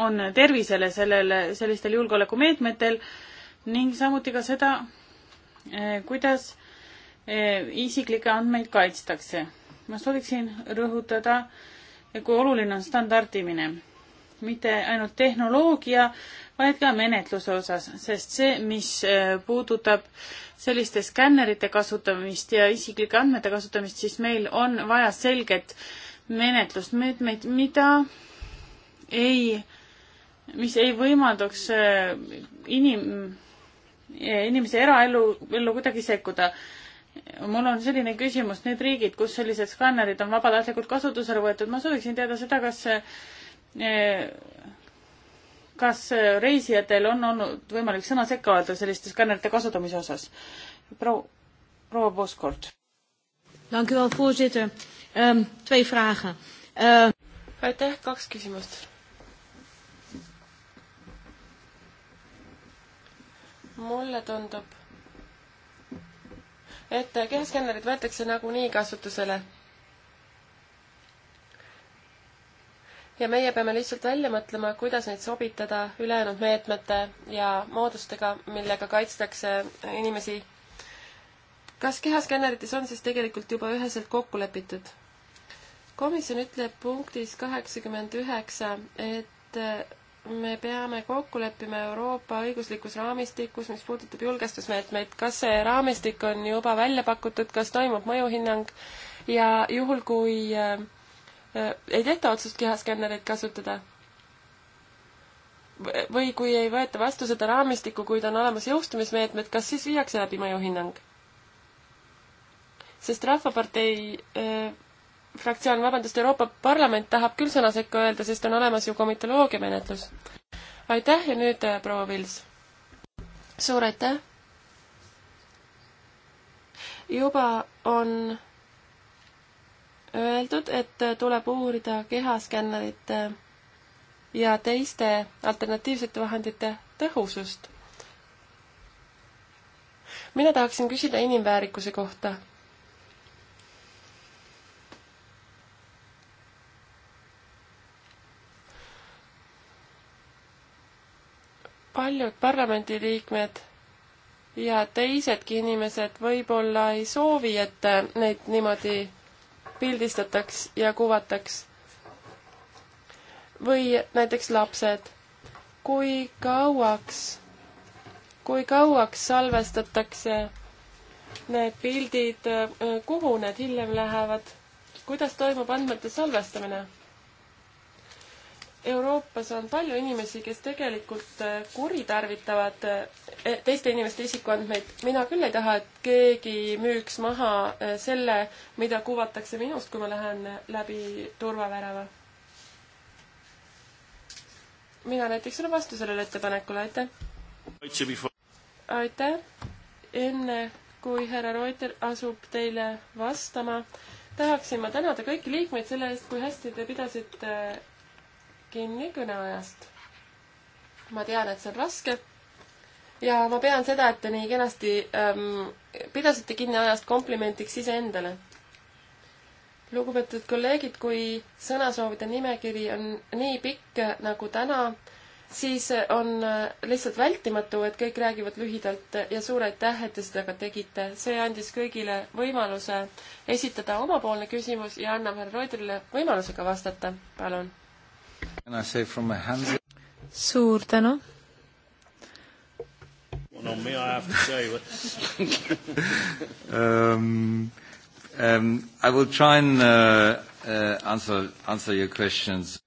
on tervisele sellele, sellistel julgeolekumeetmetel ning samuti ka seda, kuidas isiklikke andmeid kaitstakse. ma sooviksin rõhutada, kui oluline on standardimine. mitte ainult tehnoloogia, vaid ka menetluse osas, sest see, mis äh, puudutab selliste skännerite kasutamist ja isiklike andmete kasutamist, siis meil on vaja selget menetlusmeetmeid, mida ei, mis ei võimaldaks äh, inim, äh, inimese eraellu, ellu kuidagi sekkuda mul on selline küsimus, need riigid, kus sellised skannerid on vabatahtlikult kasutusele võetud, ma sooviksin teada seda, kas kas äh, reisijatel on olnud võimalik sõna sekka öelda selliste skannerite kasutamise osas? proua, proua Poskord. Ehm, ehm, aitäh, kaks küsimust. mulle tundub, et kehaskännerid võetakse nagunii kasutusele ja meie peame lihtsalt välja mõtlema, kuidas neid sobitada ülejäänud meetmete ja moodustega, millega kaitstakse inimesi. kas kehaskannerites on siis tegelikult juba üheselt kokku lepitud? komisjon ütleb punktis kaheksakümmend üheksa, et me peame kokku leppima Euroopa õiguslikus raamistikus, mis puudutab julgestusmeetmeid, kas see raamistik on juba välja pakutud, kas toimub mõjuhinnang ja juhul, kui äh, ei tehta otsust kehaskännereid kasutada. või kui ei võeta vastu seda raamistikku, kuid on olemas jõustumismeetmed, kas siis viiakse läbi mõjuhinnang? sest Rahvapartei äh, fraktsioon, vabandust, Euroopa Parlament tahab küll sõna sekka öelda, sest on olemas ju komitoloogia menetlus. aitäh ja nüüd eh, proua Vils. suur aitäh. juba on öeldud, et tuleb uurida kehaskännerite äh, ja teiste alternatiivsete vahendite tõhusust. mina tahaksin küsida inimväärikuse kohta paljud parlamendiliikmed ja teisedki inimesed võib-olla ei soovi, et neid niimoodi pildistataks ja kuvataks. või näiteks lapsed. kui kauaks, kui kauaks salvestatakse need pildid, kuhu need hiljem lähevad? kuidas toimub andmete salvestamine? Euroopas on palju inimesi, kes tegelikult äh, kuritarvitavad äh, e-, teiste inimeste isikuandmeid. mina küll ei taha, et keegi müüks maha äh, selle, mida kuvatakse minust, kui ma lähen läbi turvavärava. mina näiteks olen vastu sellele ettepanekule, aitäh. aitäh. enne kui härra Reuter asub teile vastama, tahaksin ma tänada kõiki liikmeid selle eest, kui hästi te pidasite kinni kõneajast. ma tean, et see on raske. ja ma pean seda, et te nii kenasti ähm, pidasite kinni ajast komplimentiks iseendale. lugupeetud kolleegid, kui sõnasoovide nimekiri on nii pikk nagu täna, siis on äh, lihtsalt vältimatu, et kõik räägivad lühidalt ja suur aitäh, et te seda ka tegite. see andis kõigile võimaluse esitada omapoolne küsimus ja annab härra Roidrile võimaluse ka vastata. palun suur tänu. no me I have to say what (laughs) um, um, I will try and uh, uh, answer, answer your questions.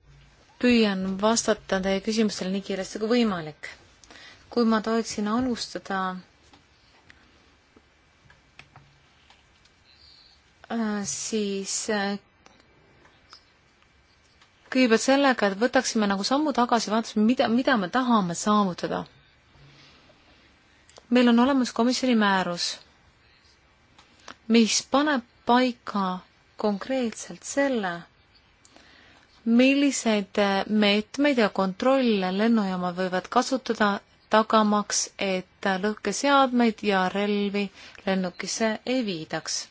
püüan vastata teie küsimustele nii kiiresti kui võimalik. kui ma tohiksin alustada äh, siis äh, kõigepealt sellega, et võtaksime nagu sammu tagasi, vaatasime, mida, mida me tahame saavutada. meil on olemas komisjoni määrus, mis paneb paika konkreetselt selle, milliseid meetmeid ja kontrolle lennujaamad võivad kasutada, tagamaks, et lõhkeseadmeid ja relvi lennukisse ei viidaks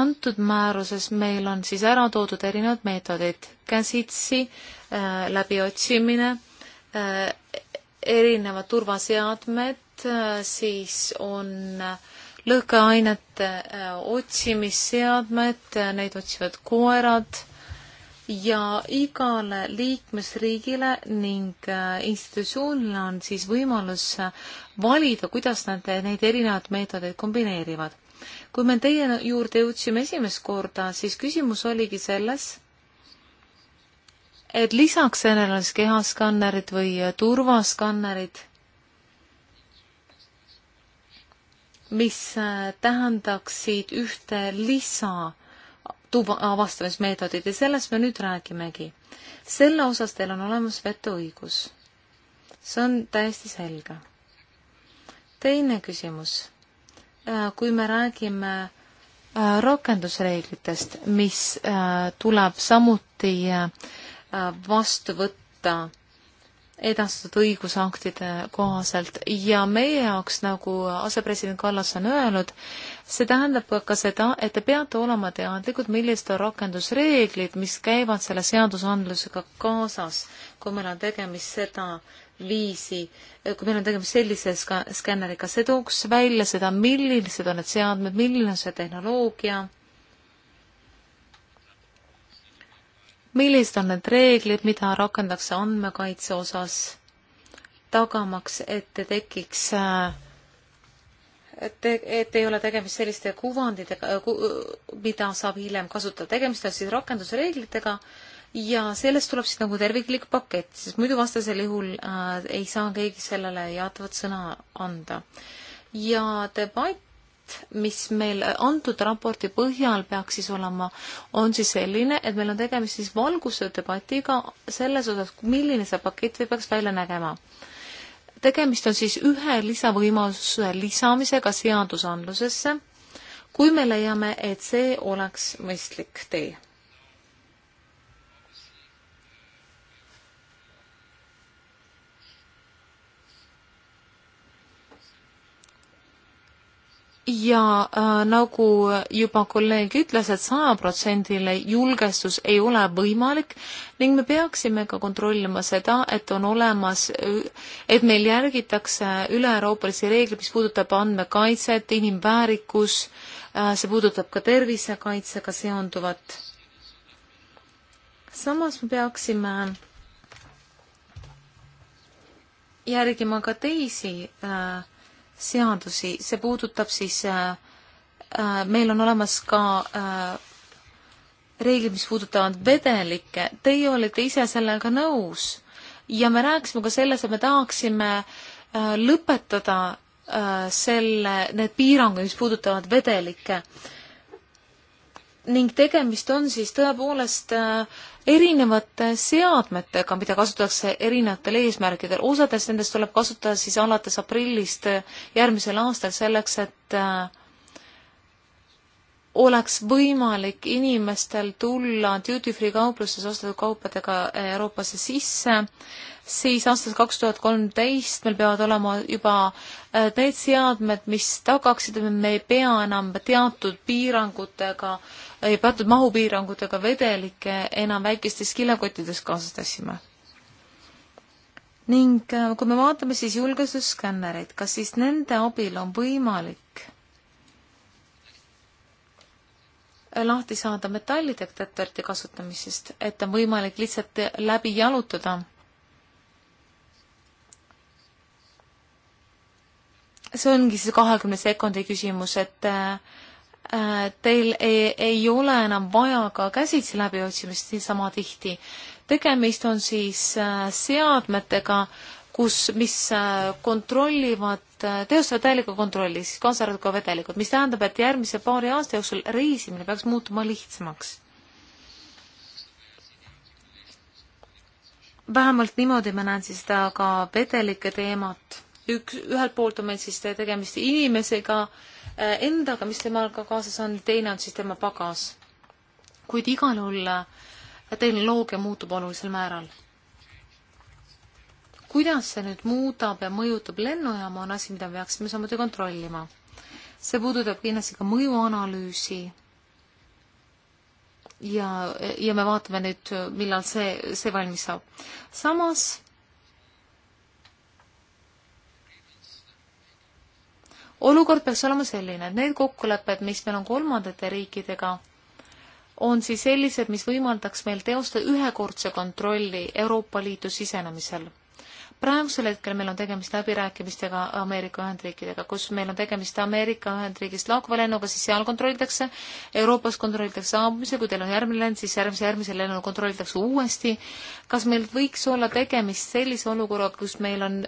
antud määruses meil on siis ära toodud erinevad meetodid, käsitsi äh,, läbiotsimine äh,, erinevad turvaseadmed äh,, siis on lõhkeainete äh, otsimisseadmed, äh, neid otsivad koerad ja igale liikmesriigile ning äh, institutsioonile on siis võimalus valida, kuidas nad neid erinevaid meetodeid kombineerivad kui me teie juurde jõudsime esimest korda, siis küsimus oligi selles, et lisaks sellele on siis kehaskannerid või turvaskannerid, mis tähendaksid ühte lisa tuba, avastamismeetodid ja sellest me nüüd räägimegi. selle osas teil on olemas vetoõigus. see on täiesti selge. teine küsimus. Äh, kui me räägime äh, rakendusreeglitest, mis äh, tuleb samuti vastu võtta edastatud õigusaktide kohaselt ja meie jaoks, nagu asepresident Kallas on öelnud, see tähendab ka seda, et te peate olema teadlikud, millised on rakendusreeglid, mis käivad selle seadusandlusega kaasas, kui meil on tegemist seda viisi, kui meil on tegemist sellise ska-, skänneriga, see tooks välja seda, millised on need seadmed, milline on see tehnoloogia, millised on need reeglid, mida rakendatakse andmekaitse osas, tagamaks, et ei tekiks et, et ei ole tegemist selliste kuvanditega, mida saab hiljem kasutada. tegemist on siis rakendusreeglitega, ja sellest tuleb siis nagu terviklik pakett, sest muidu vastasel juhul äh, ei saa keegi sellele jaatavat sõna anda. ja debatt, mis meil antud raporti põhjal peaks siis olema, on siis selline, et meil on tegemist siis valgustöödebatiga selles osas, milline see pakett või peaks välja nägema tegemist on siis ühe lisavõimaluse lisamisega seadusandlusesse, kui me leiame, et see oleks mõistlik tee. ja äh, nagu juba kolleeg ütles et, et sajaprotsendile julgestus ei ole võimalik ning me peaksime ka kontrollima seda, et on olemas, et meil järgitakse üle-euroopalisi reegleid, mis puudutab andmekaitset, inimväärikus äh,, see puudutab ka tervisekaitsega seonduvat. samas me peaksime järgima ka teisi äh, seadusi, see puudutab siis äh,, äh, meil on olemas ka äh, reeglid, mis puudutavad vedelikke, teie olite ise sellega nõus ja me rääkisime ka selles, et me tahaksime äh, lõpetada äh, selle, need piirangud, mis puudutavad vedelikke äh, ning tegemist on siis tõepoolest äh, erinevate seadmetega, mida kasutatakse erinevatel eesmärkidel. osades nendest tuleb kasutada siis alates aprillist äh, järgmisel aastal selleks, et äh, oleks võimalik inimestel tulla duty-free kauplustes ostetud kaupadega Euroopasse sisse, siis aastast kaks tuhat kolmteist meil peavad olema juba need seadmed, mis tagaksid, et me ei pea enam teatud piirangutega äh, ei pandud mahupiirangutega vedelikke enam väikestes kilekottides kaasa tassima. ning äh, kui me vaatame siis julgestuskännereid, kas siis nende abil on võimalik lahti saada metallidetektorite kasutamisest, et on võimalik lihtsalt läbi jalutada see ongi siis kahekümne sekundi küsimus, et äh, Äh, teil ei, ei ole enam vaja ka käsitsi läbiotsimist niisama tihti. tegemist on siis äh, seadmetega, kus, mis äh, kontrollivad, teostavad täielikku kontrolli, siis kaasa arvatud ka vedelikud, mis tähendab, et järgmise paari aasta jooksul reisimine peaks muutuma lihtsamaks. vähemalt niimoodi ma näen siis seda ka vedelike teemat. üks, ühelt poolt on meil siis tegemist inimesega äh,, Äh, endaga, mis temal ka kaasas on, teine on siis tema pagas. kuid igal juhul äh, tehnoloogia muutub olulisel määral. kuidas see nüüd muudab ja mõjutab lennujaama, on asi, mida peaksime samuti kontrollima. see puudutab kindlasti ka mõjuanalüüsi ja, ja me vaatame nüüd, millal see, see valmis saab. samas olukord peaks olema selline, et need kokkulepped, mis meil on kolmandate riikidega, on siis sellised, mis võimaldaks meil teosta ühekordse kontrolli Euroopa Liitu sisenemisel praegusel hetkel meil on tegemist läbirääkimistega Ameerika Ühendriikidega, kus meil on tegemist Ameerika Ühendriigist laekuva lennuga, siis seal kontrollitakse, Euroopas kontrollitakse saabumise, kui teil on järgmine lend, siis järgmise, järgmise lennu kontrollitakse uuesti. kas meil võiks olla tegemist sellise olukorraga, kus meil on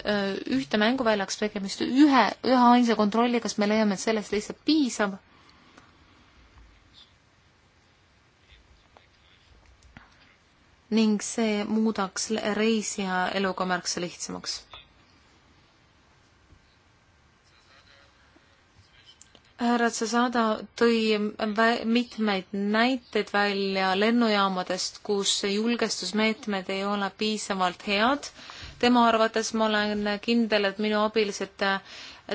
ühte mänguväljaks tegemist ühe, üheainsa kontrolli, kas me leiame, et sellest lihtsalt piisab? ning see muudaks reisija elu ka märksa lihtsamaks. härra Tsasada tõi mitmeid näiteid välja lennujaamadest, kus julgestusmeetmed ei ole piisavalt head. tema arvates ma olen kindel, et minu abilised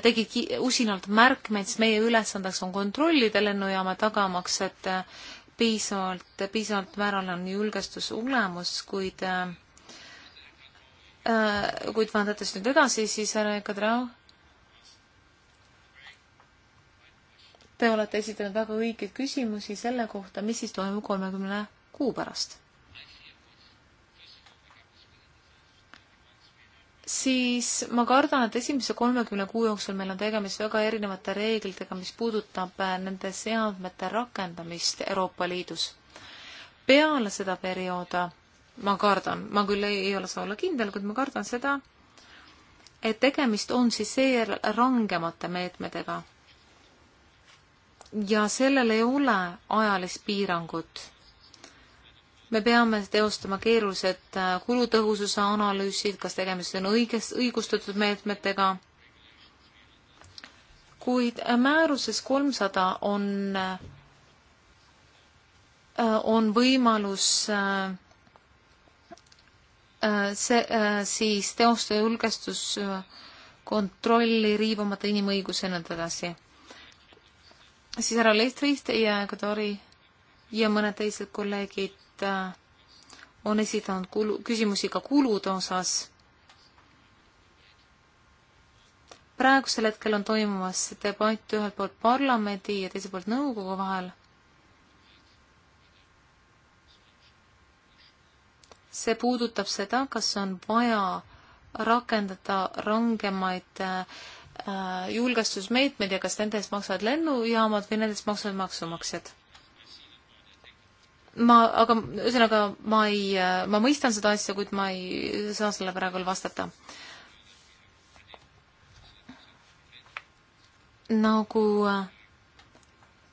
tegid usinalt märkmeid, sest meie ülesandeks on kontrollida lennujaama tagamaks, et äh, piisavalt, piisavalt määral on julgestus olemas, kuid äh, äh, kuid vaadates nüüd edasi, siis härra Kadrao, te olete esitanud väga õigeid küsimusi selle kohta, mis siis toimub kolmekümne kuu pärast. siis ma kardan, et esimese kolmekümne kuu jooksul meil on tegemist väga erinevate reeglitega, mis puudutab äh, nende seadmete rakendamist Euroopa Liidus. peale seda perioodi ma kardan, ma küll ei, ei ole saa olla kindel, kuid ma kardan seda, et tegemist on siis seejärel rangemate meetmedega. ja sellel ei ole ajalist piirangut me peame teostama keerulised äh, kulutõhususe analüüsid, kas tegemist on õiges, õigustatud meetmetega, kuid äh, määruses kolmsada on, äh, on võimalus see siis teostaja julgestus kontrolli riivamata inimõigusi ja nõnda edasi. siis härra Lehtriist ja Kadori ja mõned teised kolleegid kolleegid äh, on esitanud kulu, küsimusi ka kulude osas. praegusel hetkel on toimumas debatt ühelt poolt parlamendi ja teiselt poolt nõukogu vahel. see puudutab seda, kas on vaja rakendada rangemaid äh, julgestusmeetmeid ja kas nende eest maksavad lennujaamad või nende eest maksavad maksumaksjad ma, aga ühesõnaga, ma ei, ma mõistan seda asja, kuid ma ei saa selle praegu vastata. nagu äh,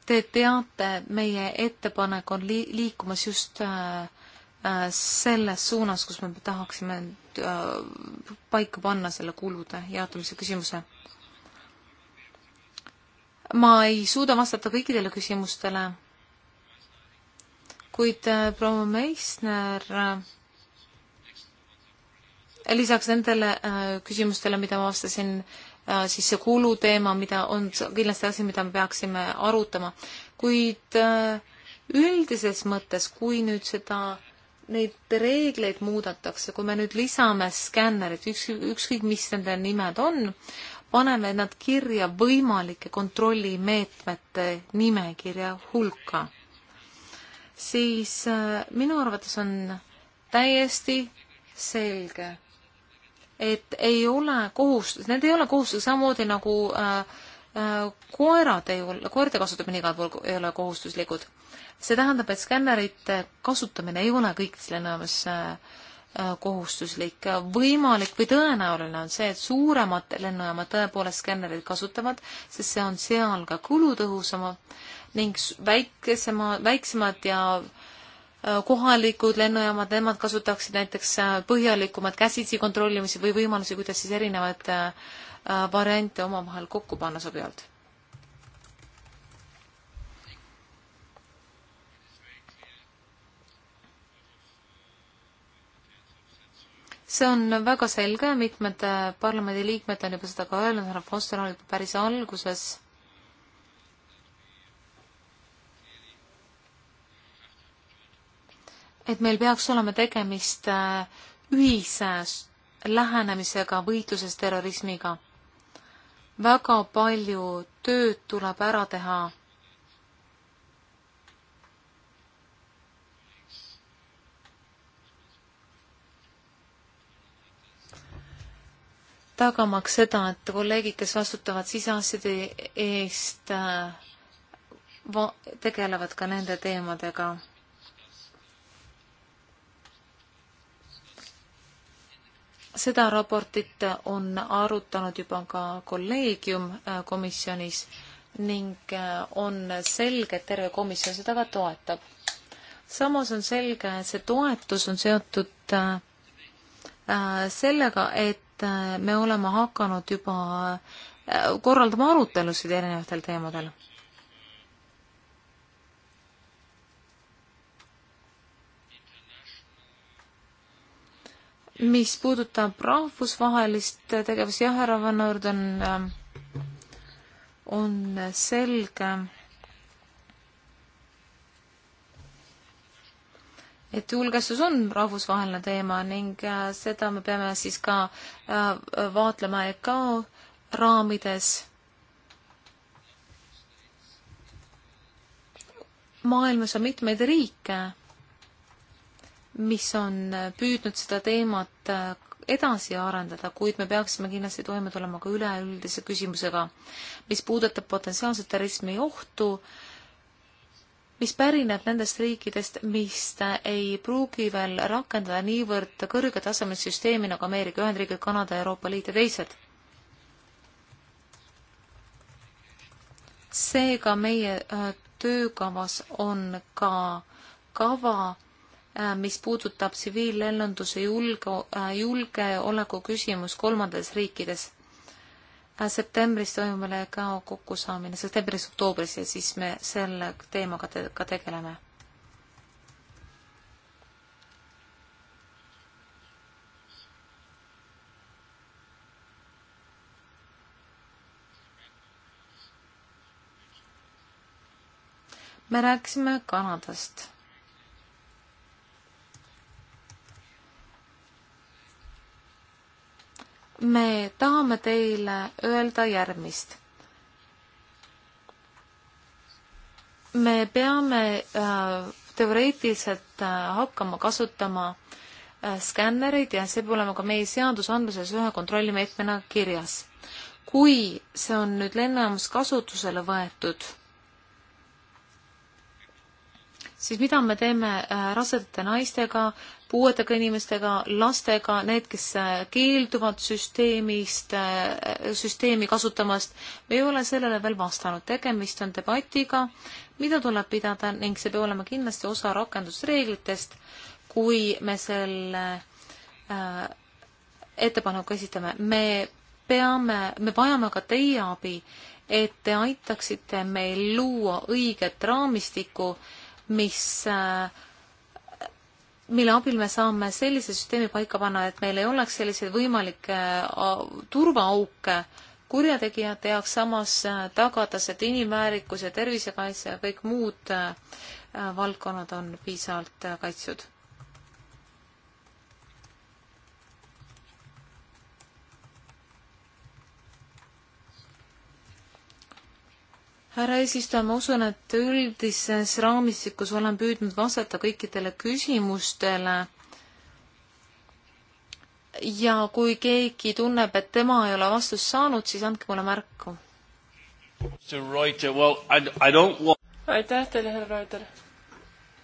te teate, meie ettepanek on li liikumas just äh, äh, selles suunas, kus me tahaksime äh, paika panna selle kulude jaotamise küsimuse. ma ei suuda vastata kõikidele küsimustele kuid äh, proua Meissner, äh, lisaks nendele äh, küsimustele, mida ma vastasin, siis see kuluteema, mida on kindlasti asi, mida me peaksime arutama, kuid üldises mõttes, kui nüüd seda, neid reegleid muudetakse, kui me nüüd lisame skännerid, üks, ükskõik, mis nende nimed on, paneme nad kirja võimalike kontrollimeetmete nimekirja hulka siis äh, minu arvates on täiesti selge, et ei ole kohustus, need ei ole kohustus samamoodi nagu äh, äh, koerad ei ole, koerte kasutamine igal pool ei ole kohustuslikud. see tähendab, et skännerite kasutamine ei ole kõikides lennujaamades äh, äh, kohustuslik. võimalik või tõenäoline on see, et suuremad lennujaamad tõepoolest skännereid kasutavad, sest see on seal ka kulutõhusama äh, ning väikesema, väiksemad ja äh, kohalikud lennujaamad, nemad kasutaksid näiteks äh, põhjalikumat käsitsi kontrollimisi või võimalusi, kuidas siis erinevaid äh, variante omavahel kokku panna sobivalt. see on väga selge, mitmed parlamendiliikmed on juba seda ka öelnud, härra Foster on juba päris alguses et meil peaks olema tegemist äh, ühise lähenemisega võitluses terrorismiga. väga palju tööd tuleb ära teha. tagamaks seda, et kolleegid, kes vastutavad siseasjade eest, äh, tegelevad ka nende teemadega seda raportit on arutanud juba ka kolleegium äh, komisjonis ning äh, on selge, et terve komisjon seda ka toetab. samas on selge, et see toetus on seotud äh, sellega, et me oleme hakanud juba korraldama arutelusid erinevatel teemadel mis puudutab rahvusvahelist tegevust, jah, härra Van Orden, ähm, on selge, et julgestus on rahvusvaheline teema ning äh, seda me peame siis ka äh, vaatlema EKA raamides. maailmas on mitmeid riike mis on püüdnud seda teemat äh, edasi arendada, kuid me peaksime kindlasti toime tulema ka üleüldise küsimusega, mis puudutab potentsiaalset terrorismi ohtu, mis pärineb nendest riikidest, mis ei pruugi veel rakendada niivõrd kõrgetasemelist süsteemi nagu Ameerika Ühendriigid, Kanada, Euroopa Liit ja teised. seega meie äh, töökavas on ka kava Äh, mis puudutab siviillennunduse julge, äh, julgeoleku küsimus kolmandates riikides. Äh, septembris toimub meil ka kokkusaamine, septembris-oktoobris ja siis me selle teemaga te ka tegeleme. me rääkisime Kanadast me tahame teile öelda järgmist. me peame äh, teoreetiliselt äh, hakkama kasutama äh, skännereid ja see peab olema ka meie seadusandluses ühe kontrollimeetmena kirjas. kui see on nüüd lennujaamas kasutusele võetud siis mida me teeme äh, rasedate naistega, puuetega inimestega, lastega, need, kes äh, keelduvad süsteemist, äh, süsteemi kasutamast, me ei ole sellele veel vastanud. tegemist on debatiga, mida tuleb pidada ning see peab olema kindlasti osa rakendusreeglitest, kui me selle äh, ettepaneku esitame. me peame, me vajame ka teie abi, et te aitaksite meil luua õiget raamistikku äh, mis äh, mille abil me saame sellise süsteemi paika panna, et meil ei oleks selliseid võimalikke äh, turvaauke kurjategijate jaoks, samas äh, tagada see inimväärikus ja tervisekaitse ja kõik muud valdkonnad on piisavalt kaitstud. härra eesistuja, ma usun, et üldises raamistikus olen püüdnud vastata kõikidele küsimustele. ja kui keegi tunneb, et tema ei ole vastust saanud, siis andke mulle märku. aitäh teile, härra Reuter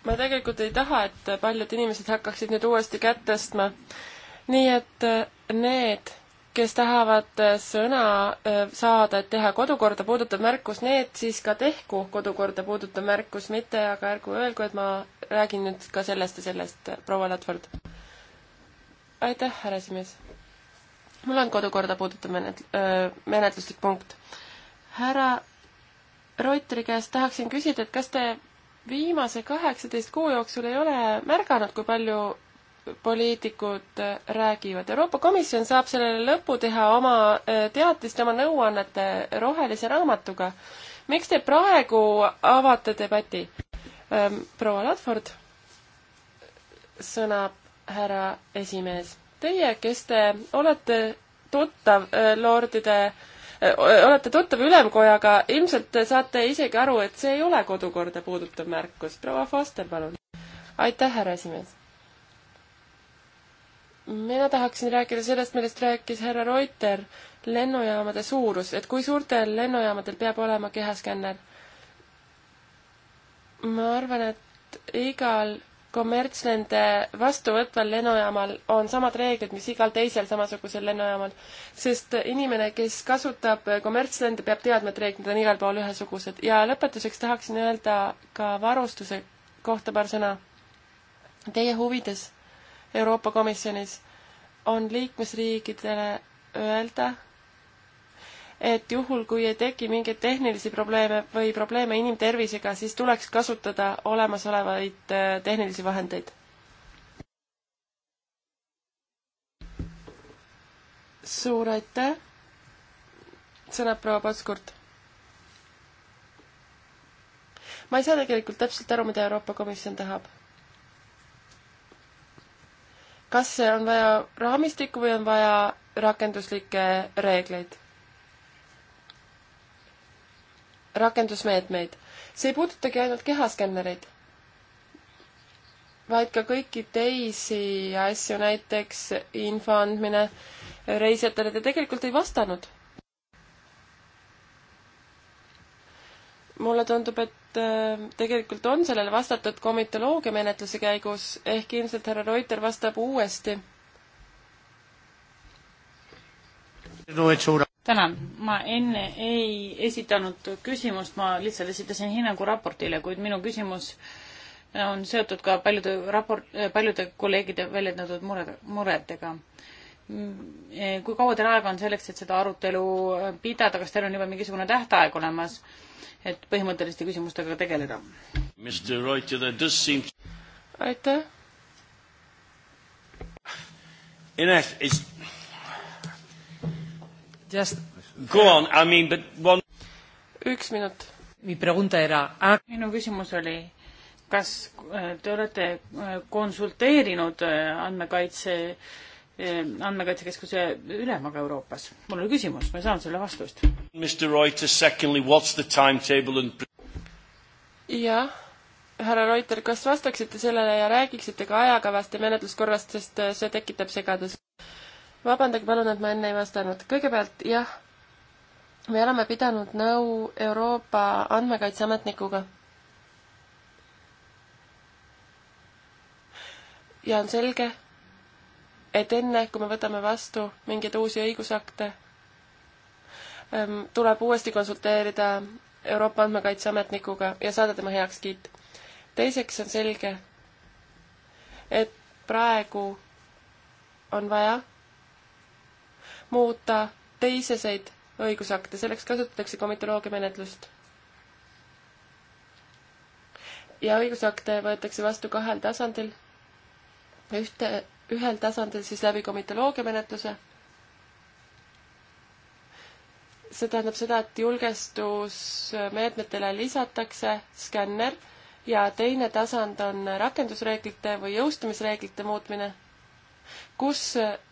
ma tegelikult ei taha, et paljud inimesed hakkaksid nüüd uuesti kätt tõstma. nii et eh, need, kes tahavad äh, sõna äh, saada, et teha kodukorda puudutav märkus, need siis ka tehku kodukorda puudutav märkus, mitte aga ärgu öelgu, et ma räägin nüüd ka sellest ja sellest, äh, proua Ladford. aitäh, härra esimees. mul on kodukorda puudutav menet-, menetluslik punkt. härra Reuteri käest tahaksin küsida, et kas te viimase kaheksateist kuu jooksul ei ole märganud, kui palju poliitikud äh, räägivad. Euroopa Komisjon saab sellele lõpu teha oma äh, teatiste, oma nõuannete rohelise raamatuga. miks te praegu avate debati? Ähm, proua Ladford, sõna härra esimees. Teie, kes te olete tuttav äh, lordide olete tuttav ülemkojaga, ilmselt saate isegi aru, et see ei ole kodukorda puudutav märkus. proua Foster, palun. aitäh, härra esimees mina tahaksin rääkida sellest, millest rääkis härra Reuter, lennujaamade suurus, et kui suurtel lennujaamadel peab olema kehaskänner? ma arvan, et igal kommertslende vastuvõtval lennujaamal on samad reeglid, mis igal teisel samasugusel lennujaamal. sest inimene, kes kasutab kommertslende, peab teadma, et reeglid on igal pool ühesugused. ja lõpetuseks tahaksin öelda ka varustuse kohta paar sõna. Teie huvides Euroopa Komisjonis, on liikmesriigidele öelda, et juhul, kui ei teki mingeid tehnilisi probleeme või probleeme inimtervisega, siis tuleks kasutada olemasolevaid äh, tehnilisi vahendeid. suur aitäh, sõnab proua Potskurt. ma ei saa tegelikult täpselt aru, mida Euroopa Komisjon tahab kas on vaja raamistikku või on vaja rakenduslikke reegleid? rakendusmeetmeid. see ei puudutagi ainult kehaskännereid, vaid ka kõiki teisi asju, näiteks info andmine reisijatele, te tegelikult ei vastanud. mulle tundub, et et äh, tegelikult on sellele vastatud komitoloogia menetluse käigus, ehk ilmselt härra Reuter vastab uuesti. tänan, ma enne ei esitanud küsimust, ma lihtsalt esitasin hinnangu raportile, kuid minu küsimus on seotud ka paljude raport, paljude kolleegide väljendatud mured, muredega kui kaua teil aega on selleks, et seda arutelu pidada, kas teil on juba mingisugune tähtaeg olemas, et põhimõtteliste küsimustega tegeleda? aitäh. Just go on, I mean but one üks minut. Ah, minu küsimus oli, kas äh, te olete äh, konsulteerinud äh, andmekaitse äh, Ehm, andmekaitsekeskuse ülemaga Euroopas. mul oli küsimus, ma ei saanud selle vastust. jah, härra Reuter, kas vastaksite sellele ja räägiksite ka ajakavast ja menetluskorrast, sest äh, see tekitab segadust? vabandage palun, et ma enne ei vastanud. kõigepealt jah, me oleme pidanud nõu Euroopa andmekaitseametnikuga ja on selge, et enne, kui me võtame vastu mingeid uusi õigusakte, ähm, tuleb uuesti konsulteerida Euroopa Andmekaitseametnikuga ja saada tema heakskiit. teiseks on selge, et praegu on vaja muuta teiseseid õigusakte, selleks kasutatakse komitoloogia menetlust. ja õigusakte võetakse vastu kahel tasandil, ühte ühel tasandil siis läbi komitoloogia menetluse. see tähendab seda, et julgestusmeetmetele lisatakse skänner ja teine tasand on rakendusreeglite või jõustumisreeglite muutmine, kus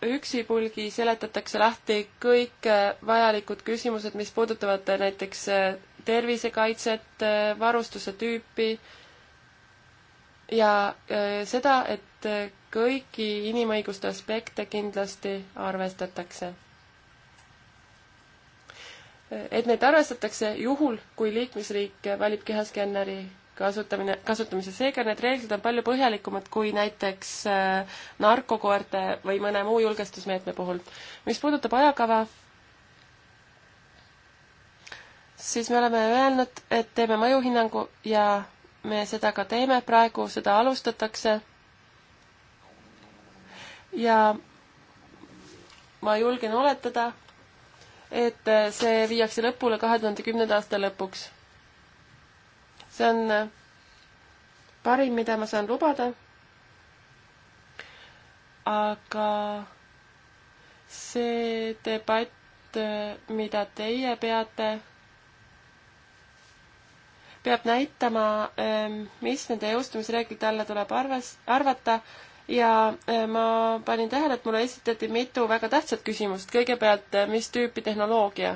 üksipulgi seletatakse lahti kõik vajalikud küsimused, mis puudutavad näiteks tervisekaitset, varustuse tüüpi ja seda, et kõiki inimõiguste aspekte kindlasti arvestatakse. et neid arvestatakse juhul, kui liikmesriik valib kehaskanneri kasutamine, kasutamise, seega need reeglid on palju põhjalikumad kui näiteks äh, narkokoerte või mõne muu julgestusmeetme puhul. mis puudutab ajakava, siis me oleme öelnud, et teeme mõjuhinnangu ja me seda ka teeme, praegu seda alustatakse ja ma julgen oletada, et see viiakse lõpule kahe tuhande kümnenda aasta lõpuks. see on parim, mida ma saan lubada. aga see debatt, mida teie peate, peab näitama, mis nende jõustumisreeglite alla tuleb arvas, arvata ja äh, ma panin tähele, et mulle esitati mitu väga tähtsat küsimust. kõigepealt, äh, mis tüüpi tehnoloogia?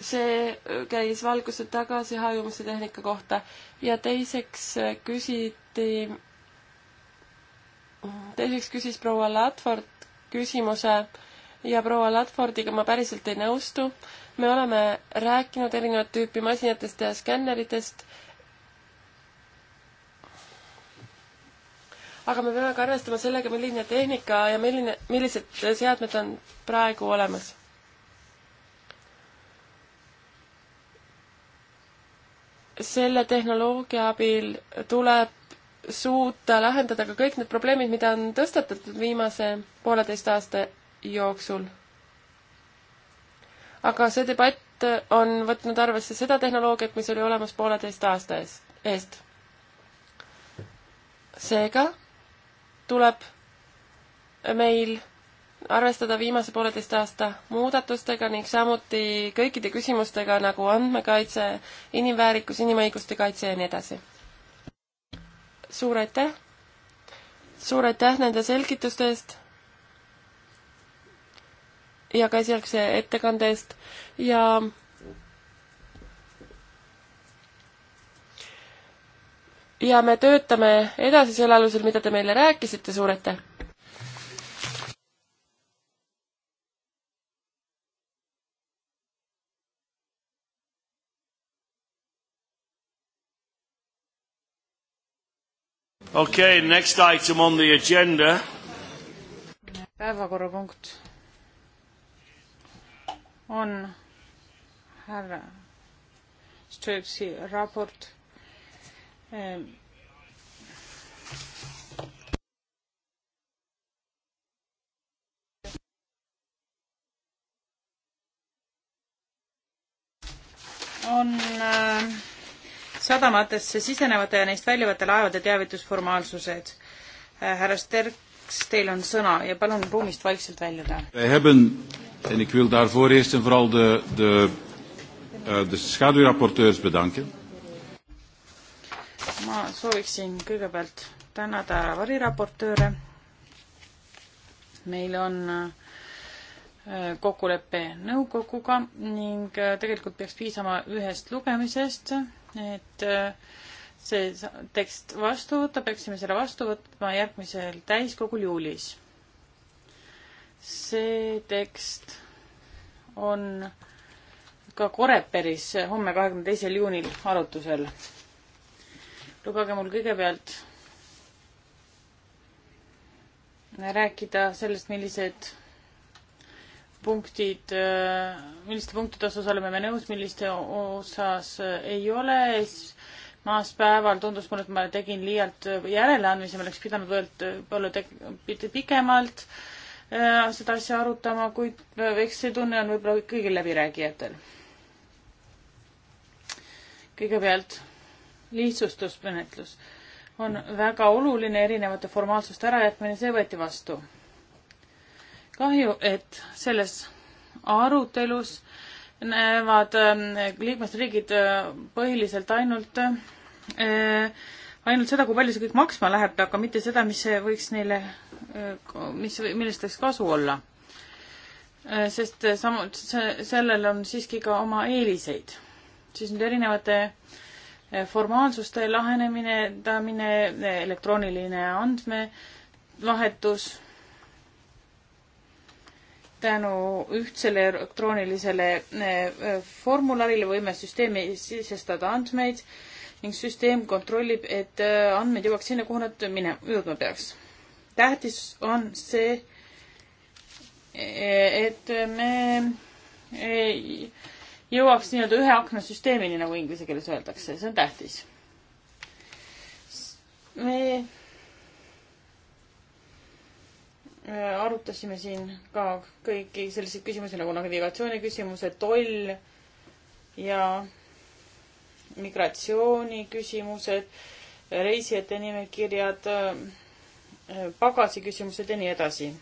see äh, käis valguse tagasihajumise tehnika kohta ja teiseks küsiti, teiseks küsis proua Ladford küsimuse ja proua Ladfordiga ma päriselt ei nõustu. me oleme rääkinud erinevat tüüpi masinatest ja skänneritest aga me peame ka arvestama sellega, milline tehnika ja milline, millised seadmed on praegu olemas. selle tehnoloogia abil tuleb suuta lahendada ka kõik need probleemid, mida on tõstatatud viimase pooleteist aasta jooksul. aga see debatt on võtnud arvesse seda tehnoloogiat, mis oli olemas pooleteist aasta eest, eest. seega tuleb meil arvestada viimase pooleteist aasta muudatustega ning samuti kõikide küsimustega nagu andmekaitse, inimväärikus, inimõiguste kaitse ja nii edasi. suur aitäh! suur aitäh nende selgituste eest ja ka esialgse ettekande eest ja ja me töötame edasi selle alusel, mida te meile rääkisite, suur aitäh! Okay, next item on the agenda. päevakorrapunkt on härra Stööpsi raport on äh, sadamatesse sisenevate ja neist väljuvate laevade teavitusformaalsused. Äh, härra Sterks, teil on sõna ja palun ruumist vaikselt väljuda. En ik wil daarvoor eerst en vooral de, de, eh, de schaduwrapporteurs bedanken ma sooviksin kõigepealt tänada variraportööre. meil on äh, kokkulepe nõukoguga ning äh, tegelikult peaks piisama ühest lugemisest, et äh, see tekst vastu võtta, peaksime selle vastu võtma järgmisel täiskogul juulis. see tekst on ka Koreperis homme, kahekümne teisel juunil arutusel lubage mul kõigepealt rääkida sellest, millised punktid, milliste punktide osas oleme me nõus, milliste osas ei ole. esmaspäeval tundus mulle, et ma tegin liialt järeleandmisi, ma oleks pidanud võib-olla pikemalt äh, seda asja arutama, kuid äh, eks see tunne on võib-olla kõigil läbirääkijatel. kõigepealt lihtsustusmenetlus on väga oluline erinevate formaalsuste ärajätmine, see võeti vastu. kahju, et selles arutelus näevad ähm, liikmesriigid äh, põhiliselt ainult, äh, ainult seda, kui palju see kõik maksma läheb, aga mitte seda, mis võiks neile, äh, mis, millest võiks kasu olla. sest samuti see, sellel on siiski ka oma eeliseid. siis nüüd erinevate äh, formaalsuste lahenemine, tamine, elektrooniline andmevahetus tänu ühtsele elektroonilisele eh, formularile võime süsteemi sisestada andmeid ning süsteem kontrollib, et eh, andmed jõuaks sinna, kuhu nad minema, jõudma peaks. tähtis on see, eh, et me ei jõuaks nii-öelda ühe akna süsteemini, nagu inglise keeles öeldakse, see on tähtis. me arutasime siin ka kõiki selliseid küsimusi nagu navigatsiooni küsimused, toll ja migratsiooni küsimused, reisijate nimekirjad, pagasi küsimused ja nii edasi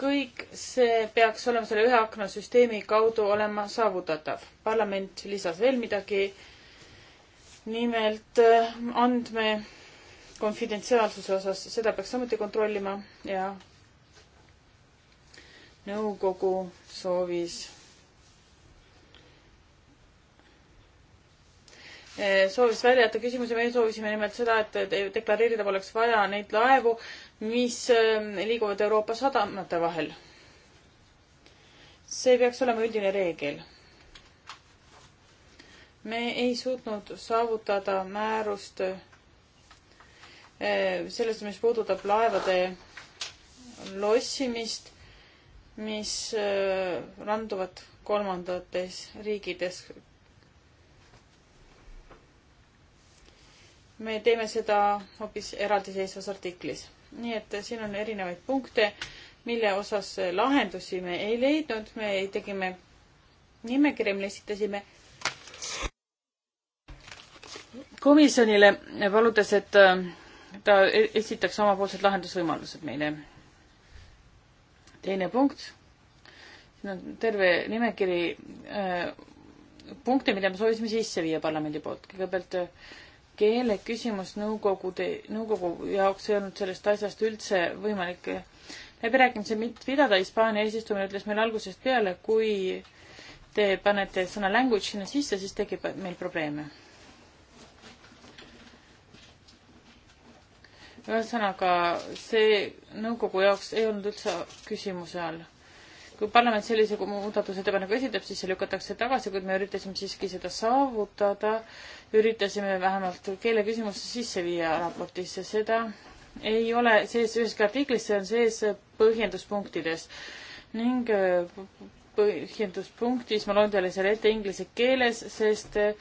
kõik see peaks olema selle ühe akna süsteemi kaudu olema saavutatav. parlament lisas veel midagi. nimelt äh, andme konfidentsiaalsuse osas, seda peaks samuti kontrollima ja nõukogu soovis äh, soovis välja jätta küsimuse, meie soovisime nimelt seda, et deklareerida poleks vaja neid laevu, mis ähm, liiguvad Euroopa sadamate vahel. see peaks olema üldine reegel. me ei suutnud saavutada määrust äh, selles, mis puudutab laevade lossimist, mis äh, randuvad kolmandates riikides. me teeme seda hoopis eraldiseisvas artiklis nii et siin on erinevaid punkte, mille osas lahendusi me ei leidnud, me tegime nimekirja, mille esitasime komisjonile, paludes, et äh, ta e-, esitaks omapoolsed lahendusvõimalused meile. teine punkt, siin on terve nimekiri äh, punkte, mida me soovisime sisse viia parlamendi poolt. kõigepealt äh, keele küsimus nõukogude, nõukogu jaoks ei olnud sellest asjast üldse võimalik läbirääkimisi mitte pidada. Hispaania eesistumine ütles meile algusest peale, kui te panete sõna language sinna sisse, siis tekib meil probleeme. ühesõnaga, see nõukogu jaoks ei olnud üldse küsimuse all kui parlament sellise muudatusettepaneku esitab, siis see lükatakse tagasi, kuid me üritasime siiski seda saavutada. üritasime vähemalt keeleküsimuse sisse viia raportisse, seda ei ole sees üheski artiklis, see on sees põhjenduspunktides ning äh, põhjenduspunktis ma loen teile selle ette inglise keeles, sest äh,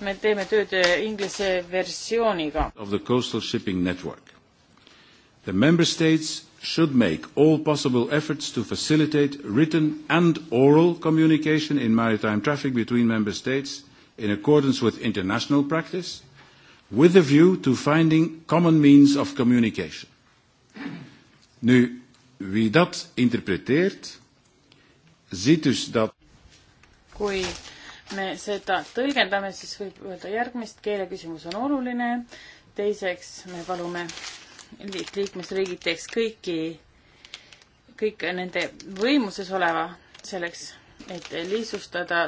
me teeme tööd äh, inglise versiooniga. Of the coastal shipping network. The member states should make all possible efforts to facilitate written and oral communication in maritime traffic between member states in accordance with international practice, with a view to finding common means of communication. Nu, wie dat interpreteert, ziet dus dat kui me seda tõlgendame, siis võib öelda järgmist, keeleküsimus on oluline, teiseks me palume et liikmesriigid teeks kõiki, kõik nende võimuses oleva selleks, et lihtsustada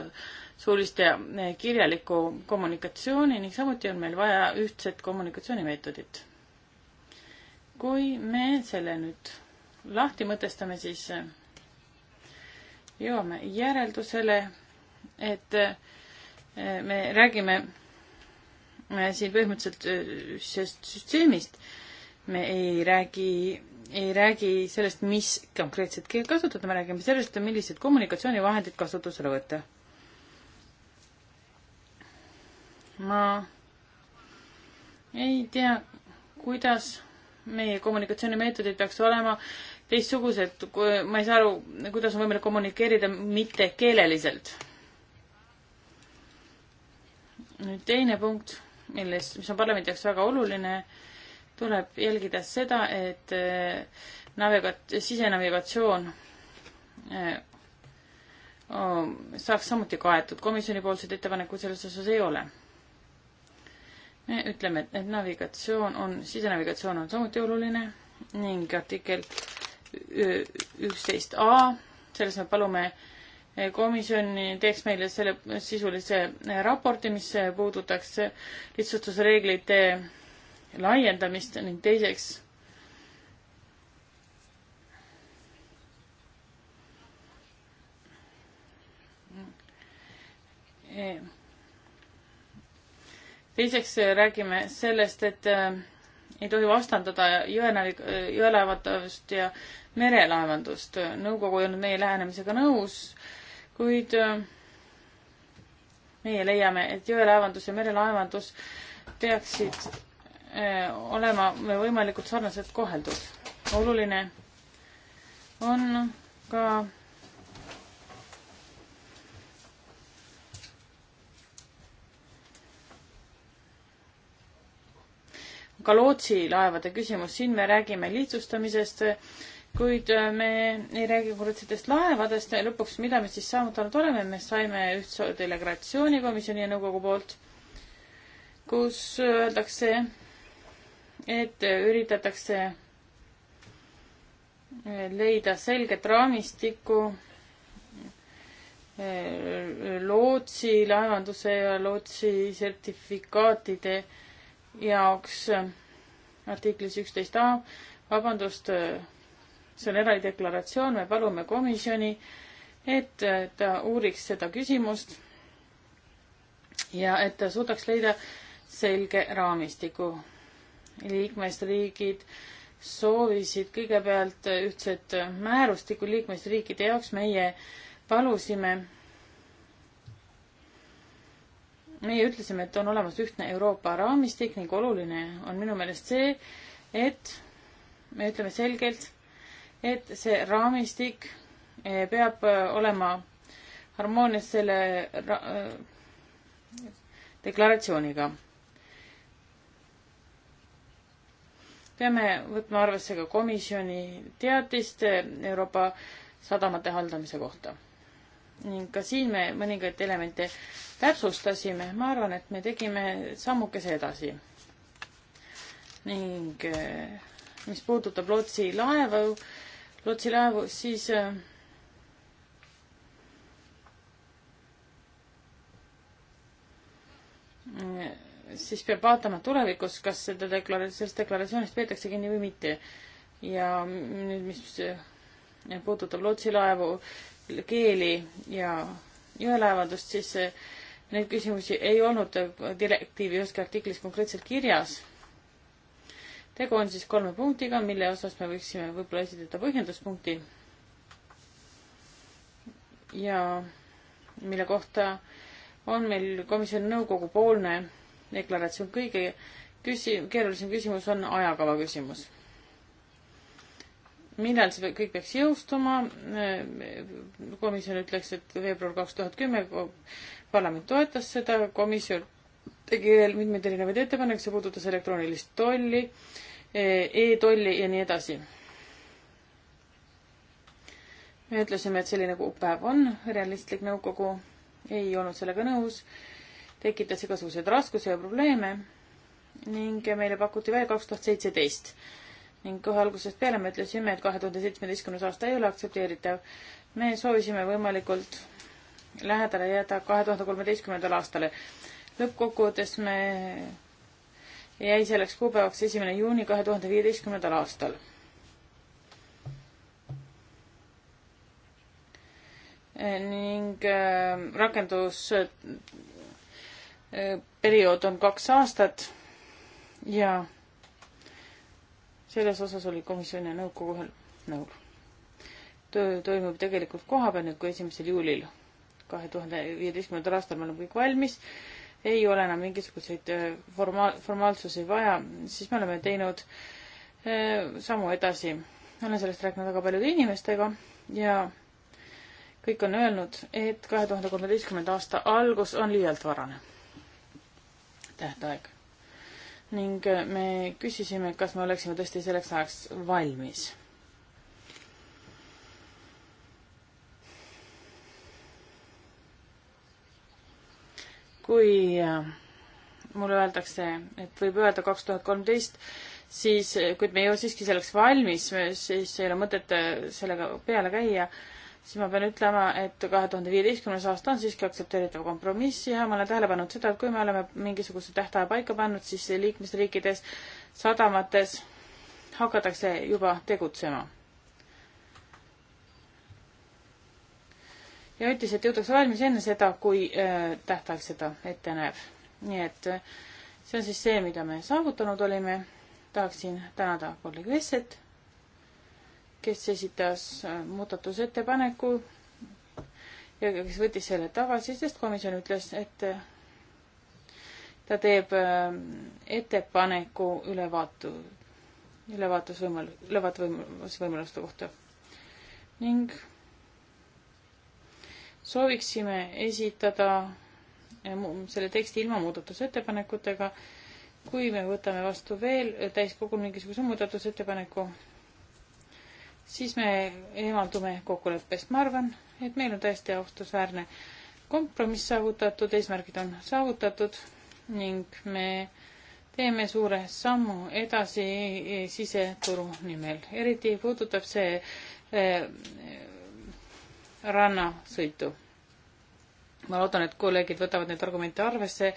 suulist ja kirjalikku kommunikatsiooni ning samuti on meil vaja ühtset kommunikatsioonimeetodit. kui me selle nüüd lahti mõtestame, siis jõuame järeldusele, et me räägime siin põhimõtteliselt sellest süsteemist, me ei räägi, ei räägi sellest, mis konkreetset keelt kasutada, me räägime sellest, millised kommunikatsioonivahendid kasutusele võtta. ma ei tea, kuidas meie kommunikatsioonimeetodid peaks olema teistsugused, ma ei saa aru, kuidas on võimalik kommunikeerida mittekeeleliselt. nüüd teine punkt, milles, mis on parlamendi jaoks väga oluline tuleb jälgida seda, et äh, navigat-, sisenavigatsioon äh, saaks samuti kaetud, komisjonipoolseid ettepanekuid selles osas ei ole. me ütleme, et, et navigatsioon on, sisenavigatsioon on samuti oluline ning artikkel üksteist A, selles me palume äh, komisjon teeks meile selle sisulise raporti, mis puudutaks lihtsustusreeglite laiendamist ning teiseks teiseks räägime sellest, et äh, ei tohi vastandada jõenavi-, jõelaevandust ja merelaevandust. nõukogu ei olnud meie lähenemisega nõus, kuid äh, meie leiame, et jõelaevandus ja merelaevandus peaksid Äh, olema võimalikult sarnaselt koheldud. oluline on ka ka lootsilaevade küsimus, siin me räägime lihtsustamisest, kuid me ei räägi korrektsetest laevadest ja lõpuks, mida me siis saavutanud oleme, me saime ühtse delegatsioonikomisjoni ja nõukogu poolt, kus öeldakse äh, et üritatakse eh, leida selget raamistikku eh, lootsi, laevanduse ja lootsi sertifikaatide jaoks eh, artiklis üksteist A, vabandust, see on eraldideklaratsioon, me palume komisjoni, et ta uuriks seda küsimust ja et ta suudaks leida selge raamistiku liikmesriigid soovisid kõigepealt ühtset määrustikku liikmesriikide jaoks, meie palusime, meie ütlesime, et on olemas ühtne Euroopa raamistik ning oluline on minu meelest see, et me ütleme selgelt, et see raamistik eh, peab eh, olema harmoonias selle eh, deklaratsiooniga peame võtma arvesse ka komisjoni teatist Euroopa sadamate haldamise kohta. ning ka siin me mõningaid elemente täpsustasime, ma arvan, et me tegime sammukese edasi. ning eh, mis puudutab Lootsi laevu, Lootsi laevu, siis äh, siis peab vaatama tulevikus, kas seda deklara-, sellest deklaratsioonist peetakse kinni või mitte. ja nüüd, mis eh, puudutab lootsilaevu, keeli ja jõelaevandust, siis eh, neid küsimusi ei olnud direktiivi üheski artiklis konkreetselt kirjas. tegu on siis kolme punktiga, mille osas me võiksime võib-olla esitada põhjenduspunkti ja mille kohta on meil komisjoni nõukogu poolne deklaratsioon. kõige küsi-, keerulisem küsimus on ajakava küsimus. millal see kõik peaks jõustuma? komisjon ütleks, et veebruar kaks tuhat kümme, parlament toetas seda, komisjon tegi veel mitmeid erinevaid ettepanekuid, see puudutas elektroonilist tolli e, e-tolli ja nii edasi. me ütlesime, et selline kuupäev on realistlik, nõukogu ei olnud sellega nõus tekitas igasuguseid raskusi ja probleeme ning meile pakuti veel kaks tuhat seitseteist ning kohe algusest peale me ütlesime, et kahe tuhande seitsmeteistkümnes aasta ei ole aktsepteeritav. me soovisime võimalikult lähedale jääda kahe tuhande kolmeteistkümnendale aastale. lõppkokkuvõttes me jäi selleks kuupäevaks esimene juuni kahe tuhande viieteistkümnendal aastal. ning äh, rakendus periood on kaks aastat ja selles osas oli komisjon ja nõukogu ühel nõul. töö toimub tegelikult kohapeal nüüd kui esimesel juulil kahe tuhande viieteistkümnendal aastal me oleme kõik valmis, ei ole enam mingisuguseid äh, formaal, formaalsusi vaja, siis me oleme teinud äh, sammu edasi. olen sellest rääkinud väga paljude inimestega ja kõik on öelnud, et kahe tuhande kolmeteistkümnenda aasta algus on liialt varane tähtaeg. ning äh, me küsisime, kas me oleksime tõesti selleks ajaks valmis. kui äh, mulle öeldakse, et võib öelda kaks tuhat kolmteist, siis, äh, kuid me ei ole siiski selleks valmis, siis ei ole mõtet sellega peale käia siis ma pean ütlema, et kahe tuhande viieteistkümnes aasta on siiski aktsepteeritav kompromiss ja ma olen tähele pannud seda, et kui me oleme mingisuguse tähtaja paika pannud, siis liikmesriikides sadamates hakatakse juba tegutsema. ja ütles, et jõutakse valmis enne seda, kui äh, tähtaeg seda ette näeb. nii et äh, see on siis see, mida me saavutanud olime. tahaksin tänada kolleeg Vesset kes esitas äh, muudatusettepaneku ja kes võttis selle tagasi, sest komisjon ütles, et äh, ta teeb äh, ettepaneku ülevaatu, ülevaatusvõimal-, ülevaatusvõimaluste kohta. ning sooviksime esitada selle teksti ilma muudatusettepanekutega, kui me võtame vastu veel täiskogul mingisuguse muudatusettepaneku siis me eemaldume kokkuleppest. ma arvan, et meil on täiesti austusväärne kompromiss saavutatud, eesmärgid on saavutatud ning me teeme suure sammu edasi siseturu nimel. eriti puudutab see eh, rannasõitu. ma loodan, et kolleegid võtavad neid argumente arvesse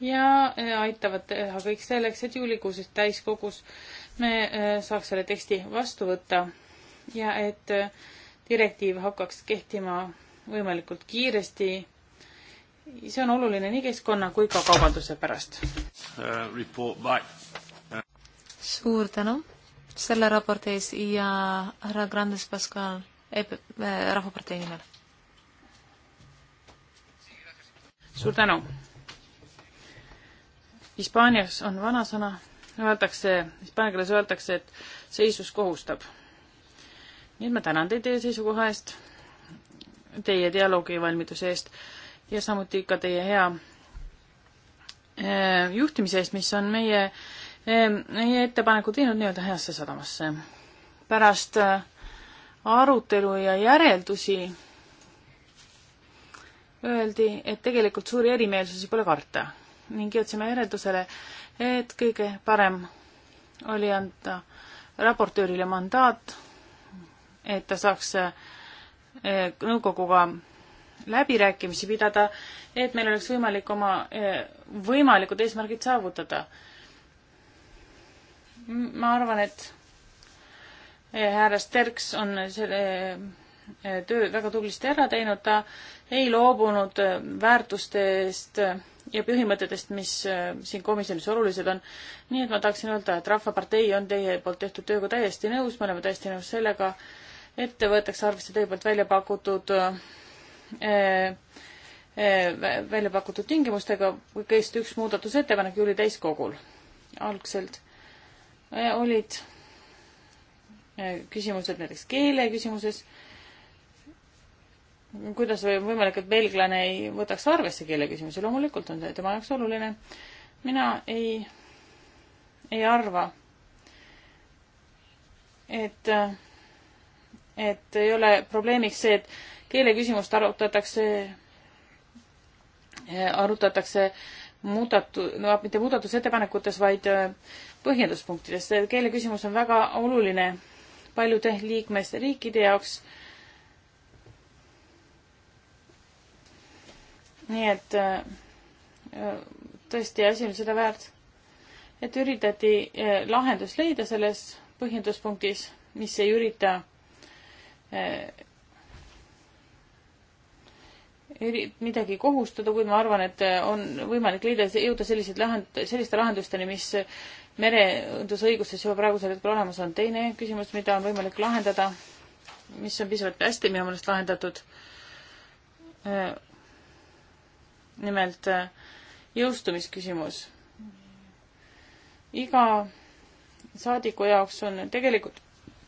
ja eh, aitavad teha kõik selleks, et juulikuuses täiskogus me eh, saaks selle teksti vastu võtta ja et äh, direktiiv hakkaks kehtima võimalikult kiiresti. see on oluline nii keskkonna kui ka kaubanduse pärast uh,. uh. suur tänu selle raporti ees ja härra Grandes Pascal eh, Rahvapartei nimel. suur tänu. Hispaanias on vanasõna, öeldakse, hispaania keeles öeldakse, et seisus kohustab nii et ma tänan teid teie seisukoha eest, teie dialoogivalmiduse eest ja samuti ka teie hea eh, juhtimise eest, mis on meie, eh, meie ettepaneku teinud nii-öelda heasse sadamasse. pärast eh, arutelu ja järeldusi öeldi, et tegelikult suuri erimeelsusi pole karta ning jõudsime järeldusele, et kõige parem oli anda raportöörile mandaat et ta saaks eh, nõukoguga läbirääkimisi pidada, et meil oleks võimalik oma eh, võimalikud eesmärgid saavutada. ma arvan, et eh, härra Sterks on selle töö väga tublisti ära teinud, ta ei loobunud väärtustest ja põhimõtetest, mis siin komisjonis olulised on. nii et ma tahaksin öelda, et Rahvapartei on teie poolt tehtud tööga täiesti nõus, me oleme täiesti nõus sellega, et võetakse arvesse teie poolt välja pakutud äh, äh, välja pakutud tingimustega käis üks muudatusettepanek juuli täiskogul. algselt äh, olid küsimused näiteks keele küsimuses. kuidas või võimalik, et belglane ei võtaks arvesse keele küsimusi, loomulikult on see tema jaoks oluline. mina ei, ei arva, et äh, et ei ole probleemiks see, et keeleküsimust arutatakse, arutatakse muudatu-, no mitte muudatusettepanekutes, vaid äh, põhjenduspunktides. keeleküsimus on väga oluline paljude liikmesriikide jaoks. nii et äh, tõesti asi on seda väärt, et üritati äh, lahendust leida selles põhjenduspunktis, mis ei ürita Eh, midagi kohustada, kuid ma arvan, et eh, on võimalik leida, jõuda selliseid lahend-, selliste lahendusteni, mis merendusõiguses juba praegusel hetkel olemas on. teine küsimus, mida on võimalik lahendada, mis on piisavalt hästi minu meelest lahendatud, eh, nimelt jõustumisküsimus. iga saadiku jaoks on tegelikult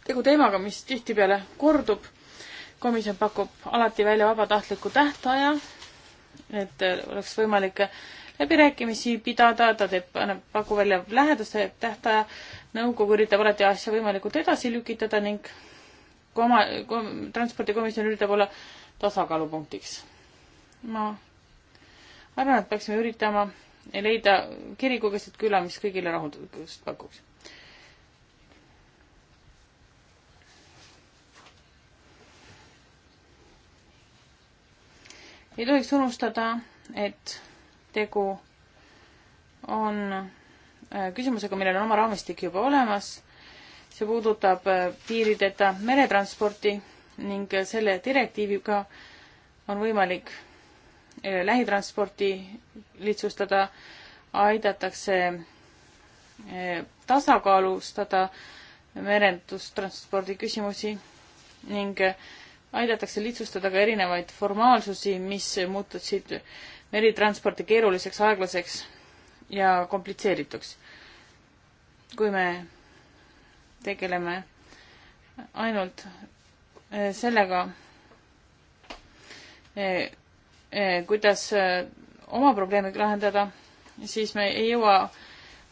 tegu teemaga, mis tihtipeale kordub. komisjon pakub alati välja vabatahtliku tähtaja, et oleks võimalik läbirääkimisi pidada, ta teeb, annab, pakub välja lähedase tähtaja, nõukogu üritab alati asja võimalikult edasi lükitada ning koma-, kom-, transpordikomisjon üritab olla tasakaalupunktiks. ma arvan, et peaksime üritama leida kiriku keset küla, mis kõigile rahuldust pakuks ei tohiks unustada, et tegu on äh, küsimusega, millel on oma raamistik juba olemas. see puudutab äh, piirideta meretransporti ning äh, selle direktiiviga on võimalik lähitransporti lihtsustada, aidatakse tasakaalustada merendustranspordi küsimusi ning aidatakse lihtsustada ka erinevaid formaalsusi, mis muutusid meritransporti keeruliseks, aeglaseks ja komplitseerituks. kui me tegeleme ainult eh, sellega, eh, eh, kuidas oma probleemid lahendada, siis me ei jõua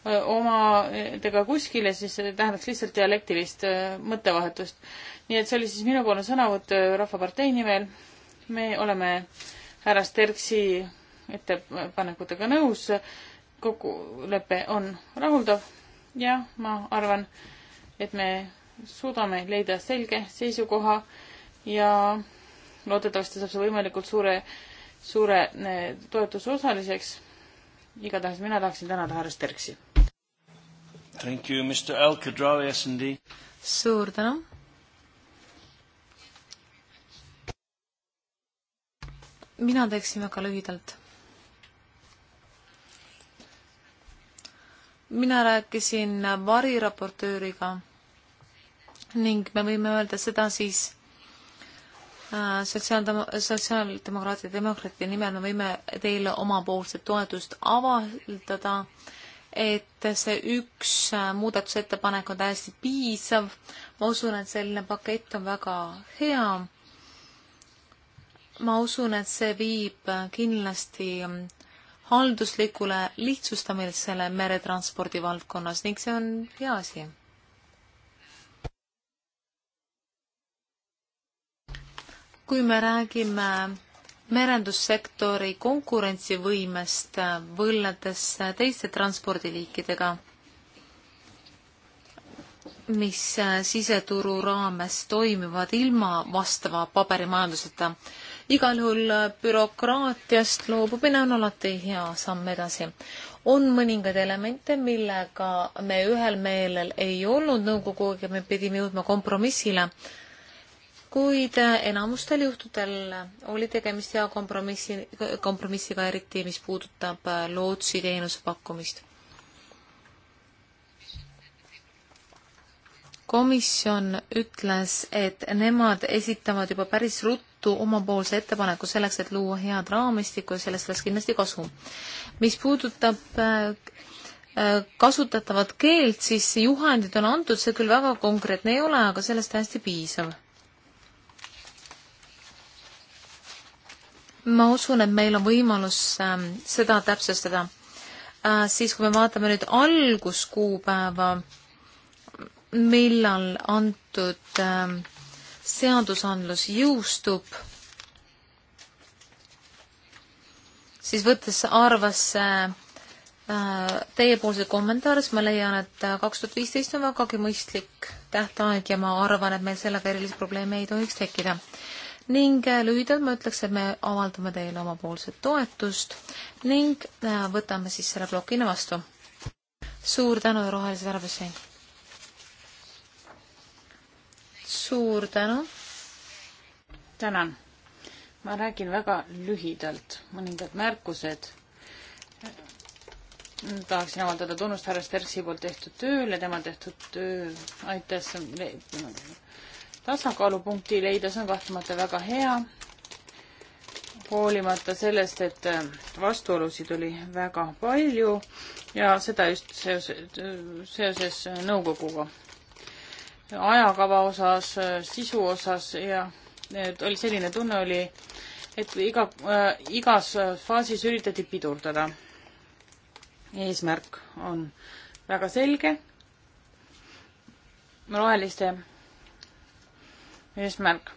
omadega kuskile, siis see tähendaks lihtsalt dialektilist mõttevahetust. nii et see oli siis minupoolne sõnavõtt Rahvapartei nimel. me oleme härra Sterksi ettepanekutega nõus, kokkulepe on rahuldav ja ma arvan, et me suudame leida selge seisukoha ja loodetavasti saab see võimalikult suure, suure toetuse osaliseks. igatahes mina tahaksin tänada härra Sterksi Thank you, Mr El Kadrawi, SND. suur tänu. mina teeksin väga lühidalt. mina rääkisin variraportööriga ning me võime öelda seda siis äh, sotsiaaldemo-, sotsiaaldemokraatide demokraatide nimel me võime teile omapoolset toetust avaldada äh, et see üks äh, muudatusettepanek on täiesti piisav. ma usun, et selline pakett on väga hea. ma usun, et see viib äh, kindlasti mm, halduslikule lihtsustamisele meretranspordi valdkonnas ning see on hea asi. kui me räägime merendussektori konkurentsivõimest võrreldes teiste transpordiliikidega, mis siseturu raames toimivad ilma vastava paberimajanduseta. igal juhul bürokraatiast loobumine on alati hea samm edasi. on mõningaid elemente, millega me ühel meelel ei olnud nõukoguga, me pidime jõudma kompromissile kuid äh, enamustel juhtudel äh, oli tegemist hea kompromissi, kompromissiga, eriti mis puudutab äh, lootsiteenuse pakkumist. komisjon ütles, et nemad esitavad juba päris ruttu omapoolse ettepaneku selleks, et luua head raamistikku ja sellest oleks kindlasti kasu. mis puudutab kasutatavat keelt, siis juhendid on antud, see küll väga konkreetne ei ole, aga sellest täiesti piisav ma usun, et meil on võimalus ähm, seda täpsustada. Äh, siis, kui me vaatame nüüd alguskuupäeva, millal antud ähm, seadusandlus jõustub, siis võttes arvesse äh, teiepoolse kommentaari, siis ma leian, et äh, kaks tuhat viisteist on vägagi mõistlik tähtaeg ja ma arvan, et meil sellega erilisi probleeme ei tohiks tekkida ning äh, lühidalt ma ütleks, et me avaldame teile omapoolset toetust ning äh, võtame siis selle plokina vastu. suur tänu, Rohelise Tarvesse! suur tänu! tänan! ma räägin väga lühidalt, mõningad märkused. tahaksin avaldada tunnust härra Sterksi poolt tehtud tööle, tema tehtud töö aitas tasakaalupunkti leida, see on kahtlemata väga hea, hoolimata sellest, et äh, vastuolusid oli väga palju ja seda just seoses, seoses nõukoguga. ajakava osas, sisu osas ja oli selline tunne oli, et iga äh,, igas faasis üritati pidurdada. eesmärk on väga selge. roheliste eesmärk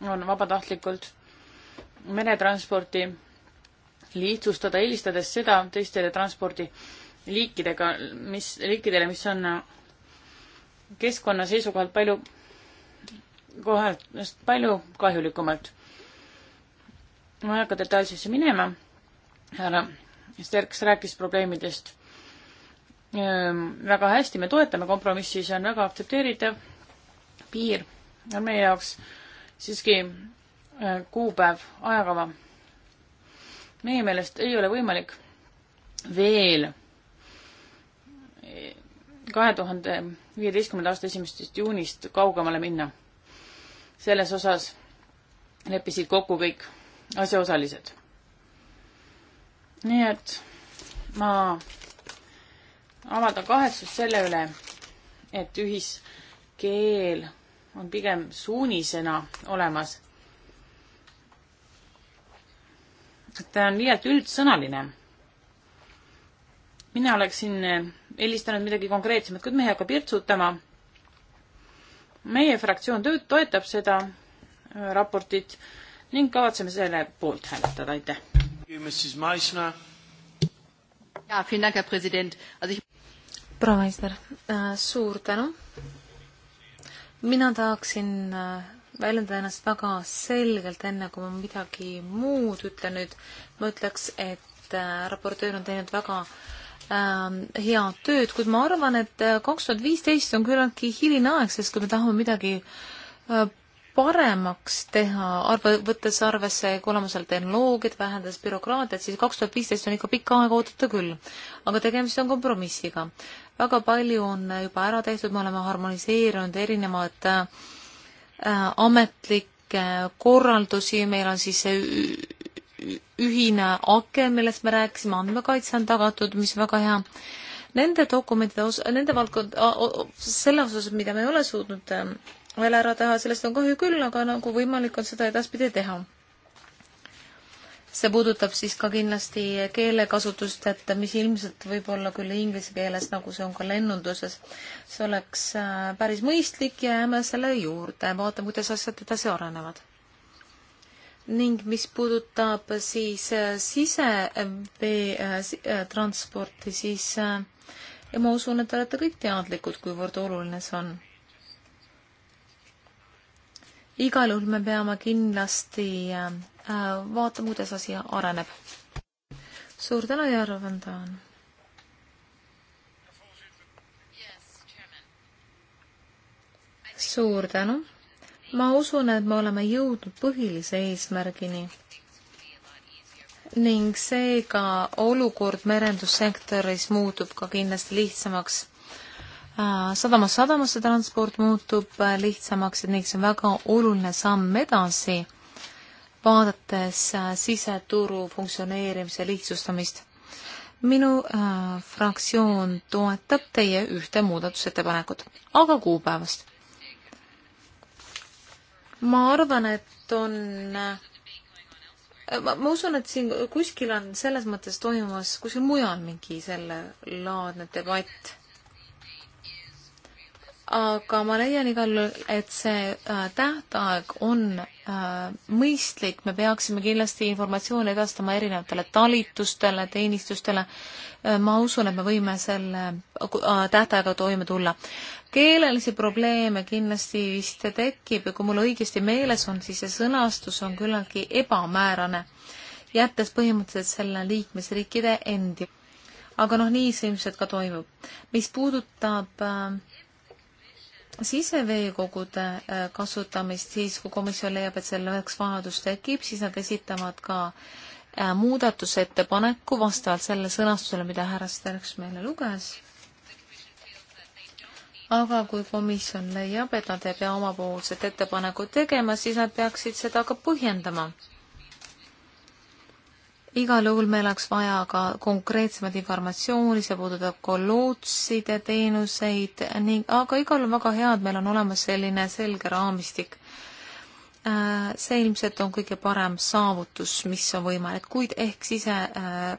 on vabatahtlikult meretransporti lihtsustada, eelistades seda teistele transpordiliikidega, mis, liikidele, mis on keskkonna seisukohalt palju, kohalt palju kahjulikumalt. ma ei hakka detailsesse minema, härra Sterks rääkis probleemidest ähm, väga hästi, me toetame kompromissi, see on väga aktsepteeritav piir on meie jaoks siiski äh, kuupäev, ajakava. meie meelest ei ole võimalik veel eh, kahe tuhande viieteistkümnenda aasta esimesest juunist kaugemale minna. selles osas leppisid kokku kõik asjaosalised. nii et ma avaldan kahetsust selle üle, et ühiskeel on pigem suunisena olemas. ta on liialt üldsõnaline. mina oleksin eelistanud midagi konkreetsemat, kuid me ei hakka pirtsutama. meie fraktsioon tööd toetab seda raportit ning kavatseme selle poolt hääletada, aitäh. proua Meister, äh, suur tänu mina tahaksin äh, väljendada ennast väga selgelt, enne kui ma midagi muud ütlen nüüd. ma ütleks, et äh, raportöör on teinud väga ähm, head tööd, kuid ma arvan, et äh, kaks tuhat viisteist on küllaltki hiline aeg, sest kui me tahame midagi paremaks teha, arv-, võttes arvesse olemasolevat tehnoloogiat, vähendades bürokraatiat, siis kaks tuhat viisteist on ikka pikka aega oodata küll. aga tegemist on kompromissiga väga palju on juba ära tehtud, me oleme harmoniseerinud erinevad äh, ametlikke korraldusi, meil on siis see ühine ake, millest me rääkisime, andmekaitse on tagatud, mis väga hea. Nende dokumentide os-, nende valdkond, selles osas, mida me ei ole suutnud ähm, veel ära teha, sellest on kahju küll, aga nagu võimalik on seda edaspidi teha see puudutab siis ka kindlasti keelekasutust, et mis ilmselt võib olla küll inglise keeles, nagu see on ka lennunduses. see oleks äh, päris mõistlik, jääme selle juurde, vaatame, kuidas asjad edasi arenevad. ning mis puudutab siis äh, siseveetransporti, äh, siis ja ma usun, et te olete kõik teadlikud, kuivõrd oluline see on igal juhul me peame kindlasti Äh, vaatame, kuidas asi areneb. suur tänu, Jarro Vandaan. suur tänu. ma usun, et me oleme jõudnud põhilise eesmärgini ning seega olukord merendussektoris muutub ka kindlasti lihtsamaks äh, sadamas sadamasse transport muutub lihtsamaks, et näiteks on väga oluline samm edasi vaadates äh, siseturu funktsioneerimise lihtsustamist. minu äh, fraktsioon toetab teie ühte muudatusettepanekut, aga kuupäevast. ma arvan, et on äh, ma, ma usun, et siin kuskil on selles mõttes toimumas kuskil mujal mingi sellelaadne debatt aga ma leian igal juhul, et see äh, tähtaeg on äh, mõistlik, me peaksime kindlasti informatsiooni edastama erinevatele talitustele, teenistustele. Äh, ma usun, et me võime selle tähtaega toime tulla. keelelisi probleeme kindlasti vist tekib ja kui mul õigesti meeles on, siis see sõnastus on küllaltki ebamäärane, jättes põhimõtteliselt selle liikmesriikide endi aga noh, nii see ilmselt ka toimub. mis puudutab äh, siseveekogude äh, kasutamist, siis kui komisjon leiab, et selleks vajadus tekib, siis nad esitavad ka äh, muudatusettepaneku vastavalt sellele sõnastusele, mida härra Sterks meile luges. aga kui komisjon leiab, et nad ei pea omapoolset ettepanekut tegema, siis nad peaksid seda ka põhjendama igal juhul meil oleks vaja ka konkreetsemat informatsiooni, see puudutab kolluutside teenuseid ning, aga igal on väga hea, et meil on olemas selline selge raamistik. Äh, see ilmselt on kõige parem saavutus, mis on võimalik, kuid ehk sise äh,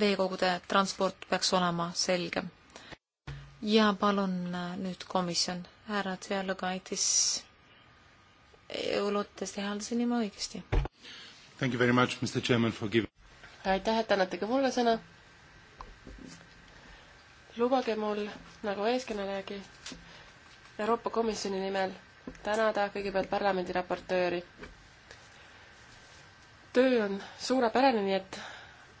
veekogude transport peaks olema selgem. ja palun äh, nüüd komisjon, härra Tšelõgaitis, loodetes teha seda nime õigesti. Thank you very much, Mr Chairman, for giving aitäh, et annate ka mulle sõna. lubage mul nagu eeskõnelejagi Euroopa Komisjoni nimel tänada kõigepealt parlamendi raportööri. töö on suurepärane, nii et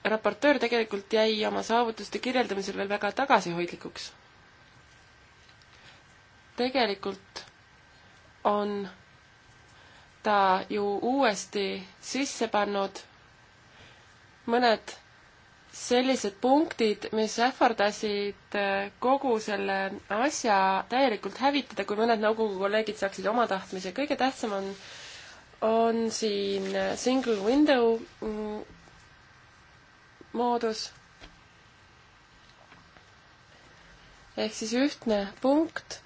raportöör tegelikult jäi oma saavutuste kirjeldamisel veel väga tagasihoidlikuks. tegelikult on ta ju uuesti sisse pannud mõned sellised punktid, mis ähvardasid äh, kogu selle asja täielikult hävitada, kui mõned nõukogu kolleegid saaksid oma tahtmise. kõige tähtsam on, on siin äh, single window mm, moodus. ehk siis ühtne punkt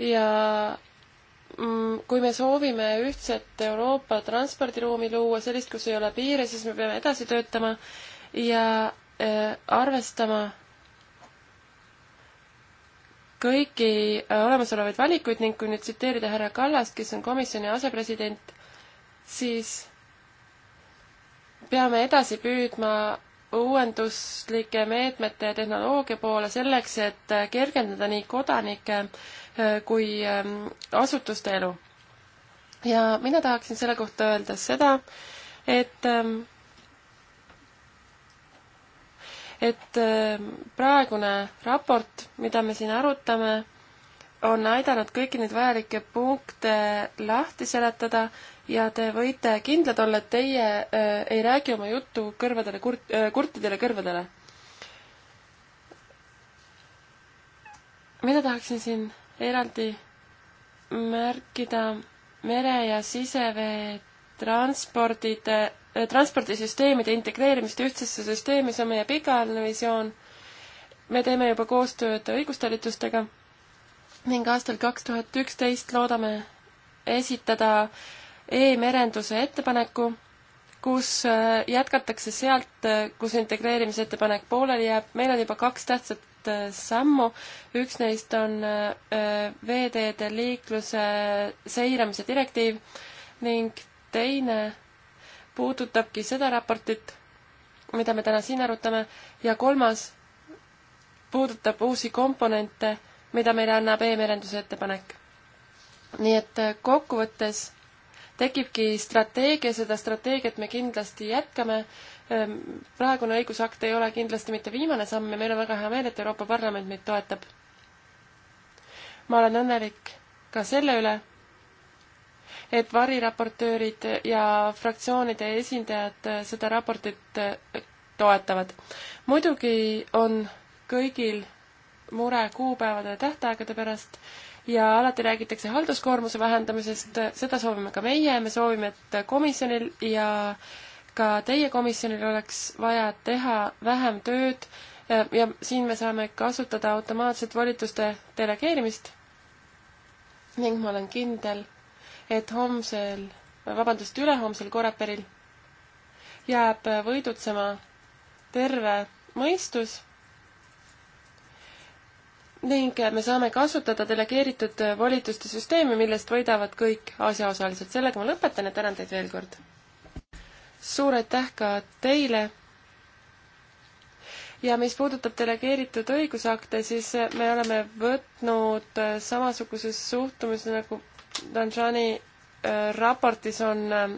ja Mm, kui me soovime ühtset Euroopa transpordiruumi luua, sellist, kus ei ole piire, siis me peame edasi töötama ja äh, arvestama kõiki äh, olemasolevaid valikuid ning kui nüüd tsiteerida härra Kallast, kes on komisjoni asepresident, siis peame edasi püüdma uuenduslike meetmete ja tehnoloogia poole selleks, et äh, kergendada nii kodanike Äh, kui ähm, asutuste elu. ja mina tahaksin selle kohta öelda seda, et ähm, et ähm, praegune raport, mida me siin arutame, on aidanud kõiki neid vajalikke punkte lahti seletada ja te võite kindlad olla, et teie äh, ei räägi oma juttu kõrvadele kurt- äh,, kurtidele kõrvadele. mida tahaksin siin eraldi märkida mere- ja sisevee transpordide, äh, transpordisüsteemide integreerimist ühtsesse süsteemi, see on meie pikaajaline visioon. me teeme juba koostööd õigustalitustega ning aastal kaks tuhat üksteist loodame esitada e-merenduse ettepaneku, kus äh, jätkatakse sealt, äh, kus integreerimise ettepanek pooleli jääb. meil on juba kaks tähtsat Äh, sammu. üks neist on äh, veeteede liikluse seiramise direktiiv ning teine puudutabki seda raportit, mida me täna siin arutame, ja kolmas puudutab uusi komponente, mida meile annab e-merenduse ettepanek. nii et äh, kokkuvõttes tekibki strateegia, seda strateegiat me kindlasti jätkame. Ehm, praegune õigusakt ei ole kindlasti mitte viimane samm ja meil on väga hea meel, et Euroopa Parlament meid toetab. ma olen õnnelik ka selle üle, et variraportöörid ja fraktsioonide esindajad seda raportit eh, toetavad. muidugi on kõigil mure kuupäevade ja tähtaegade pärast ja alati räägitakse halduskoormuse vähendamisest, seda soovime ka meie, me soovime, et komisjonil ja ka teie komisjonil oleks vaja teha vähem tööd ja, ja siin me saame kasutada automaatset volituste delegeerimist ning ma olen kindel, et homsel, vabandust, ülehomsel Koreperil jääb võidutsema terve mõistus ning me saame kasutada delegeeritud volituste süsteemi, millest võidavad kõik asjaosalised. sellega ma lõpetan ja tänan teid veel kord. suur aitäh ka teile. ja mis puudutab delegeeritud õigusakte, siis me oleme võtnud samasuguses suhtumises nagu Danjani äh, raportis on äh,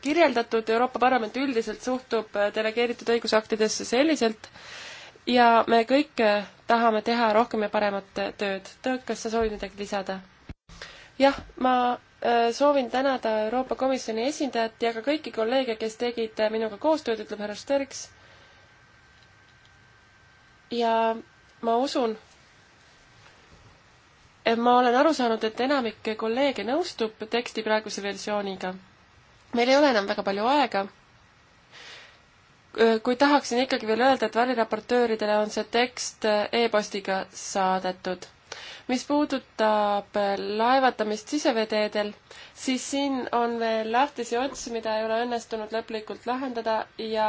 kirjeldatud, Euroopa Parlament üldiselt suhtub äh, delegeeritud õigusaktidesse selliselt ja me kõik tahame teha rohkem ja paremat tööd. Tõõk, kas sa soovid midagi lisada? jah, ma äh, soovin tänada Euroopa Komisjoni esindajat ja ka kõiki kolleege, kes tegid äh, minuga koostööd, ütleb härra Sterks. ja ma usun, et ma olen aru saanud, et enamik kolleege nõustub teksti praeguse versiooniga. meil ei ole enam väga palju aega Äh, kuid tahaksin ikkagi veel öelda, et väliraportööridele on see tekst äh, e-postiga saadetud. mis puudutab äh, laevatamist siseveeteedel, siis siin on veel lahtisi otsi, mida ei ole õnnestunud lõplikult lahendada ja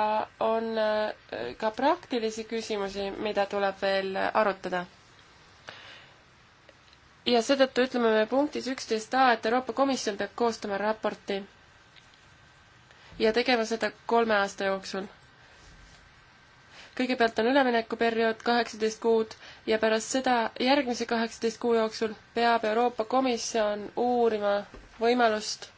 on ka praktilisi küsimusi, mida tuleb veel arutada ja seetõttu ütleme me punktis üksteist A, et Euroopa Komisjon peab koostama raporti ja tegema seda kolme aasta jooksul kõigepealt on üleminekuperiood kaheksateist kuud ja pärast seda järgmise kaheksateist kuu jooksul peab Euroopa Komisjon uurima võimalust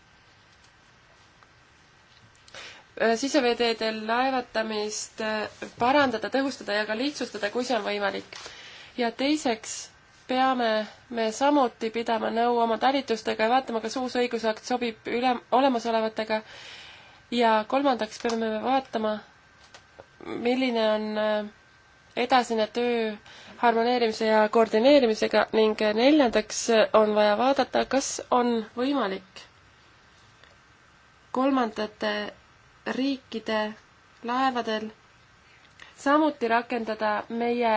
äh, siseveeteedel laevatamist äh, parandada, tõhustada ja ka lihtsustada, kui see on võimalik. ja teiseks peame me samuti pidama nõu oma talitustega ja vaatama, kas uus õigusakt sobib üle, olemasolevatega. ja kolmandaks peame me vaatama, milline on äh, edasine töö harmoneerimise ja koordineerimisega ning äh, neljandaks äh, on vaja vaadata, kas on võimalik kolmandate riikide laevadel samuti rakendada meie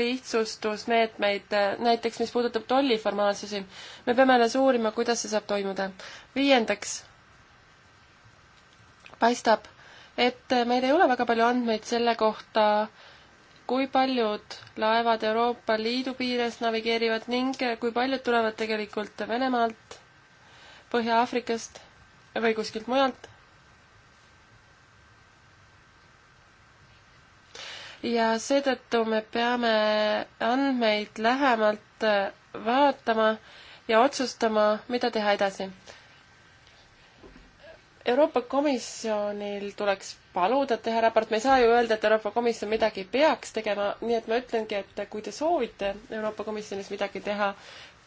lihtsustusmeetmeid, näiteks mis puudutab tolliformaalsusi. me peame alles uurima, kuidas see saab toimuda. viiendaks paistab et meil ei ole väga palju andmeid selle kohta, kui paljud laevad Euroopa Liidu piires navigeerivad ning kui paljud tulevad tegelikult Venemaalt, Põhja-Aafrikast või kuskilt mujalt. ja seetõttu me peame andmeid lähemalt vaatama ja otsustama, mida teha edasi. Euroopa Komisjonil tuleks paluda teha raport, me ei saa ju öelda, et Euroopa Komisjon midagi peaks tegema, nii et ma ütlengi, et kui te soovite Euroopa Komisjonis midagi teha,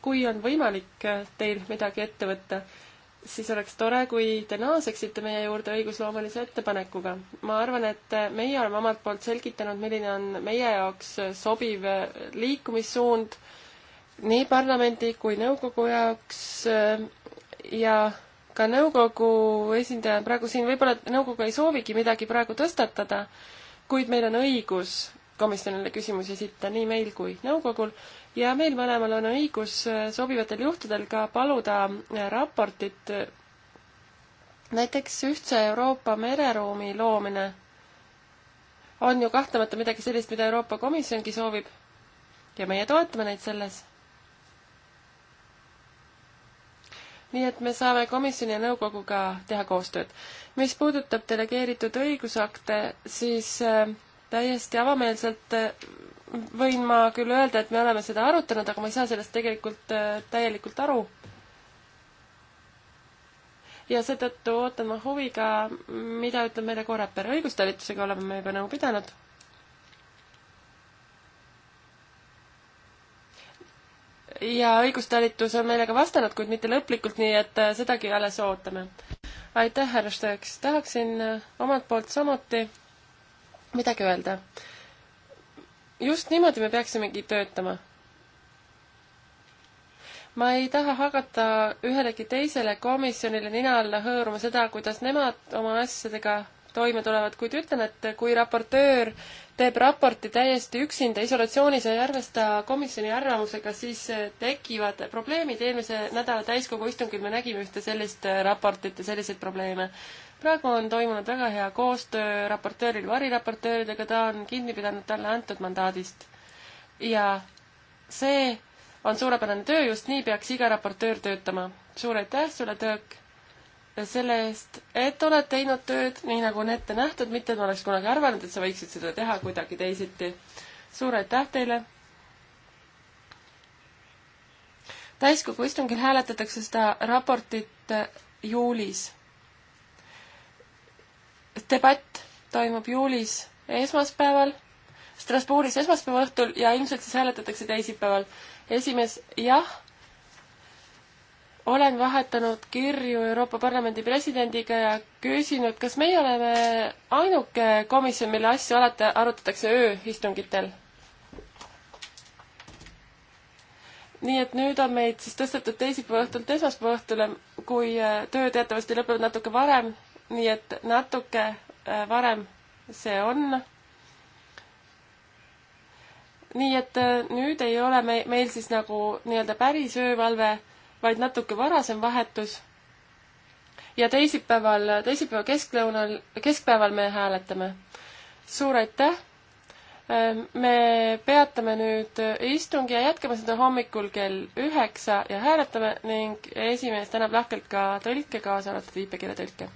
kui on võimalik teil midagi ette võtta, siis oleks tore, kui te naaseksite meie juurde õigusloomelise ettepanekuga. ma arvan, et meie oleme omalt poolt selgitanud, milline on meie jaoks sobiv liikumissuund nii parlamendi kui nõukogu jaoks ja ka nõukogu esindaja on praegu siin, võib-olla nõukogu ei soovigi midagi praegu tõstatada, kuid meil on õigus komisjonile küsimusi esitada nii meil kui nõukogul ja meil mõlemal on õigus äh, sobivatel juhtudel ka paluda äh, raportit, äh, näiteks ühtse Euroopa mereruumi loomine on ju kahtlemata midagi sellist, mida Euroopa Komisjongi soovib ja meie toetame neid selles nii et me saame komisjoni ja nõukoguga teha koostööd. mis puudutab delegeeritud õigusakte, siis äh, täiesti avameelselt äh, võin ma küll öelda, et me oleme seda arutanud, aga ma ei saa sellest tegelikult äh, täielikult aru. ja seetõttu ootan ma huviga, mida ütleb meile Koreper, õigustalitusega oleme me juba nõu pidanud ja õigustalitus on meile ka vastanud, kuid mitte lõplikult, nii et äh, sedagi alles ootame. aitäh, härra Stööks, tahaksin äh, omalt poolt samuti midagi öelda. just niimoodi me peaksimegi töötama. ma ei taha hakata ühelegi teisele komisjonile nina alla hõõruma seda, kuidas nemad oma asjadega toime tulevad, kuid ütlen, et kui raportöör teeb raporti täiesti üksinda isolatsioonis ja ei arvesta komisjoni arvamusega, siis eh, tekivad probleemid. eelmise nädala täiskogu istungil me nägime ühte sellist eh, raportit ja selliseid probleeme. praegu on toimunud väga hea koostöö raportööril variraportööridega, ta on kinni pidanud talle antud mandaadist. ja see on suurepärane töö, just nii peaks iga raportöör töötama. suur aitäh sulle, Tõõk! selle eest, et oled teinud tööd nii, nagu on ette nähtud, mitte et ma oleks kunagi arvanud, et sa võiksid seda teha kuidagi teisiti. suur aitäh teile! täiskogu istungil hääletatakse seda raportit juulis. debatt toimub juulis esmaspäeval, Strasbourgis esmaspäeva õhtul ja ilmselt siis hääletatakse teisipäeval. esimees, jah olen vahetanud kirju Euroopa Parlamendi presidendiga ja küsinud, kas meie oleme ainuke komisjon, mille asju alati arutatakse ööistungitel. nii et nüüd on meid siis tõstetud teisipäeva õhtult esmaspäeva õhtule, kui äh, töö teatavasti lõpeb natuke varem, nii et natuke äh, varem see on nii et äh, nüüd ei ole me, meil siis nagu nii-öelda päris öövalve, vaid natuke varasem vahetus. ja teisipäeval, teisipäeva kesklõunal, keskpäeval me hääletame. suur aitäh! Ehm, me peatame nüüd istungi ja jätkame seda hommikul kell üheksa ja hääletame ning esimees tänab lahkelt ka tõlke, kaasa arvatud viipekeeletõlke